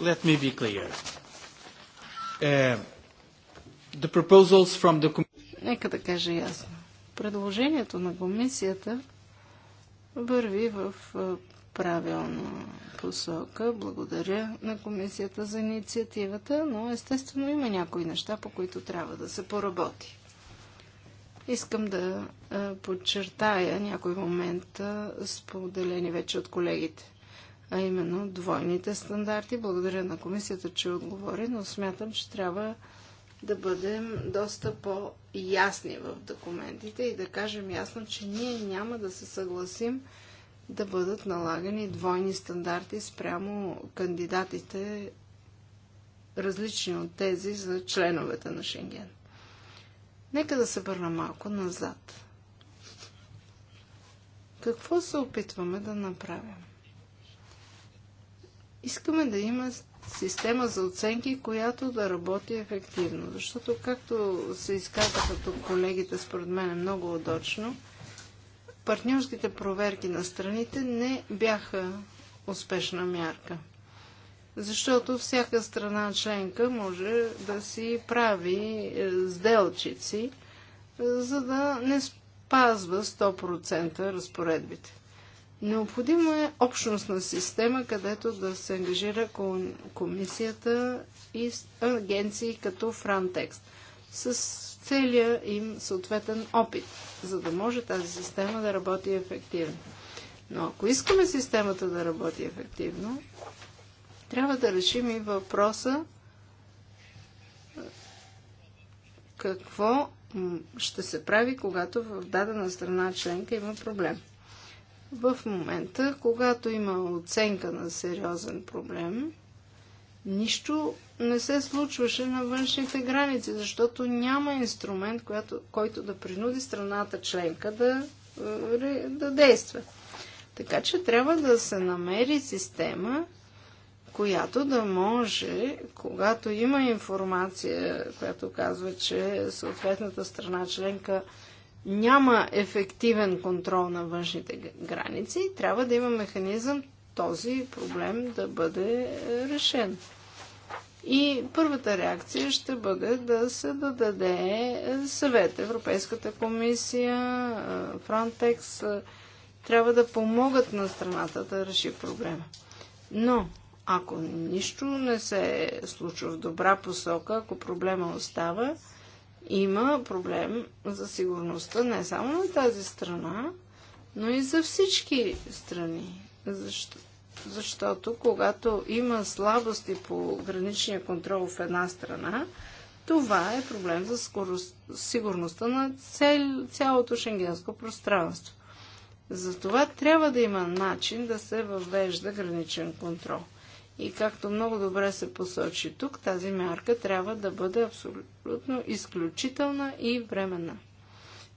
Let me be clear. Uh, the proposals from the... Нека да кажа ясно. Предложението на комисията върви в правилна посока. Благодаря на комисията за инициативата, но естествено има някои неща, по които трябва да се поработи. Искам да подчертая някой момент, споделени вече от колегите а именно двойните стандарти. Благодаря на комисията, че отговори, но смятам, че трябва да бъдем доста по-ясни в документите и да кажем ясно, че ние няма да се съгласим да бъдат налагани двойни стандарти спрямо кандидатите, различни от тези за членовете на Шенген. Нека да се върна малко назад. Какво се опитваме да направим? Искаме да има система за оценки, която да работи ефективно. Защото, както се изказаха тук колегите, според мен е много удочно, партньорските проверки на страните не бяха успешна мярка. Защото всяка страна членка може да си прави е, сделчици, е, за да не спазва 100% разпоредбите. Необходима е общностна система, където да се ангажира комисията и агенции като Франтекст с целия им съответен опит, за да може тази система да работи ефективно. Но ако искаме системата да работи ефективно, трябва да решим и въпроса какво ще се прави, когато в дадена страна членка има проблем. В момента, когато има оценка на сериозен проблем, нищо не се случваше на външните граници, защото няма инструмент, която, който да принуди страната членка да, е, да действа. Така че трябва да се намери система, която да може, когато има информация, която казва, че съответната страна членка няма ефективен контрол на външните граници, трябва да има механизъм този проблем да бъде е, решен. И първата реакция ще бъде да се даде е, съвет. Европейската комисия, е, Фронтекс трябва да помогат на страната да реши проблема. Но, ако нищо не се случва в добра посока, ако проблема остава, има проблем за сигурността не само на тази страна, но и за всички страни. Защо? Защото когато има слабости по граничния контрол в една страна, това е проблем за скорост, сигурността на цел, цялото шенгенско пространство. Затова трябва да има начин да се въвежда граничен контрол. И както много добре се посочи тук, тази мярка трябва да бъде абсолютно изключителна и временна.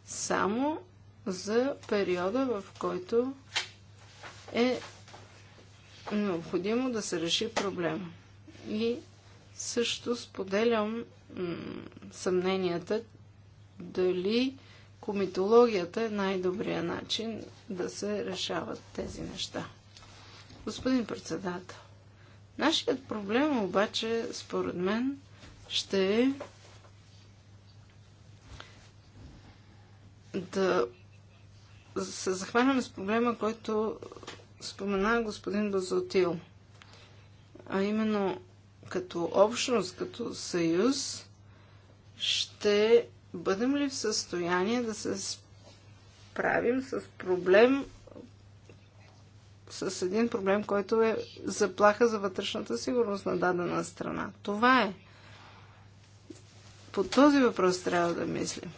Само за периода, в който е необходимо да се реши проблема. И също споделям съмненията дали комитологията е най-добрият начин да се решават тези неща. Господин председател, Нашият проблем обаче, според мен, ще е да се захванем с проблема, който спомена господин Базотил. А именно, като общност, като съюз, ще бъдем ли в състояние да се справим с проблем, с един проблем, който е заплаха за вътрешната сигурност на дадена страна. Това е. По този въпрос трябва да мислим.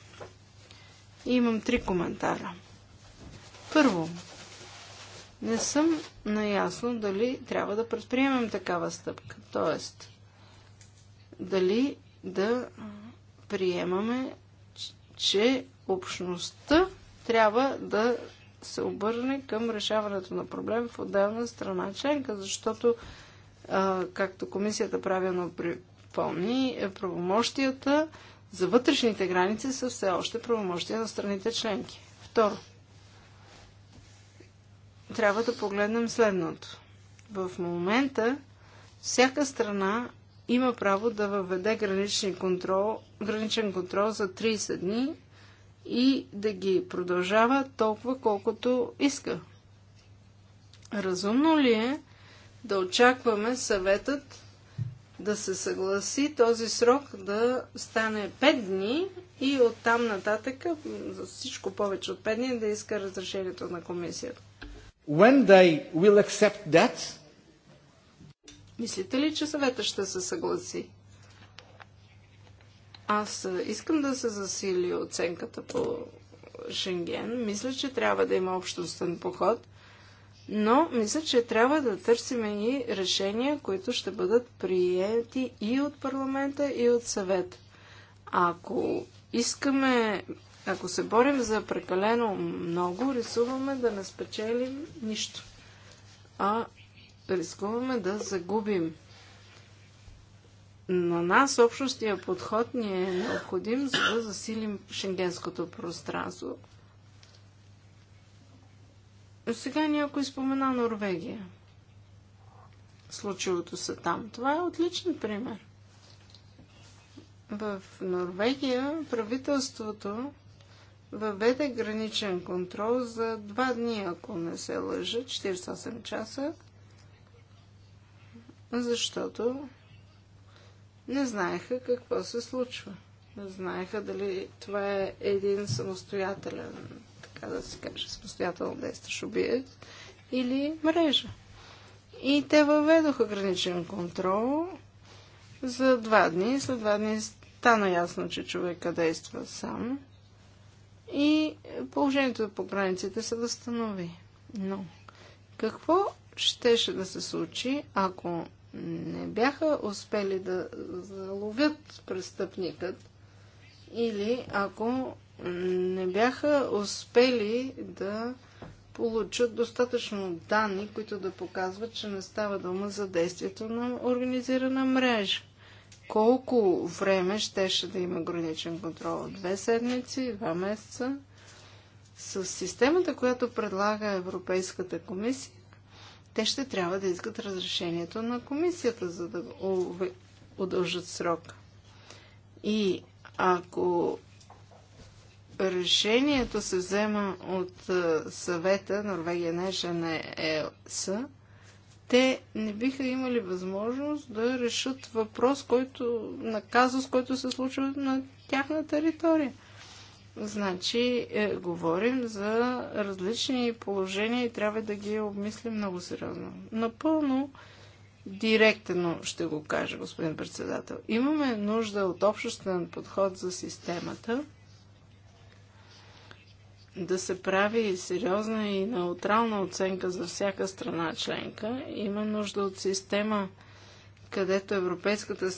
И имам три коментара. Първо, не съм наясно дали трябва да предприемем такава стъпка. Тоест, дали да приемаме, че общността трябва да се обърне към решаването на проблем в отделна страна членка, защото, а, както комисията правилно припомни, е, правомощията за вътрешните граници са все още правомощия на страните членки. Второ, трябва да погледнем следното. В момента всяка страна има право да въведе граничен контрол, граничен контрол за 30 дни и да ги продължава толкова колкото иска. Разумно ли е да очакваме съветът да се съгласи този срок да стане 5 дни и оттам нататък за всичко повече от 5 дни да иска разрешението на комисията? When they will accept that, Мислите ли, че съветът ще се съгласи? Аз искам да се засили оценката по Шенген. Мисля, че трябва да има общностен поход, но мисля, че трябва да търсим и решения, които ще бъдат приети и от парламента, и от съвета. Ако искаме, ако се борим за прекалено много, рисуваме да не спечелим нищо, а рискуваме да загубим на нас общностния подход ни е необходим, за да засилим шенгенското пространство. Сега някой спомена Норвегия. Случилото се там. Това е отличен пример. В Норвегия правителството въведе граничен контрол за два дни, ако не се лъжа, 48 часа, защото не знаеха какво се случва. Не знаеха дали това е един самостоятелен, така да се каже, самостоятелно действащ убиец, или мрежа. И те въведоха граничен контрол за два дни. След два дни стана ясно, че човека действа сам. И положението по границите се възстанови. Но какво щеше да се случи, ако не бяха успели да заловят престъпникът или ако не бяха успели да получат достатъчно данни, които да показват, че не става дума за действието на организирана мрежа. Колко време щеше да има граничен контрол? Две седмици, два месеца? С системата, която предлага Европейската комисия, те ще трябва да искат разрешението на комисията, за да удължат срока. И ако решението се взема от съвета Норвегия Неша на ЕС, те не биха имали възможност да решат въпрос, който, на казус, който се случва на тяхна територия. Значи, е, говорим за различни положения и трябва да ги обмислим много сериозно. Напълно директно ще го кажа, господин председател. Имаме нужда от обществен подход за системата, да се прави сериозна и неутрална оценка за всяка страна членка. Има нужда от система, където Европейската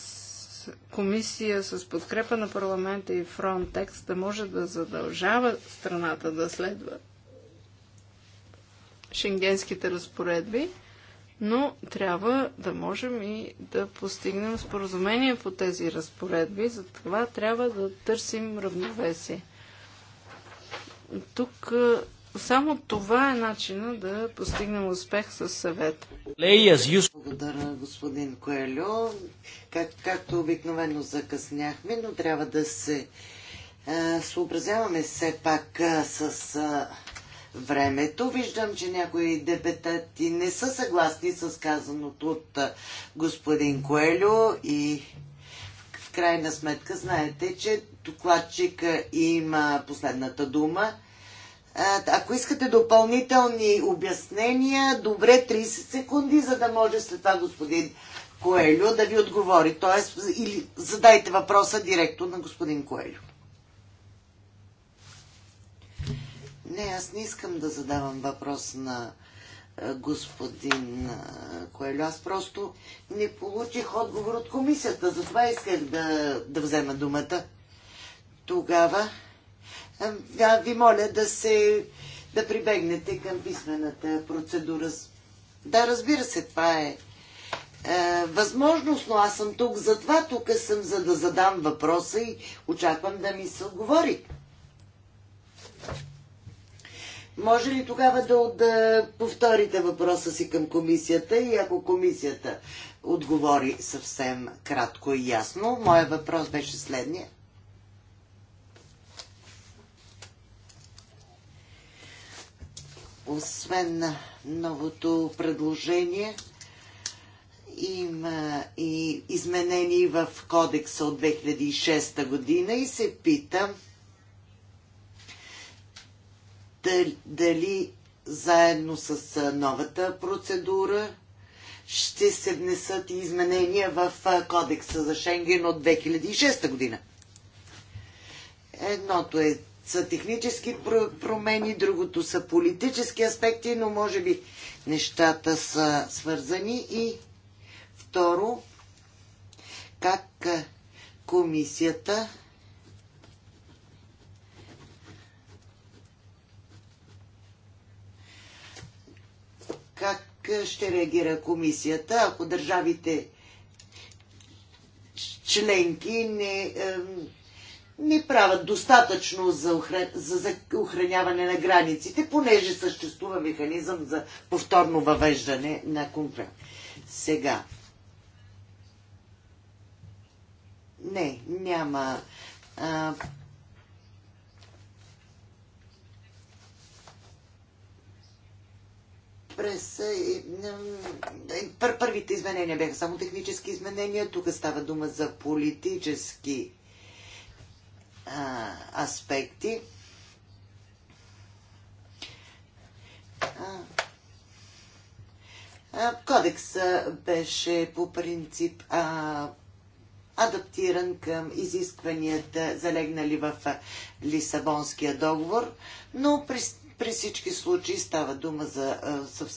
комисия с подкрепа на парламента и Фронтекс да може да задължава страната да следва шенгенските разпоредби, но трябва да можем и да постигнем споразумение по тези разпоредби, затова трябва да търсим равновесие. Тук само това е начина да постигнем успех с съвет. Благодаря, господин Коелю. Как, както обикновено закъсняхме, но трябва да се е, съобразяваме все пак е, с е, времето. Виждам, че някои депетати не са съгласни с казаното от е, господин Коелю и в крайна сметка знаете, че докладчика има последната дума ако искате допълнителни обяснения, добре 30 секунди, за да може след това господин Коелю да ви отговори. Тоест, или задайте въпроса директно на господин Коелю. Не, аз не искам да задавам въпрос на господин Коелю. Аз просто не получих отговор от комисията. Затова исках да, да взема думата. Тогава да, ами, ви моля да се да прибегнете към писмената процедура. Да, разбира се, това е, е възможност, но аз съм тук за това. Тук съм, за да задам въпроса и очаквам да ми се отговори. Може ли тогава да, да повторите въпроса си към комисията и ако комисията отговори съвсем кратко и ясно, моя въпрос беше следния – Освен на новото предложение, има и изменени в кодекса от 2006 година и се пита дали заедно с новата процедура ще се внесат и изменения в кодекса за Шенген от 2006 година. Едното е са технически промени, другото са политически аспекти, но може би нещата са свързани. И второ, как комисията как ще реагира комисията, ако държавите членки не не правят достатъчно за, охраняване на границите, понеже съществува механизъм за повторно въвеждане на конкрет. Сега. Не, няма. А... през е, е, първите изменения бяха само технически изменения, тук става дума за политически а, аспекти. А, кодекса беше по принцип а, адаптиран към изискванията, залегнали в Лисабонския договор, но през при всички случаи става дума за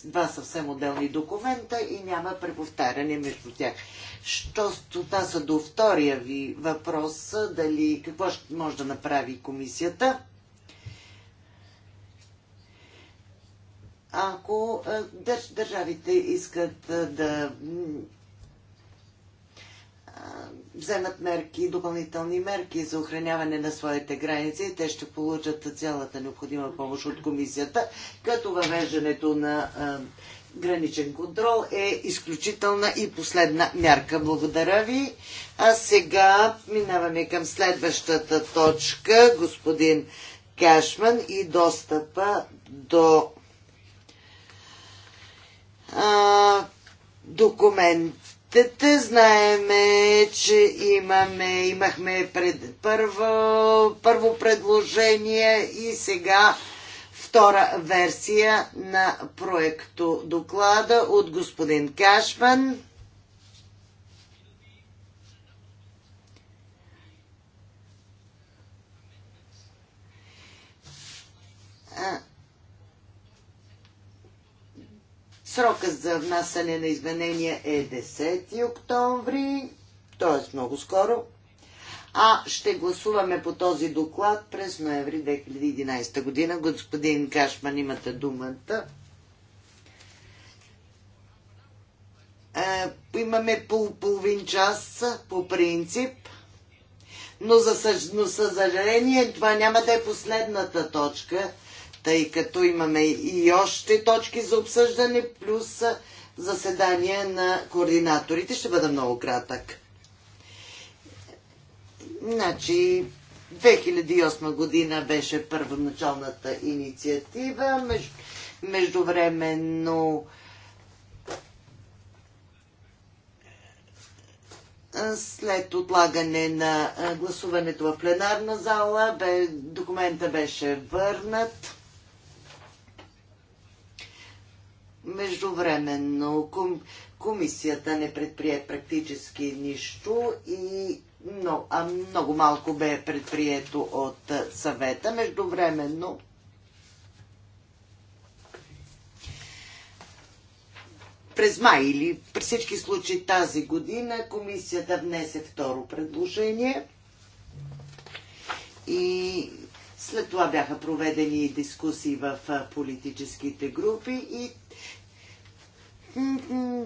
два съвсем отделни документа и няма преповтаряне между тях. Що са до втория ви въпрос, дали какво може да направи комисията? Ако държавите искат да вземат мерки, допълнителни мерки за охраняване на своите граници. Те ще получат цялата необходима помощ от комисията, като въвеждането на граничен контрол е изключителна и последна мярка. Благодаря ви. А сега минаваме към следващата точка, господин Кашман и достъпа до а, документ те знаеме, че имаме, имахме пред, първо, първо предложение и сега втора версия на проекто доклада от господин Кашман. А, Срокът за внасане на изменения е 10 октомври, т.е. много скоро. А ще гласуваме по този доклад през ноември 2011 година. Господин Кашман, имате думата. Е, имаме пол, половин час по принцип, но за, съжаление това няма да е последната точка тъй като имаме и още точки за обсъждане, плюс заседание на координаторите. Ще бъда много кратък. Значи, 2008 година беше първоначалната инициатива. Меж, междувременно след отлагане на гласуването в пленарна зала бе, документа беше върнат. Междувременно ком, комисията не предприе практически нищо и но, а много малко бе предприето от съвета. Междувременно през май или при всички случаи тази година комисията внесе второ предложение и след това бяха проведени дискусии в политическите групи и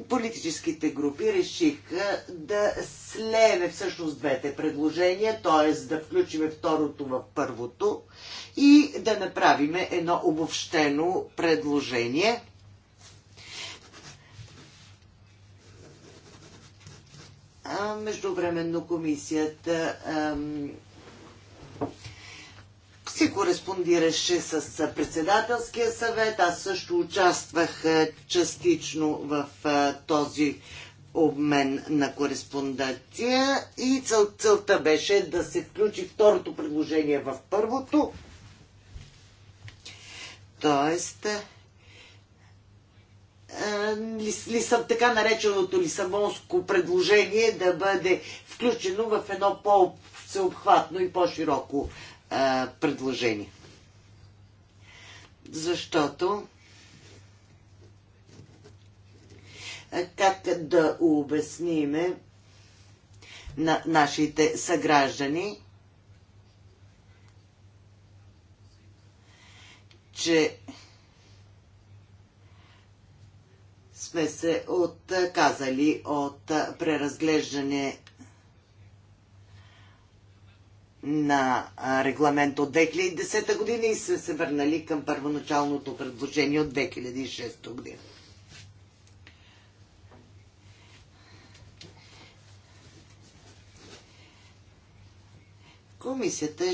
политическите групи решиха да слееме всъщност двете предложения, т.е. да включиме второто в първото и да направиме едно обобщено предложение. Междувременно комисията се кореспондираше с председателския съвет. Аз също участвах е, частично в е, този обмен на кореспонденция и цел, целта беше да се включи второто предложение в първото. Тоест, е, съм така нареченото лисабонско предложение да бъде включено в едно по-всеобхватно и по-широко а, предложение. Защото как да обясниме на нашите съграждани, че сме се отказали от преразглеждане на регламент от 2010 година и са се върнали към първоначалното предложение от 2006 година. Комисията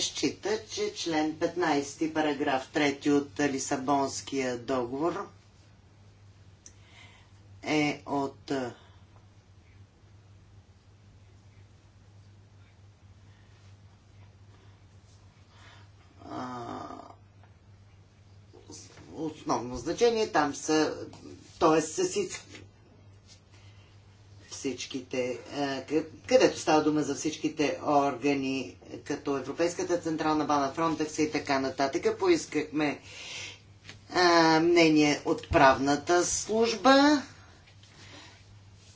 счита, че член 15, параграф 3 от Лисабонския договор е от основно значение. Там са, т.е. са всичките, където става дума за всичките органи, като Европейската централна бана, Фронтекс и така нататък. Поискахме мнение от правната служба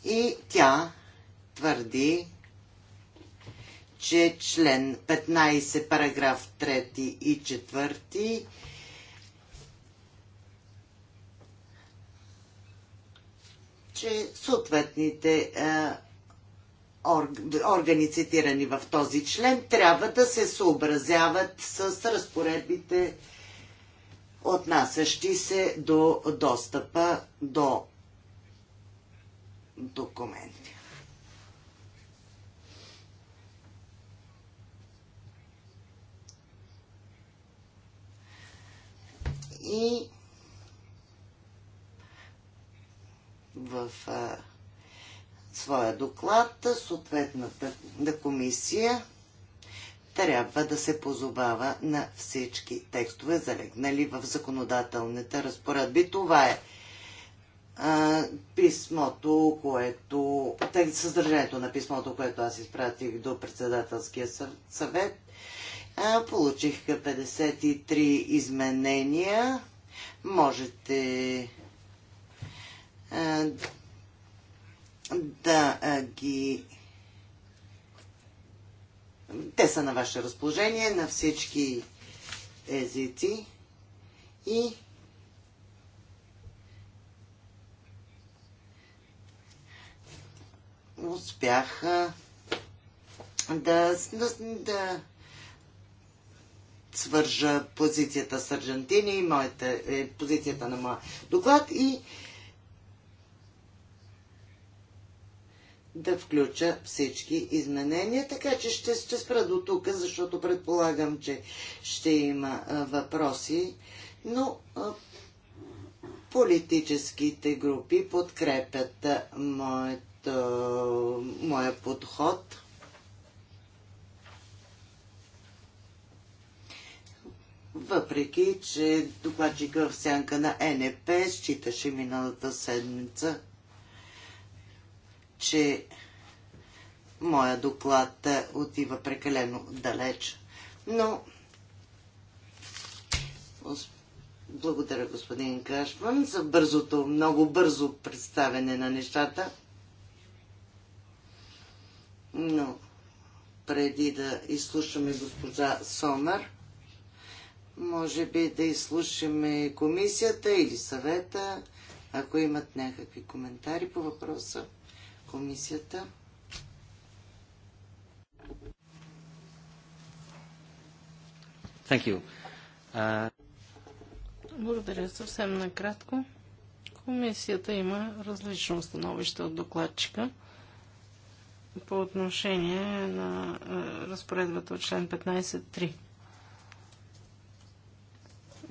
и тя твърди, че член 15, параграф 3 и 4 че съответните а, е, органи, цитирани в този член, трябва да се съобразяват с разпоредбите, отнасящи се до достъпа до документи. и в а, своя доклад съответната на комисия трябва да се позовава на всички текстове, залегнали в законодателните разпоредби. Това е а, писмото, което... Съдържанието на писмото, което аз изпратих до председателския съвет Получих 53 изменения. Можете да ги. Те са на ваше разположение на всички езици и успяха да, да, да свържа позицията с Аржентина и моята, е, позицията на моя доклад и да включа всички изменения, така че ще, ще спра до тук, защото предполагам, че ще има а, въпроси, но а, политическите групи подкрепят а, а, моя подход – Въпреки, че докладчика в сянка на НП считаше миналата седмица, че моя доклад е, отива прекалено далеч. Но благодаря господин Кашман за бързото, много бързо представене на нещата. Но преди да изслушаме госпожа Сомер, може би да изслушаме комисията или съвета, ако имат някакви коментари по въпроса. Комисията. Thank you. Uh... Благодаря съвсем накратко. Комисията има различно становище от докладчика по отношение на е, разпоредбата от член 15.3.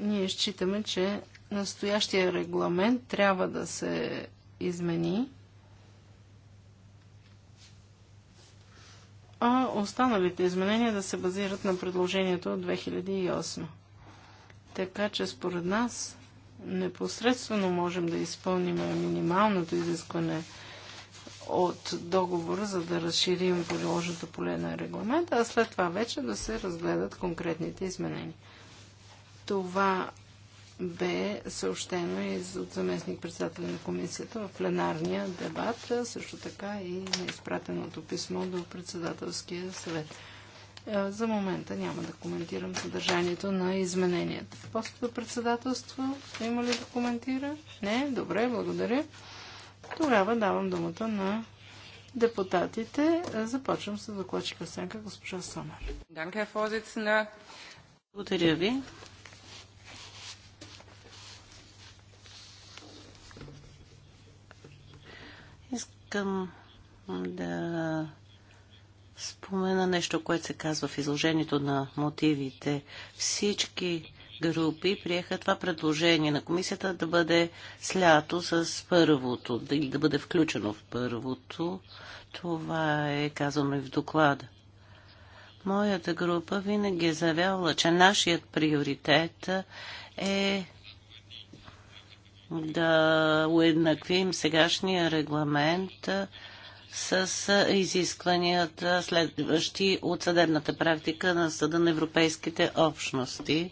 Ние считаме, че настоящия регламент трябва да се измени, а останалите изменения да се базират на предложението от 2008. Така че според нас непосредствено можем да изпълним минималното изискване от договора, за да разширим приложното поле на регламента, а след това вече да се разгледат конкретните изменения. Това бе съобщено и от заместник председателя на комисията в пленарния дебат, също така и на изпратеното писмо до председателския съвет. Е, за момента няма да коментирам съдържанието на измененията. Постото председателство има ли да коментира? Не? Добре, благодаря. Тогава давам думата на депутатите. Започвам с докладчика Сенка, госпожа Сомер. Благодаря ви. Искам да спомена нещо, което се казва в изложението на мотивите. Всички групи приеха това предложение на комисията да бъде слято с първото, да, да бъде включено в първото. Това е казано и в доклада. Моята група винаги е завявала, че нашият приоритет е да уеднаквим сегашния регламент с изискванията следващи от съдебната практика на Съда на Европейските общности.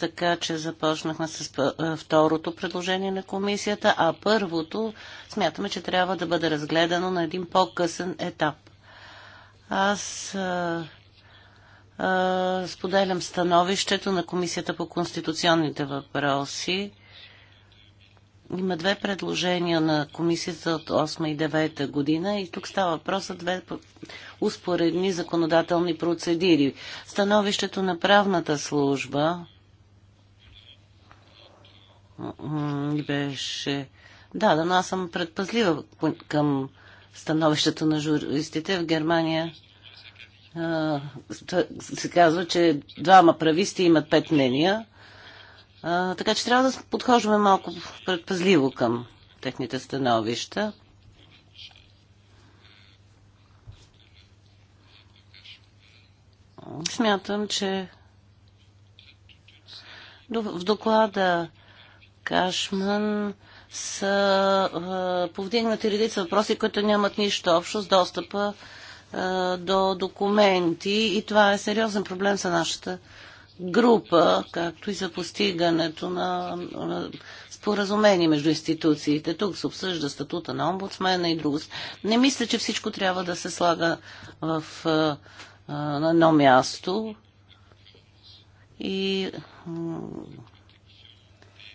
Така че започнахме с второто предложение на комисията, а първото смятаме, че трябва да бъде разгледано на един по-късен етап. Аз споделям становището на Комисията по конституционните въпроси. Има две предложения на комисията от 8 и 9 година и тук става въпрос за две успоредни законодателни процедири. Становището на правната служба беше... Да, да, но аз съм предпазлива към становището на журистите в Германия а, се казва, че двама прависти имат пет мнения. А, така че трябва да подхождаме малко предпазливо към техните становища. Смятам, че в доклада Кашман са повдигнати редица въпроси, които нямат нищо общо с достъпа до документи и това е сериозен проблем за нашата група, както и за постигането на споразумение между институциите. Тук се обсъжда статута на омбудсмена и друго. Не мисля, че всичко трябва да се слага в, на едно място. И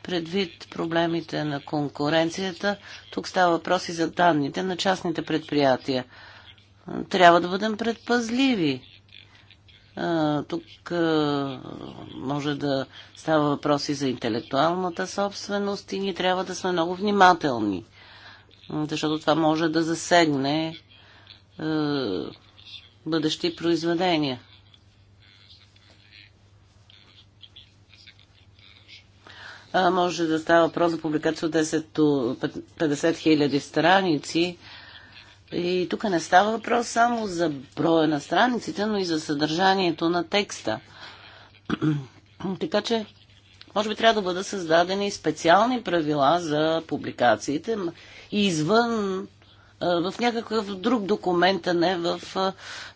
предвид проблемите на конкуренцията, тук става въпрос и за данните на частните предприятия трябва да бъдем предпазливи. Тук може да става въпроси за интелектуалната собственост и ние трябва да сме много внимателни, защото това може да засегне бъдещи произведения. Може да става въпрос за публикация от 10 50 хиляди страници и тук не става въпрос само за броя на страниците, но и за съдържанието на текста. [clears throat] така че, може би трябва да бъдат създадени специални правила за публикациите и извън в някакъв друг документ, а не в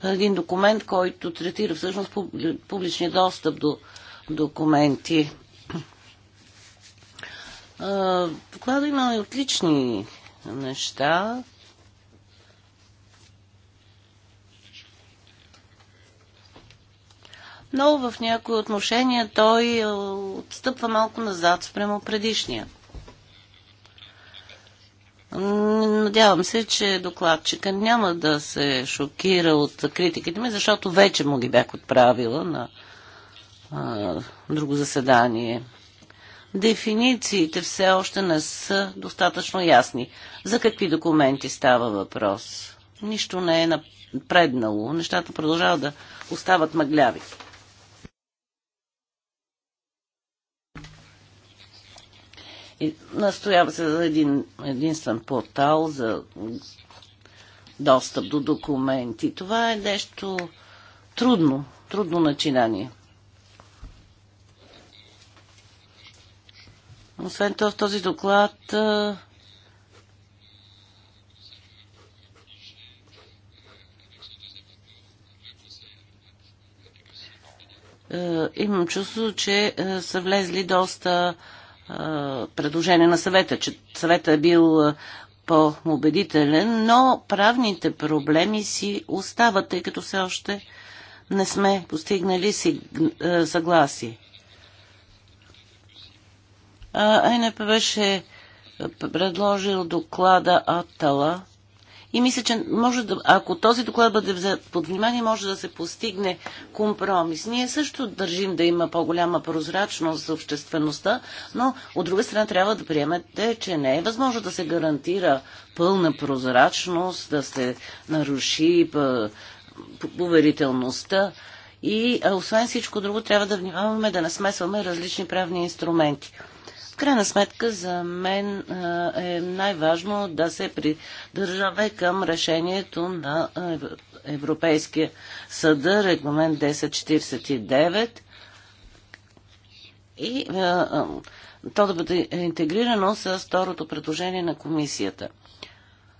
един документ, който третира всъщност публичния достъп до документи. [clears throat] В доклада има и отлични неща. но в някои отношения той отстъпва малко назад спрямо предишния. Надявам се, че докладчика няма да се шокира от критиките ми, защото вече му ги бях отправила на а, друго заседание. Дефинициите все още не са достатъчно ясни. За какви документи става въпрос? Нищо не е напреднало. Нещата продължават да остават мъгляви. И се за един единствен портал за достъп до документи. Това е нещо трудно, трудно начинание. Освен това, в този доклад имам чувство, че са влезли доста предложение на съвета, че съвета е бил по-убедителен, но правните проблеми си остават, тъй като все още не сме постигнали си, е, съгласие. беше предложил доклада Атала – и мисля, че може да, ако този доклад бъде взет под внимание, може да се постигне компромис. Ние също държим да има по-голяма прозрачност за обществеността, но от друга страна трябва да приемете, че не е възможно да се гарантира пълна прозрачност, да се наруши поверителността. И освен всичко друго, трябва да внимаваме да не смесваме различни правни инструменти. В крайна сметка за мен е най-важно да се придържаме към решението на Европейския съд, регламент 1049 и то да бъде интегрирано с второто предложение на комисията.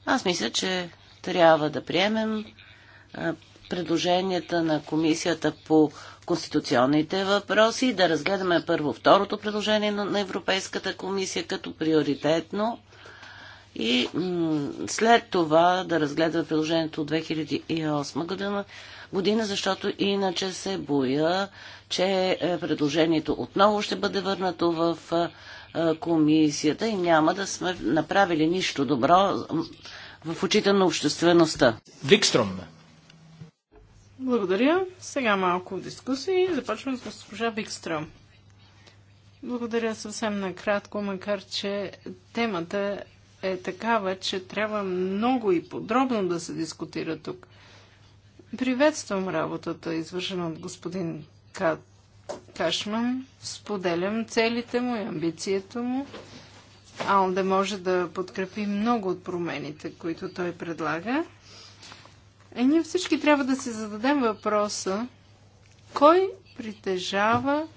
Аз мисля, че трябва да приемем предложенията на комисията по конституционните въпроси, да разгледаме първо второто предложение на Европейската комисия като приоритетно и след това да разгледаме предложението от 2008 година, година, защото иначе се боя, че е, предложението отново ще бъде върнато в е, е, комисията и няма да сме направили нищо добро в очите на обществеността. Викстром. Благодаря. Сега малко дискусии. Започваме с госпожа Бикстръм. Благодаря съвсем накратко, макар че темата е такава, че трябва много и подробно да се дискутира тук. Приветствам работата, извършена от господин Кат Кашман. Споделям целите му и амбицията му. да може да подкрепи много от промените, които той предлага. Е, ние всички трябва да си зададем въпроса, кой притежава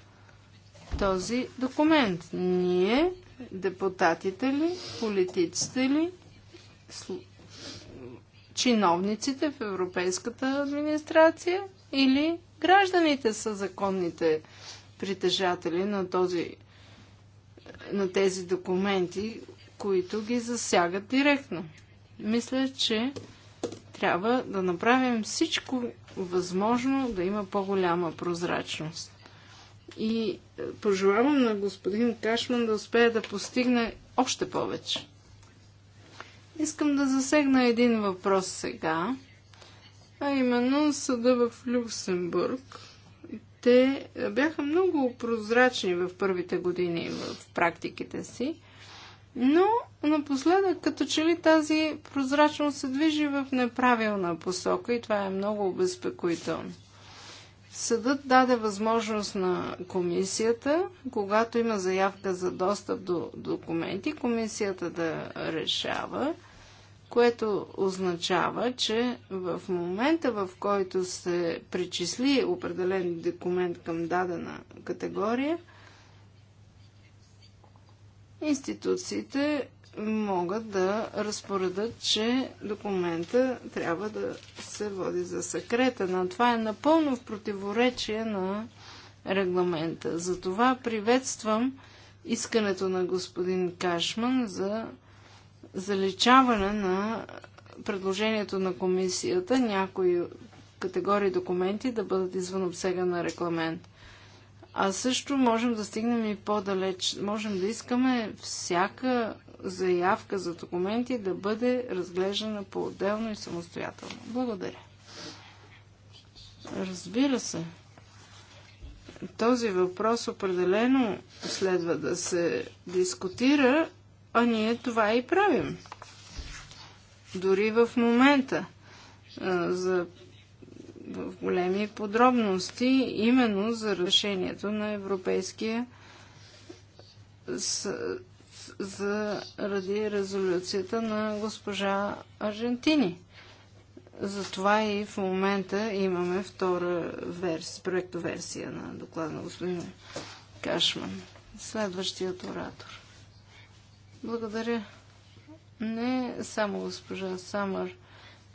този документ? Ние, депутатите ли, политиците ли, чиновниците в Европейската администрация или гражданите са законните притежатели на, този, на тези документи, които ги засягат директно. Мисля, че трябва да направим всичко възможно да има по-голяма прозрачност. И е, пожелавам на господин Кашман да успее да постигне още повече. Искам да засегна един въпрос сега, а именно съда в Люксембург. Те бяха много прозрачни в първите години в практиките си но напоследък, като че ли тази прозрачност се движи в неправилна посока и това е много обезпекоително. Съдът даде възможност на комисията, когато има заявка за достъп до документи, комисията да решава, което означава, че в момента, в който се причисли определен документ към дадена категория, институциите могат да разпоредат, че документа трябва да се води за секрета. Но това е напълно в противоречие на регламента. Затова приветствам искането на господин Кашман за заличаване на предложението на комисията някои категории документи да бъдат извън обсега на регламент. А също можем да стигнем и по-далеч. Можем да искаме всяка заявка за документи да бъде разглеждана по-отделно и самостоятелно. Благодаря. Разбира се. Този въпрос определено следва да се дискутира, а ние това и правим. Дори в момента за в големи подробности, именно за решението на Европейския с, заради резолюцията на госпожа Аржентини. Затова и в момента имаме втора версия, проектоверсия на доклада на господин Кашман. Следващият оратор. Благодаря. Не само госпожа Самър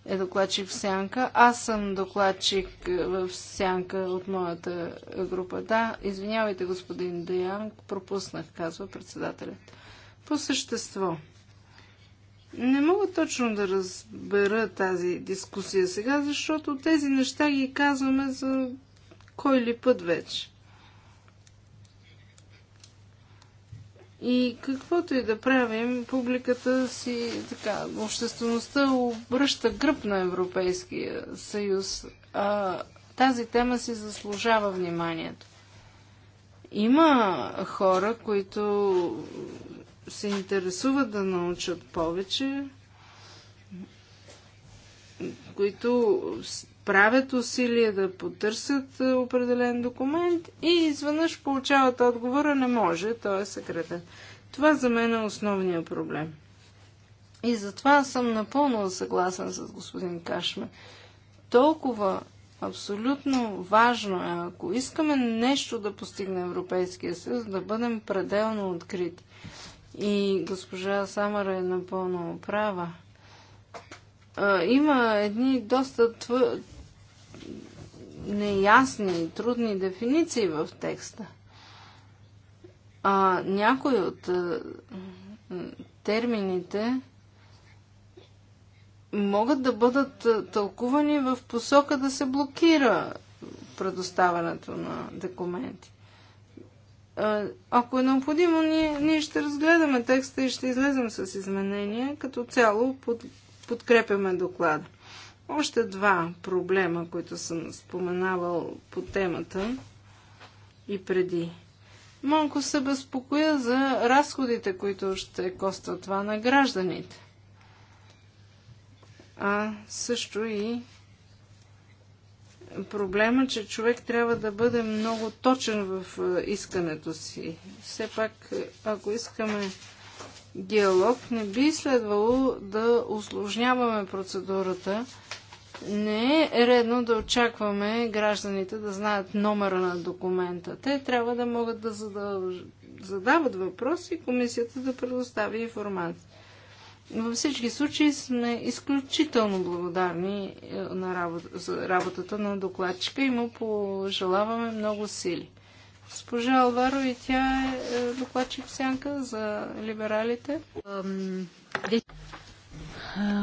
е докладчик в сянка. Аз съм докладчик е, в сянка от моята група. Да, извинявайте, господин Деян, пропуснах, казва председателят. По същество. Не мога точно да разбера тази дискусия сега, защото тези неща ги казваме за кой ли път вече. И каквото и да правим, публиката си, така, обществеността обръща гръб на Европейския съюз. А, тази тема си заслужава вниманието. Има хора, които се интересуват да научат повече, които правят усилия да потърсят е, определен документ и изведнъж получават отговора не може, той е секретен. Това за мен е основният проблем. И затова съм напълно съгласен с господин Кашме. Толкова абсолютно важно е, ако искаме нещо да постигне Европейския съюз, да бъдем пределно открити. И госпожа Самара е напълно права. Е, има едни доста неясни и трудни дефиниции в текста. А някои от е, термините могат да бъдат е, тълкувани в посока да се блокира предоставянето на документи. Е, ако е необходимо, ние, ние ще разгледаме текста и ще излезем с изменения. Като цяло под, подкрепяме доклада. Още два проблема, които съм споменавал по темата и преди. Малко се безпокоя за разходите, които ще коства това на гражданите. А също и проблема, че човек трябва да бъде много точен в е, искането си. Все пак, ако искаме диалог, не би следвало да усложняваме процедурата. Не е редно да очакваме гражданите да знаят номера на документа. Те трябва да могат да задават въпроси и комисията да предостави информация. Във всички случаи сме изключително благодарни е, на работа, за работата на докладчика и му пожелаваме много сили госпожа Алваро и тя е, е докладчик сянка за либералите. Е,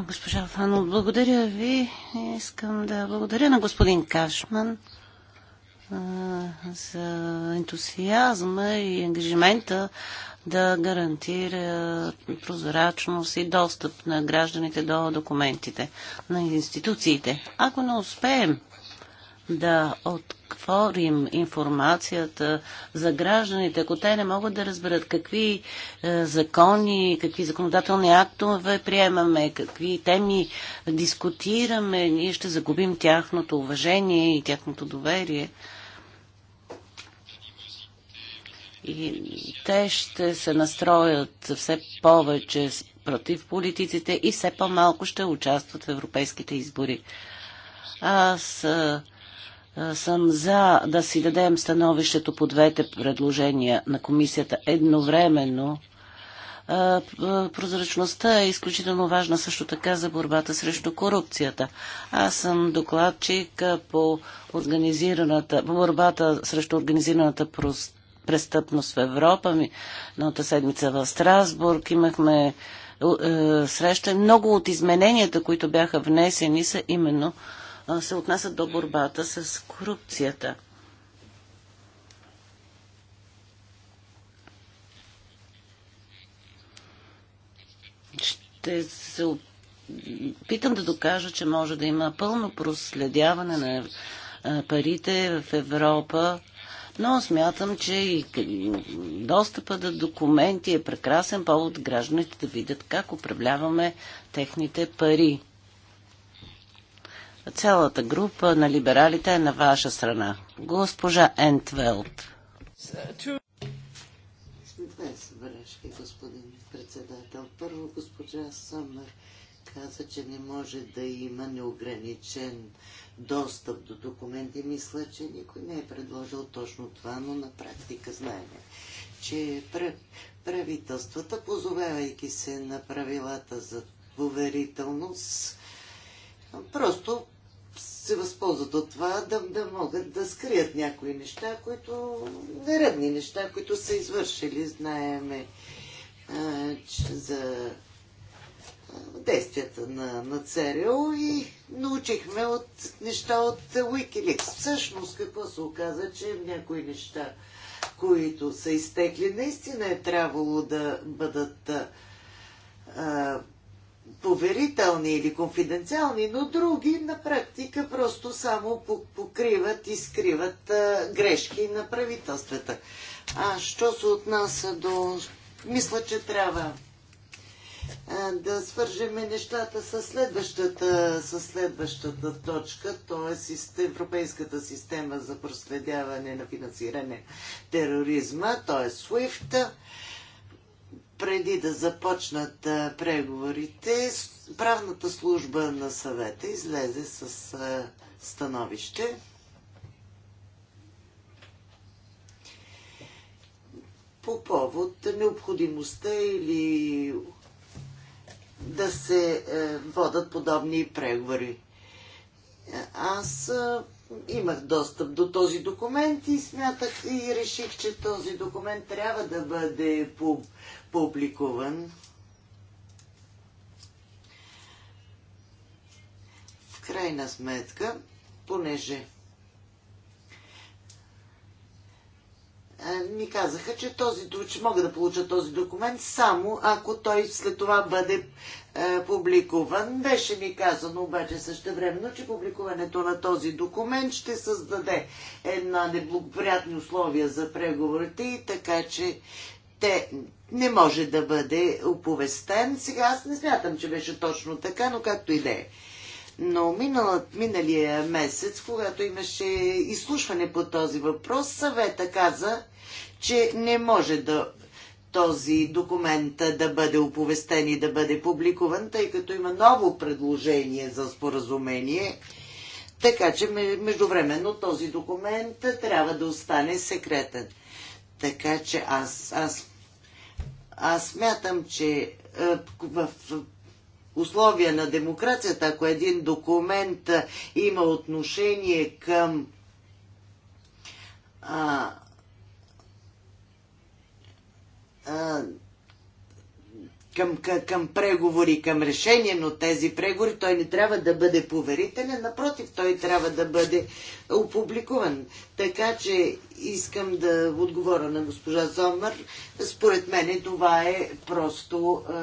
госпожа Фанов, благодаря ви. Искам да благодаря на господин Кашман за ентусиазма и ангажимента да гарантира прозрачност и достъп на гражданите до документите на институциите. Ако не успеем да отворим информацията за гражданите, ако те не могат да разберат какви е, закони, какви законодателни актове приемаме, какви теми дискутираме, ние ще загубим тяхното уважение и тяхното доверие. И те ще се настроят все повече против политиците и все по-малко ще участват в европейските избори. Аз е, е, съм за да си дадем становището по двете предложения на комисията едновременно. Е, прозрачността е изключително важна също така за борбата срещу корупцията. Аз съм докладчик по организираната, по борбата срещу организираната престъпност в Европа. Миналата седмица в Страсбург имахме е, среща. Много от измененията, които бяха внесени, са именно се отнасят до борбата с корупцията. Ще се питам да докажа, че може да има пълно проследяване на парите в Европа, но смятам, че и достъпа до документи е прекрасен повод гражданите да видят как управляваме техните пари. Цялата група на либералите е на ваша страна. Госпожа Ентвелт. Две събележки, господин председател. Първо, госпожа Съмър каза, че не може да има неограничен достъп до документи. Мисля, че никой не е предложил точно това, но на практика знаем, че правителствата, позовавайки се на правилата за поверителност, просто се възползват от това да, да могат да скрият някои неща, които нередни неща, които са извършили, знаеме за действията на, на ЦРУ и научихме от неща от Wikileaks. Всъщност какво се оказа, че някои неща, които са изтекли, наистина е трябвало да бъдат а, поверителни или конфиденциални, но други на практика просто само покриват и скриват грешки на правителствата. А що се отнася до... Мисля, че трябва да свържем нещата с следващата, с следващата точка, т.е. Европейската система за проследяване на финансиране тероризма, т.е. SWIFT преди да започнат преговорите, правната служба на съвета излезе с становище. по повод необходимостта или да се водат подобни преговори. Аз имах достъп до този документ и смятах и реших, че този документ трябва да бъде публикуван. В крайна сметка, понеже ми казаха, че, този, че мога да получа този документ само ако той след това бъде е, публикуван. Беше ми казано обаче същевременно, че публикуването на този документ ще създаде една неблагоприятни условия за преговорите и така, че те не може да бъде оповестен. Сега аз не смятам, че беше точно така, но както и да е. Но миналът, миналия месец, когато имаше изслушване по този въпрос, съвета каза, че не може да този документ да бъде оповестен и да бъде публикуван, тъй като има ново предложение за споразумение. Така че междувременно този документ трябва да остане секретен. Така че аз, аз аз смятам, че е, в условия на демокрацията, ако един документ е, има отношение към а, а, към, към преговори, към решение, но тези преговори той не трябва да бъде поверителен, напротив, той трябва да бъде опубликуван. Така че искам да отговоря на госпожа Зомър. Според мен това е просто е,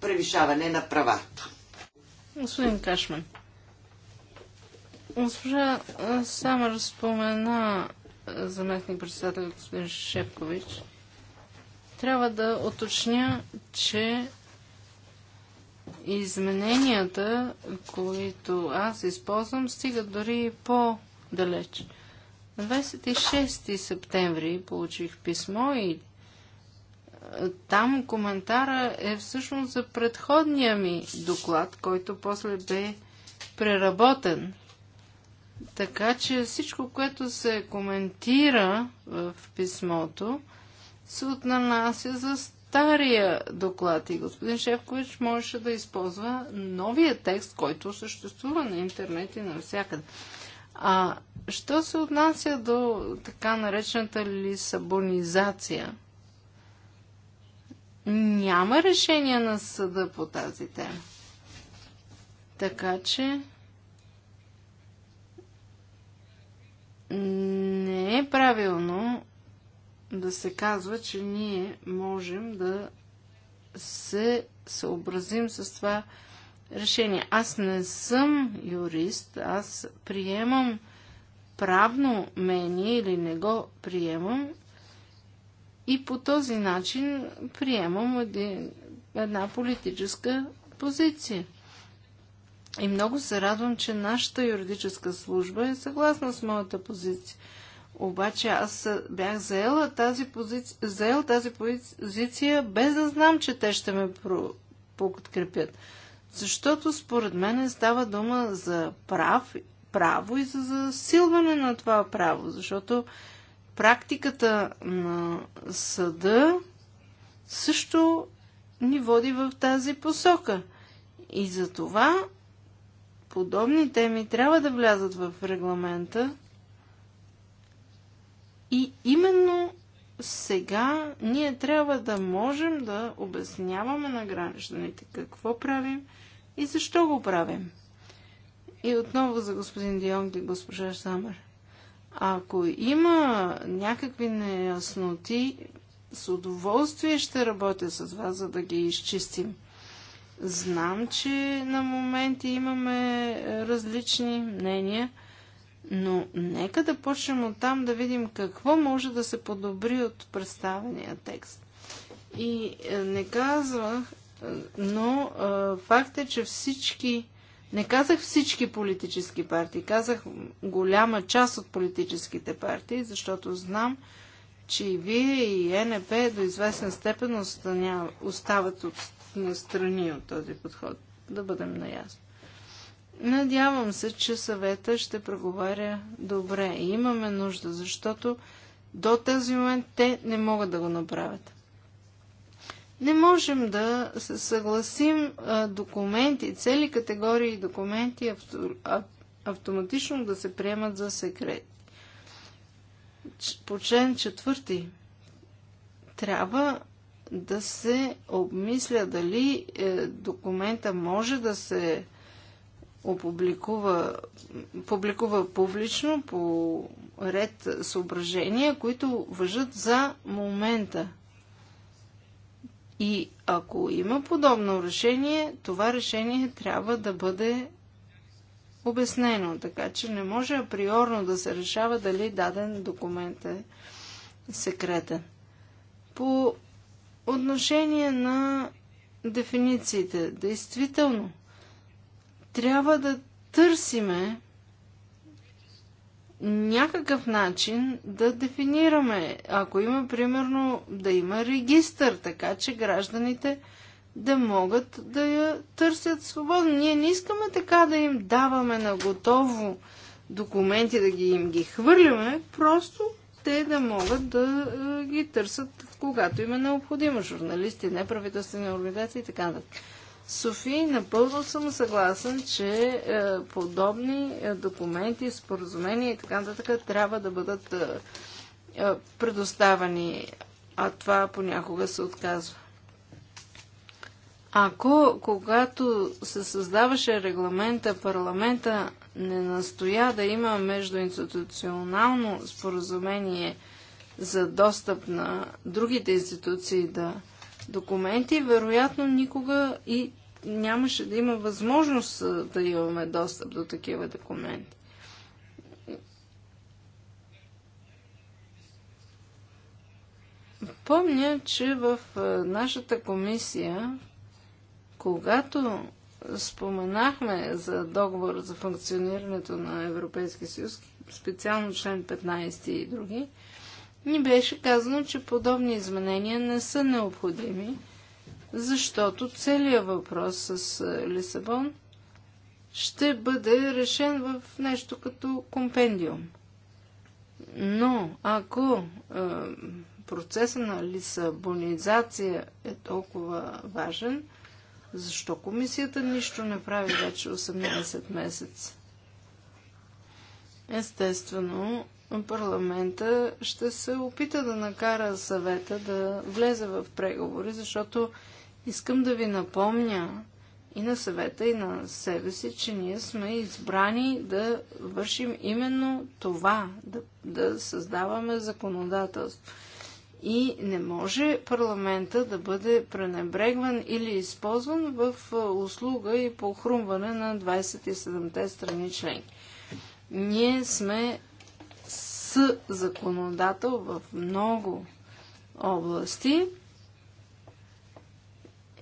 превишаване на правата. Господин Кашман, госпожа Самър спомена заместник председател господин Шепкович трябва да оточня, че измененията, които аз използвам, стигат дори по-далеч. 26 септември получих писмо и е, там коментара е всъщност за предходния ми доклад, който после бе преработен. Така че всичко, което се коментира е, в писмото, се отнася за стария доклад и господин Шефкович можеше да използва новия текст, който съществува на интернет и навсякъде. А що се отнася до така наречената лисабонизация? Няма решение на съда по тази тема. Така че не е правилно да се казва, че ние можем да се съобразим с това решение. Аз не съм юрист, аз приемам правно мнение или не го приемам и по този начин приемам един, една политическа позиция. И много се радвам, че нашата юридическа служба е съгласна с моята позиция. Обаче аз бях заела тази, позиция, заела тази позиция без да знам, че те ще ме подкрепят. Защото според мен става дума за прав, право и за засилване на това право. Защото практиката на съда също ни води в тази посока. И за това подобни теми трябва да влязат в регламента, и именно сега ние трябва да можем да обясняваме на гражданите какво правим и защо го правим. И отново за господин Дионг и госпожа Самър. Ако има някакви неясноти, с удоволствие ще работя с вас, за да ги изчистим. Знам, че на моменти имаме различни мнения – но нека да почнем от там да видим какво може да се подобри от представения текст. И е, не казвах, е, но е, факт е, че всички, не казах всички политически партии, казах голяма част от политическите партии, защото знам, че и вие и НП до известен степен остават от, настрани от този подход. Да бъдем наясно. Надявам се, че съвета ще преговаря добре. И имаме нужда, защото до този момент те не могат да го направят. Не можем да се съгласим документи, цели категории документи автоматично да се приемат за секрет. По член четвърти трябва да се обмисля дали е, документа може да се опубликува, публикува публично по ред съображения, които въжат за момента. И ако има подобно решение, това решение трябва да бъде обяснено, така че не може априорно да се решава дали даден документ е секретен. По отношение на дефинициите, действително – трябва да търсиме някакъв начин да дефинираме, ако има примерно да има регистър, така че гражданите да могат да я търсят свободно. Ние не искаме така да им даваме на готово документи, да ги им ги хвърляме, просто те да могат да е, ги търсят когато им е необходимо. Журналисти, неправителствени организации и така нататък. Софи, напълно съм съгласен, че е, подобни е, документи, споразумения и така нататък трябва да бъдат предоставани, е, предоставени, а това понякога се отказва. Ако, когато се създаваше регламента, парламента не настоя да има междуинституционално споразумение за достъп на другите институции да документи, вероятно никога и нямаше да има възможност да имаме достъп до такива документи. Помня, че в нашата комисия, когато споменахме за договор за функционирането на Европейския съюз, специално член 15 и други, ни беше казано, че подобни изменения не са необходими, защото целият въпрос с Лисабон ще бъде решен в нещо като компендиум. Но ако е, процеса на лисабонизация е толкова важен, защо комисията нищо не прави вече 18 месеца? Естествено, парламента ще се опита да накара съвета да влезе в преговори, защото искам да ви напомня и на съвета, и на себе си, че ние сме избрани да вършим именно това, да, да създаваме законодателство. И не може парламента да бъде пренебрегван или използван в услуга и похрумване на 27-те страни членки. Ние сме съ законодател в много области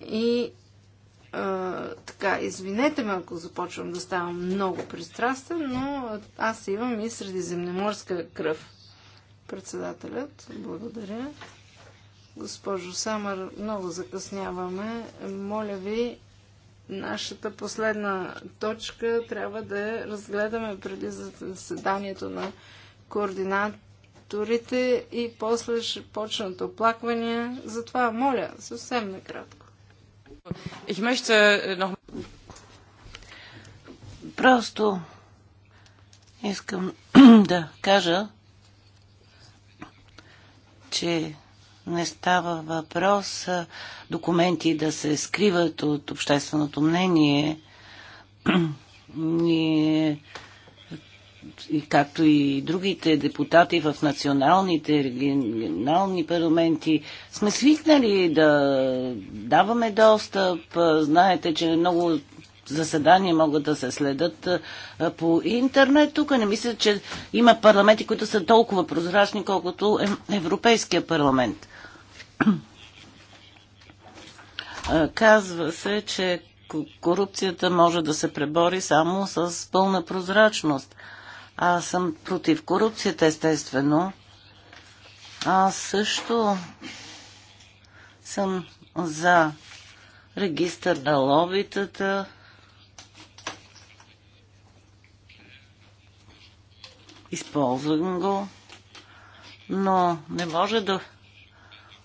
и а, така, извинете ме, ако започвам да ставам много пристрастен, но аз имам и средиземноморска кръв. Председателят, благодаря. Госпожо Самър, много закъсняваме. Моля ви, нашата последна точка трябва да я разгледаме преди заседанието на координаторите и после ще почнат оплаквания. Затова, моля, съвсем накратко. Ich möchte noch... Просто искам [clears throat] да кажа, че не става въпрос документи да се скриват от общественото мнение. [clears throat] Ние и както и другите депутати в националните, регионални парламенти, сме свикнали да даваме достъп. Знаете, че много заседания могат да се следят по интернет. Тук не мисля, че има парламенти, които са толкова прозрачни, колкото Европейския парламент. Казва се, че корупцията може да се пребори само с пълна прозрачност – аз съм против корупцията, естествено. Аз също съм за регистър на лобитата. Използвам го, но не може да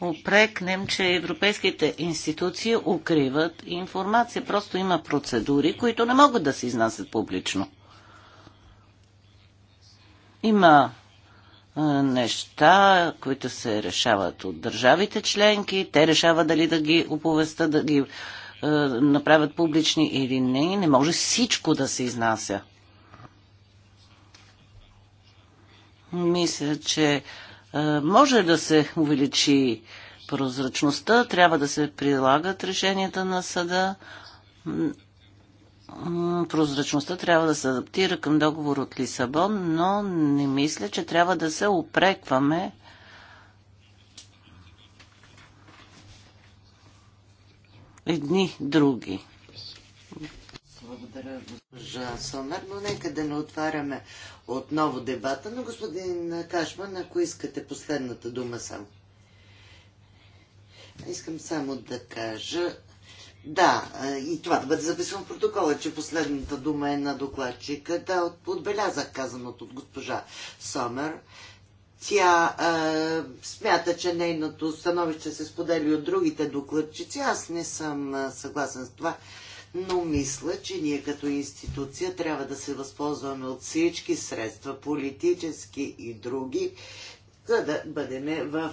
опрекнем, че европейските институции укриват информация. Просто има процедури, които не могат да се изнасят публично. Има неща, които се решават от държавите членки. Те решават дали да ги оповестят, да ги е, направят публични или не. Не може всичко да се изнася. Мисля, че е, може да се увеличи прозрачността, трябва да се прилагат решенията на съда прозрачността трябва да се адаптира към договор от Лисабон, но не мисля, че трябва да се опрекваме едни други. Благодаря, госпожа Сомер, но нека да не отваряме отново дебата Но господин Кашман, ако искате последната дума само. Искам само да кажа, да, и това да бъде записано в протокола, че последната дума е на докладчика. Да, отбелязах казаното от госпожа Сомер. Тя е, смята, че нейното становище се сподели от другите докладчици. Аз не съм съгласен с това, но мисля, че ние като институция трябва да се възползваме от всички средства, политически и други, за да бъдем в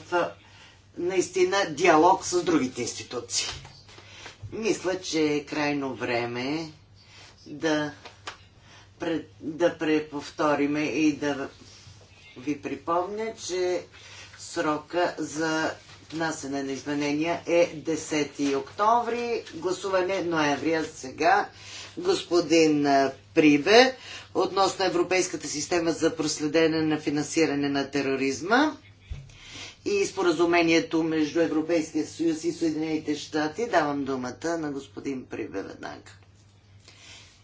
наистина диалог с другите институции. Мисля, че е крайно време да, да преповториме и да ви припомня, че срока за внасене на изменения е 10 октомври, гласуване ноември. А сега господин Прибе относно Европейската система за проследене на финансиране на тероризма и споразумението между Европейския съюз и Съединените щати. Давам думата на господин Прибе веднага.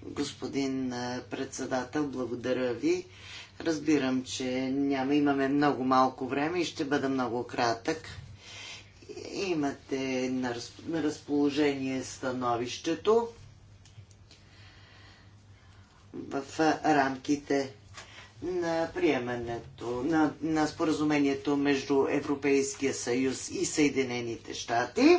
Господин председател, благодаря ви. Разбирам, че няма, имаме много малко време и ще бъда много кратък. Имате на разположение становището в рамките на приемането на, на споразумението между Европейския съюз и Съединените щати.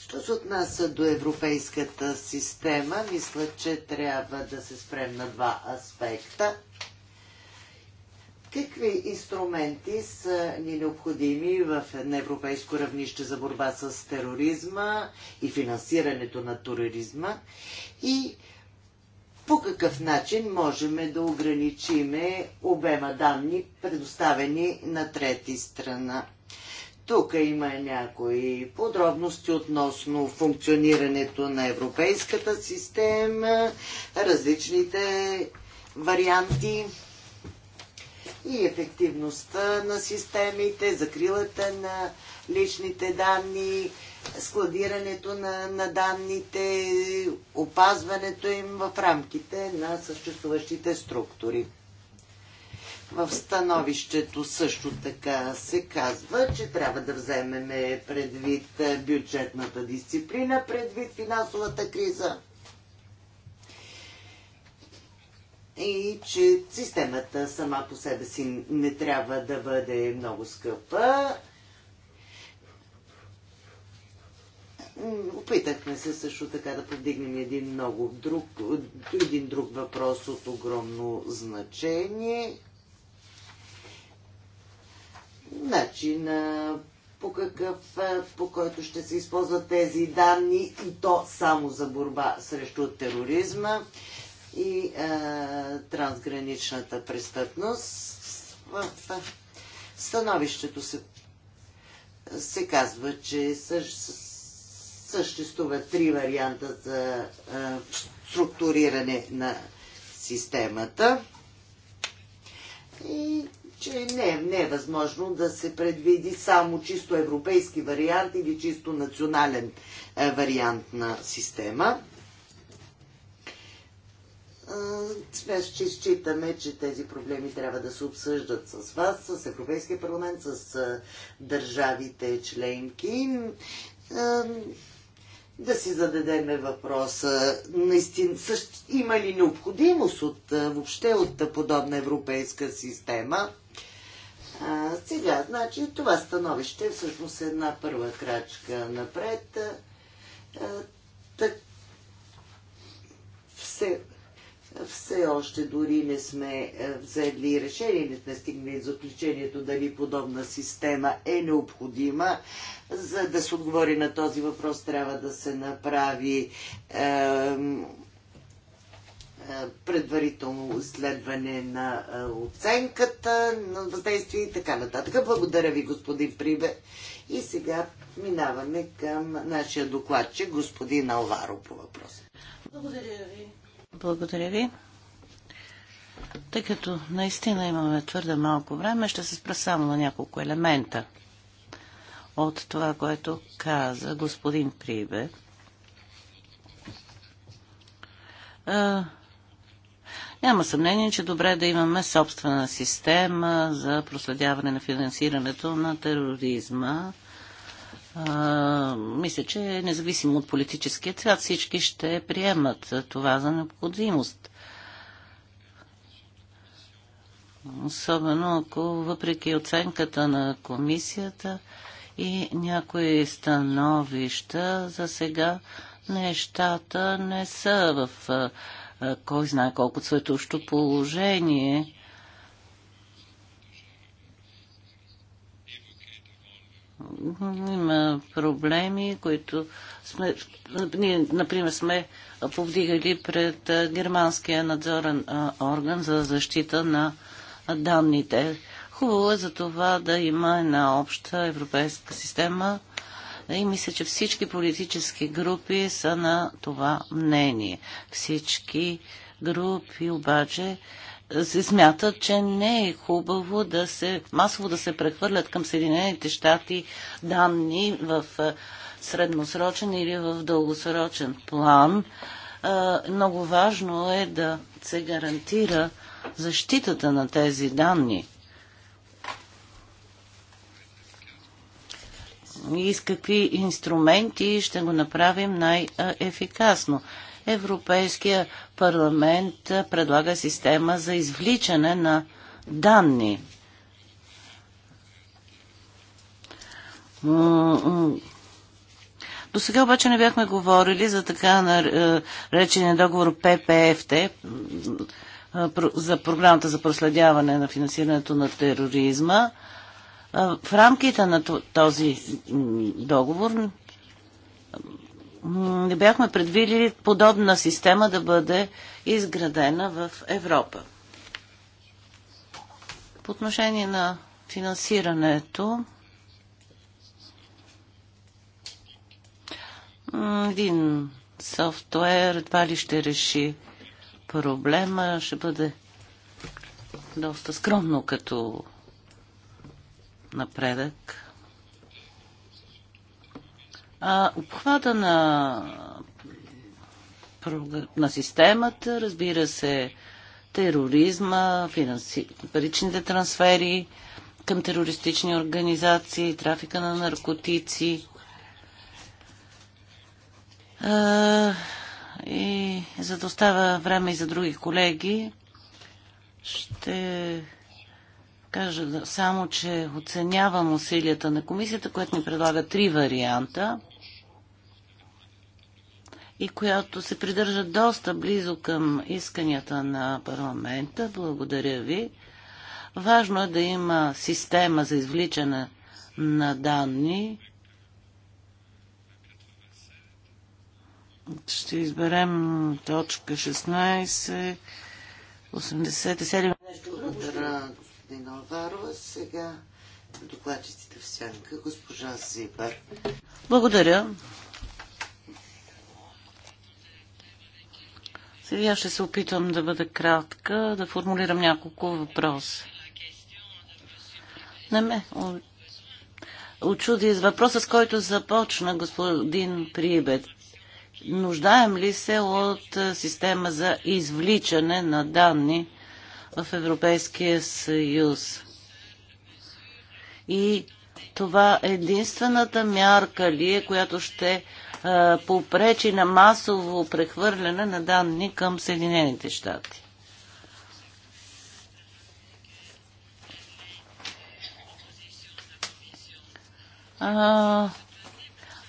Що се отнася до европейската система, мисля, че трябва да се спрем на два аспекта. Какви инструменти са ни необходими в европейско равнище за борба с тероризма и финансирането на тероризма и по какъв начин можем да ограничиме обема данни, предоставени на трети страна? Тук има някои подробности относно функционирането на европейската система, различните варианти и ефективността на системите, закрилата на личните данни, складирането на, на данните, опазването им в рамките на съществуващите структури. В становището също така се казва, че трябва да вземем предвид бюджетната дисциплина, предвид финансовата криза и че системата сама по себе си не трябва да бъде много скъпа. Опитахме се също така да повдигнем един много друг, един друг въпрос от огромно значение. Начин по какъв, по който ще се използват тези данни и то само за борба срещу тероризма и а, трансграничната престъпност. В, в становището се, се казва, че същ, съществуват три варианта за а, структуриране на системата и че не, не е възможно да се предвиди само чисто европейски вариант или чисто национален вариант на система. Смеш, че считаме, че тези проблеми трябва да се обсъждат с вас, с Европейския парламент, с държавите членки. Да си зададеме въпроса, наистина, също, има ли необходимост от, въобще от подобна европейска система? А, сега, значи, това становище е всъщност една първа крачка напред. А, так, все все още дори не сме е, взели решение, не сме стигнали заключението дали подобна система е необходима. За да се отговори на този въпрос трябва да се направи е, е, предварително изследване на е, оценката на въздействие и така нататък. Благодаря ви, господин Прибе. И сега минаваме към нашия докладчик, господин Алваро по въпроса. Благодаря ви. Благодаря ви. Тъй като наистина имаме твърде малко време, ще се спра само на няколко елемента от това, което каза господин Прибе. А, няма съмнение, че добре да имаме собствена система за проследяване на финансирането на тероризма мисля, че независимо от политическия цвят, всички ще приемат това за необходимост. Особено ако въпреки оценката на комисията и някои становища за сега нещата не са в кой знае колко цветощо положение. Има проблеми, които сме, ние, например, сме повдигали пред германския надзорен орган за защита на данните. Хубаво е за това да има една обща европейска система и мисля, че всички политически групи са на това мнение. Всички групи обаче се смята, че не е хубаво да се масово да се прехвърлят към Съединените щати данни в средносрочен или в дългосрочен план. Много важно е да се гарантира защитата на тези данни. И с какви инструменти ще го направим най-ефикасно. Европейския парламент предлага система за извличане на данни. До сега обаче не бяхме говорили за така наречения е, договор ППФТ е, за програмата за проследяване на финансирането на тероризма. Е, в рамките на този договор не бяхме предвидили подобна система да бъде изградена в Европа. По отношение на финансирането, един софтуер едва ли ще реши проблема, ще бъде доста скромно като напредък. А, обхвата на, на системата, разбира се, тероризма, финанси... паричните трансфери към терористични организации, трафика на наркотици. А, и за да остава време и за други колеги, ще кажа само, че оценявам усилията на комисията, която ни предлага три варианта и която се придържа доста близо към исканията на парламента. Благодаря ви. Важно е да има система за извличане на данни. Ще изберем точка 16, 87. Благодаря, Сега докладчиците в сянка, госпожа Зибър. Благодаря. Сега ще се опитвам да бъда кратка, да формулирам няколко въпроса. Не ме очуди въпроса, с който започна господин Прибет. Нуждаем ли се от система за извличане на данни в Европейския съюз? И това е единствената мярка ли е, която ще попречи на масово прехвърляне на данни към Съединените щати.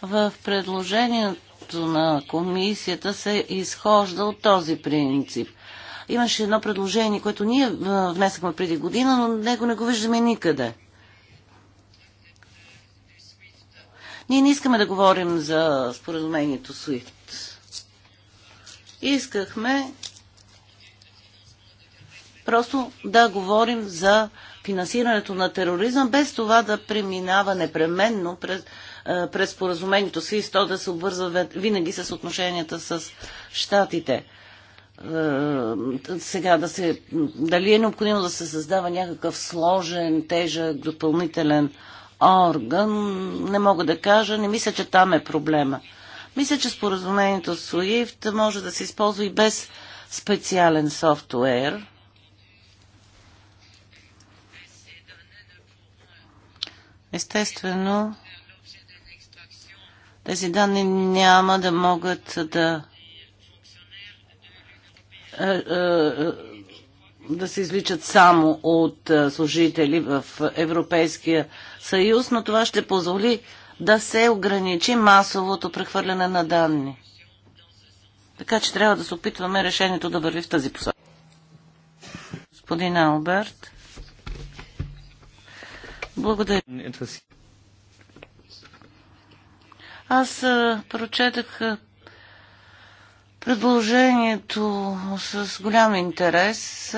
в предложението на комисията се изхожда от този принцип. Имаше едно предложение, което ние внесахме преди година, но него не го виждаме никъде. Ние не искаме да говорим за споразумението SWIFT. Искахме просто да говорим за финансирането на тероризъм, без това да преминава непременно през, е, през споразумението си то да се обвързва винаги с отношенията с щатите. Е, сега да се. Дали е необходимо да се създава някакъв сложен, тежък, допълнителен орган, не мога да кажа, не мисля, че там е проблема. Мисля, че споразумението с SWIFT може да се използва и без специален софтуер. Естествено, тези данни няма да могат да е, е, е, да се изличат само от служители в Европейския съюз, но това ще позволи да се ограничи масовото прехвърляне на данни. Така че трябва да се опитваме решението да върви в тази посока. Господин Алберт. Благодаря. Аз прочетах предложението с голям интерес.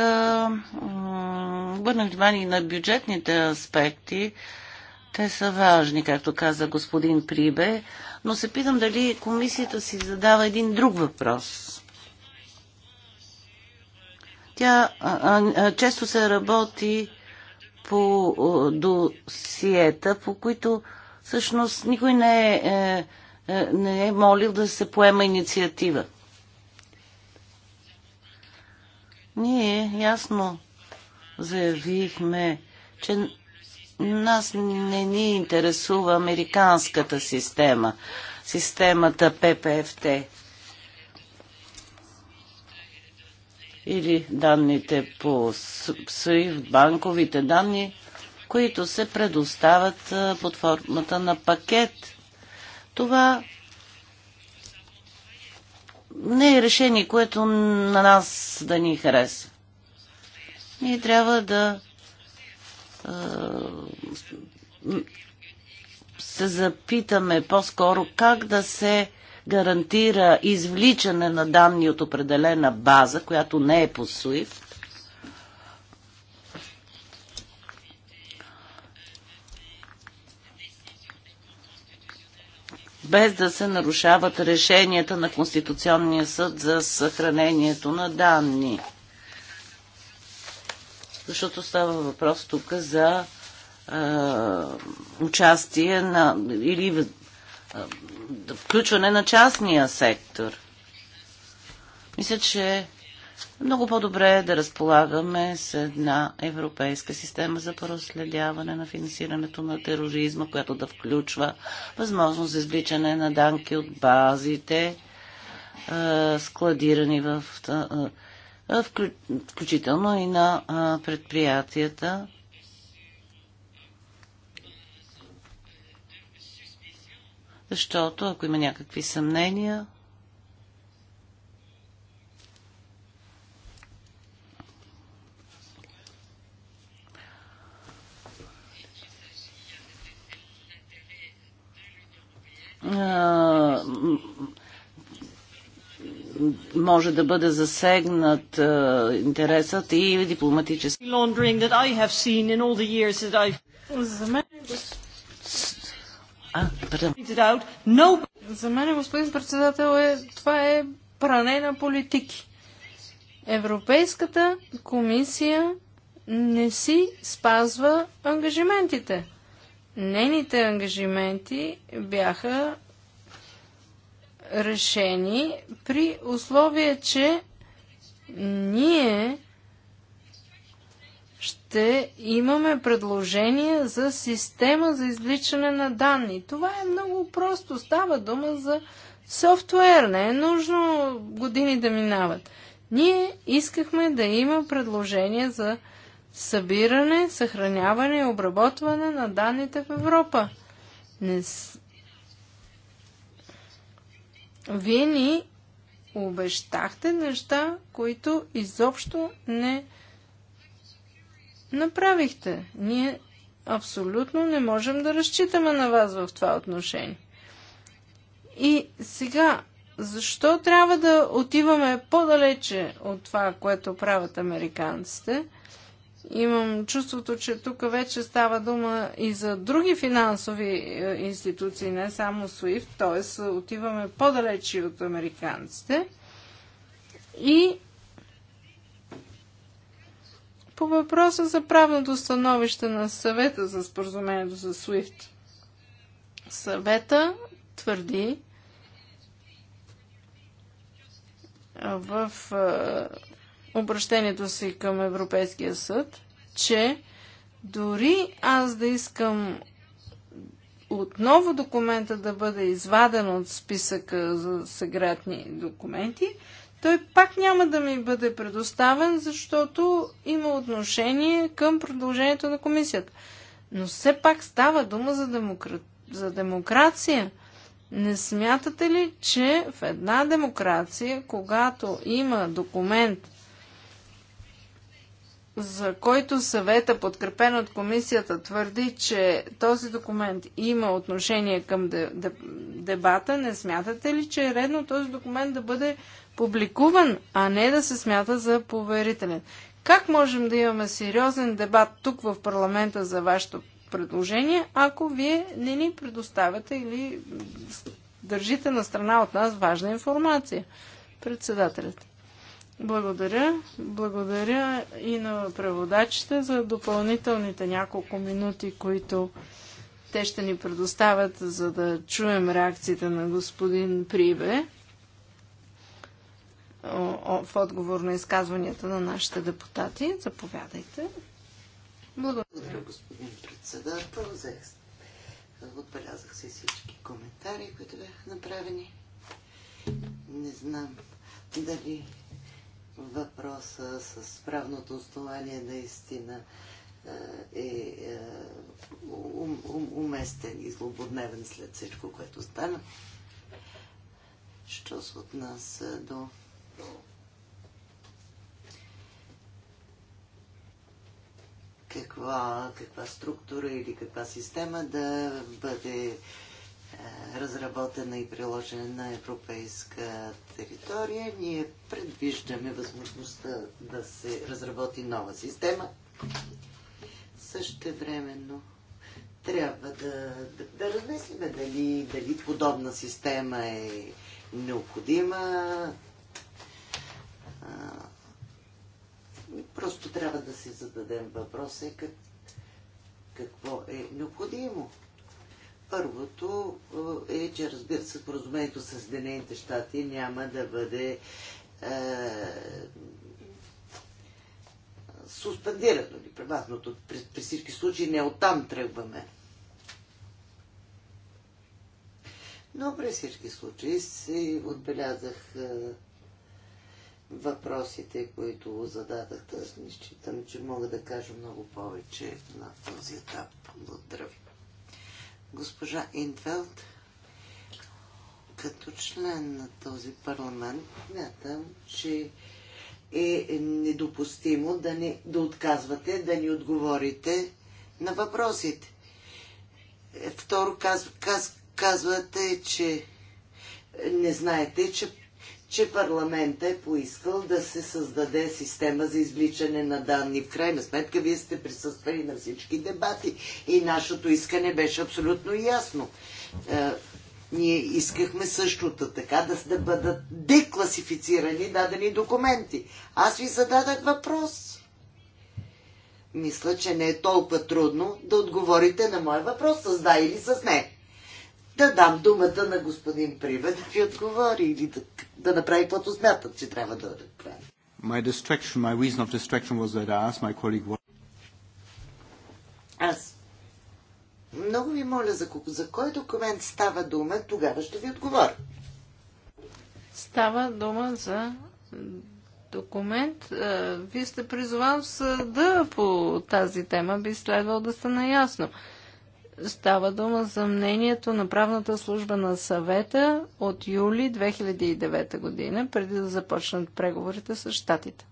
Обърнах внимание на бюджетните аспекти. Те са важни, както каза господин Прибе, но се питам дали комисията си задава един друг въпрос. Тя а, а, често се работи по а, досиета, по които всъщност никой не е, е, е, не е молил да се поема инициатива. Ние ясно заявихме, че нас не ни интересува американската система, системата ППФТ или данните по SWIFT, банковите данни, които се предоставят под формата на пакет. Това не е решение, което на нас да ни хареса. Ние трябва да се запитаме по-скоро как да се гарантира извличане на данни от определена база, която не е по SWIFT, без да се нарушават решенията на Конституционния съд за съхранението на данни. Защото става въпрос тук за е, участие на или е, включване на частния сектор. Мисля, че много по-добре е да разполагаме с една европейска система за проследяване на финансирането на тероризма, която да включва възможност за извличане на данки от базите, е, складирани в, е, е, включително и на предприятията. Защото ако има някакви съмнения, може да бъде засегнат интересът и дипломатически. За мен, За мен, господин председател, е, това е пране на политики. Европейската комисия не си спазва ангажиментите. Нейните ангажименти бяха решени при условие, че ние ще имаме предложение за система за извличане на данни. Това е много просто. Става дума за софтуер. Не е нужно години да минават. Ние искахме да има предложение за събиране, съхраняване и обработване на данните в Европа. Не с... Вие ни обещахте неща, които изобщо не направихте. Ние абсолютно не можем да разчитаме на вас в това отношение. И сега, защо трябва да отиваме по-далече от това, което правят американците – Имам чувството, че тук вече става дума и за други финансови е, институции, не само SWIFT, т.е. отиваме по-далечи от американците. И по въпроса за правното становище на съвета за споразумението за SWIFT. Съвета твърди в е, обращението си към Европейския съд, че дори аз да искам отново документа да бъде изваден от списъка за секретни документи, той пак няма да ми бъде предоставен, защото има отношение към продължението на комисията. Но все пак става дума за, демокра... за демокрация. Не смятате ли, че в една демокрация, когато има документ за който съвета, подкрепен от комисията, твърди, че този документ има отношение към дебата, не смятате ли, че е редно този документ да бъде публикуван, а не да се смята за поверителен? Как можем да имаме сериозен дебат тук в парламента за вашето предложение, ако вие не ни предоставяте или държите на страна от нас важна информация? Председателят. Благодаря. Благодаря и на преводачите за допълнителните няколко минути, които те ще ни предоставят, за да чуем реакцията на господин Прибе в отговор на изказванията на нашите депутати. Заповядайте. Благодаря, господин председател. отбелязах си всички коментари, които бяха направени. Не знам дали въпроса с правното основание наистина е уместен и злободневен след всичко, което стана. Що се отнася до каква, каква структура или каква система да бъде разработена и приложена на европейска територия. Ние предвиждаме възможността да се разработи нова система. Същевременно трябва да, да, да размислиме дали, дали подобна система е необходима. А, просто трябва да си зададем въпроса е как, какво е необходимо Първото е, че разбира се, споразумението с Съединените щати няма да бъде е, суспендирано ли премахнато. При, при всички случаи не оттам тръгваме. Но при всички случаи си отбелязах е, въпросите, които зададах Аз не считам, че мога да кажа много повече на този етап. Благодаря ви госпожа Инфелд, като член на този парламент, мятам, че е недопустимо да, не, да отказвате, да ни отговорите на въпросите. Второ, каз, каз, казвате, че не знаете, че че парламентът е поискал да се създаде система за извличане на данни. В крайна сметка, вие сте присъствали на всички дебати и нашето искане беше абсолютно ясно. Е, ние искахме същото така да, да бъдат декласифицирани дадени документи. Аз ви зададах въпрос. Мисля, че не е толкова трудно да отговорите на моя въпрос с да или с не да дам думата на господин Прива да ви отговори или да, да направи каквото смятат, че трябва да направи. My distraction, my reason of distraction was that I asked my colleague what... Аз много ви моля, за, за кой документ става дума, тогава ще ви отговоря. Става дума за документ. Е, вие сте призван в съда по тази тема, би следвал да сте наясно. Става дума за мнението на правната служба на съвета от юли 2009 година, преди да започнат преговорите с щатите.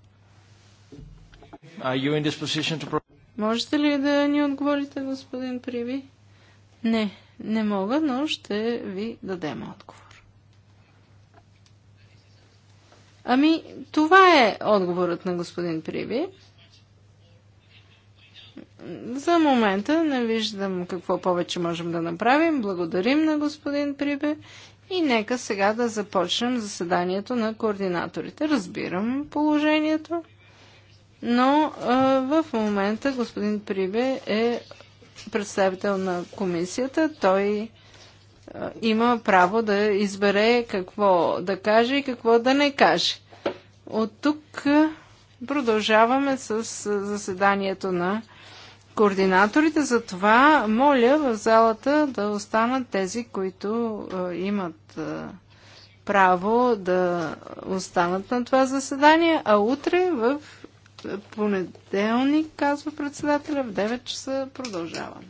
Можете ли да ни отговорите, господин Приви? Не, не мога, но ще ви дадем отговор. Ами, това е отговорът на господин Приви. За момента не виждам какво повече можем да направим. Благодарим на господин Прибе и нека сега да започнем заседанието на координаторите. Разбирам положението, но а, в момента господин Прибе е представител на комисията. Той има право да избере какво да каже и какво да не каже. От тук продължаваме с заседанието на координаторите. Затова моля в залата да останат тези, които е, имат е, право да останат на това заседание, а утре в е, понеделник, казва председателя, в 9 часа продължаваме.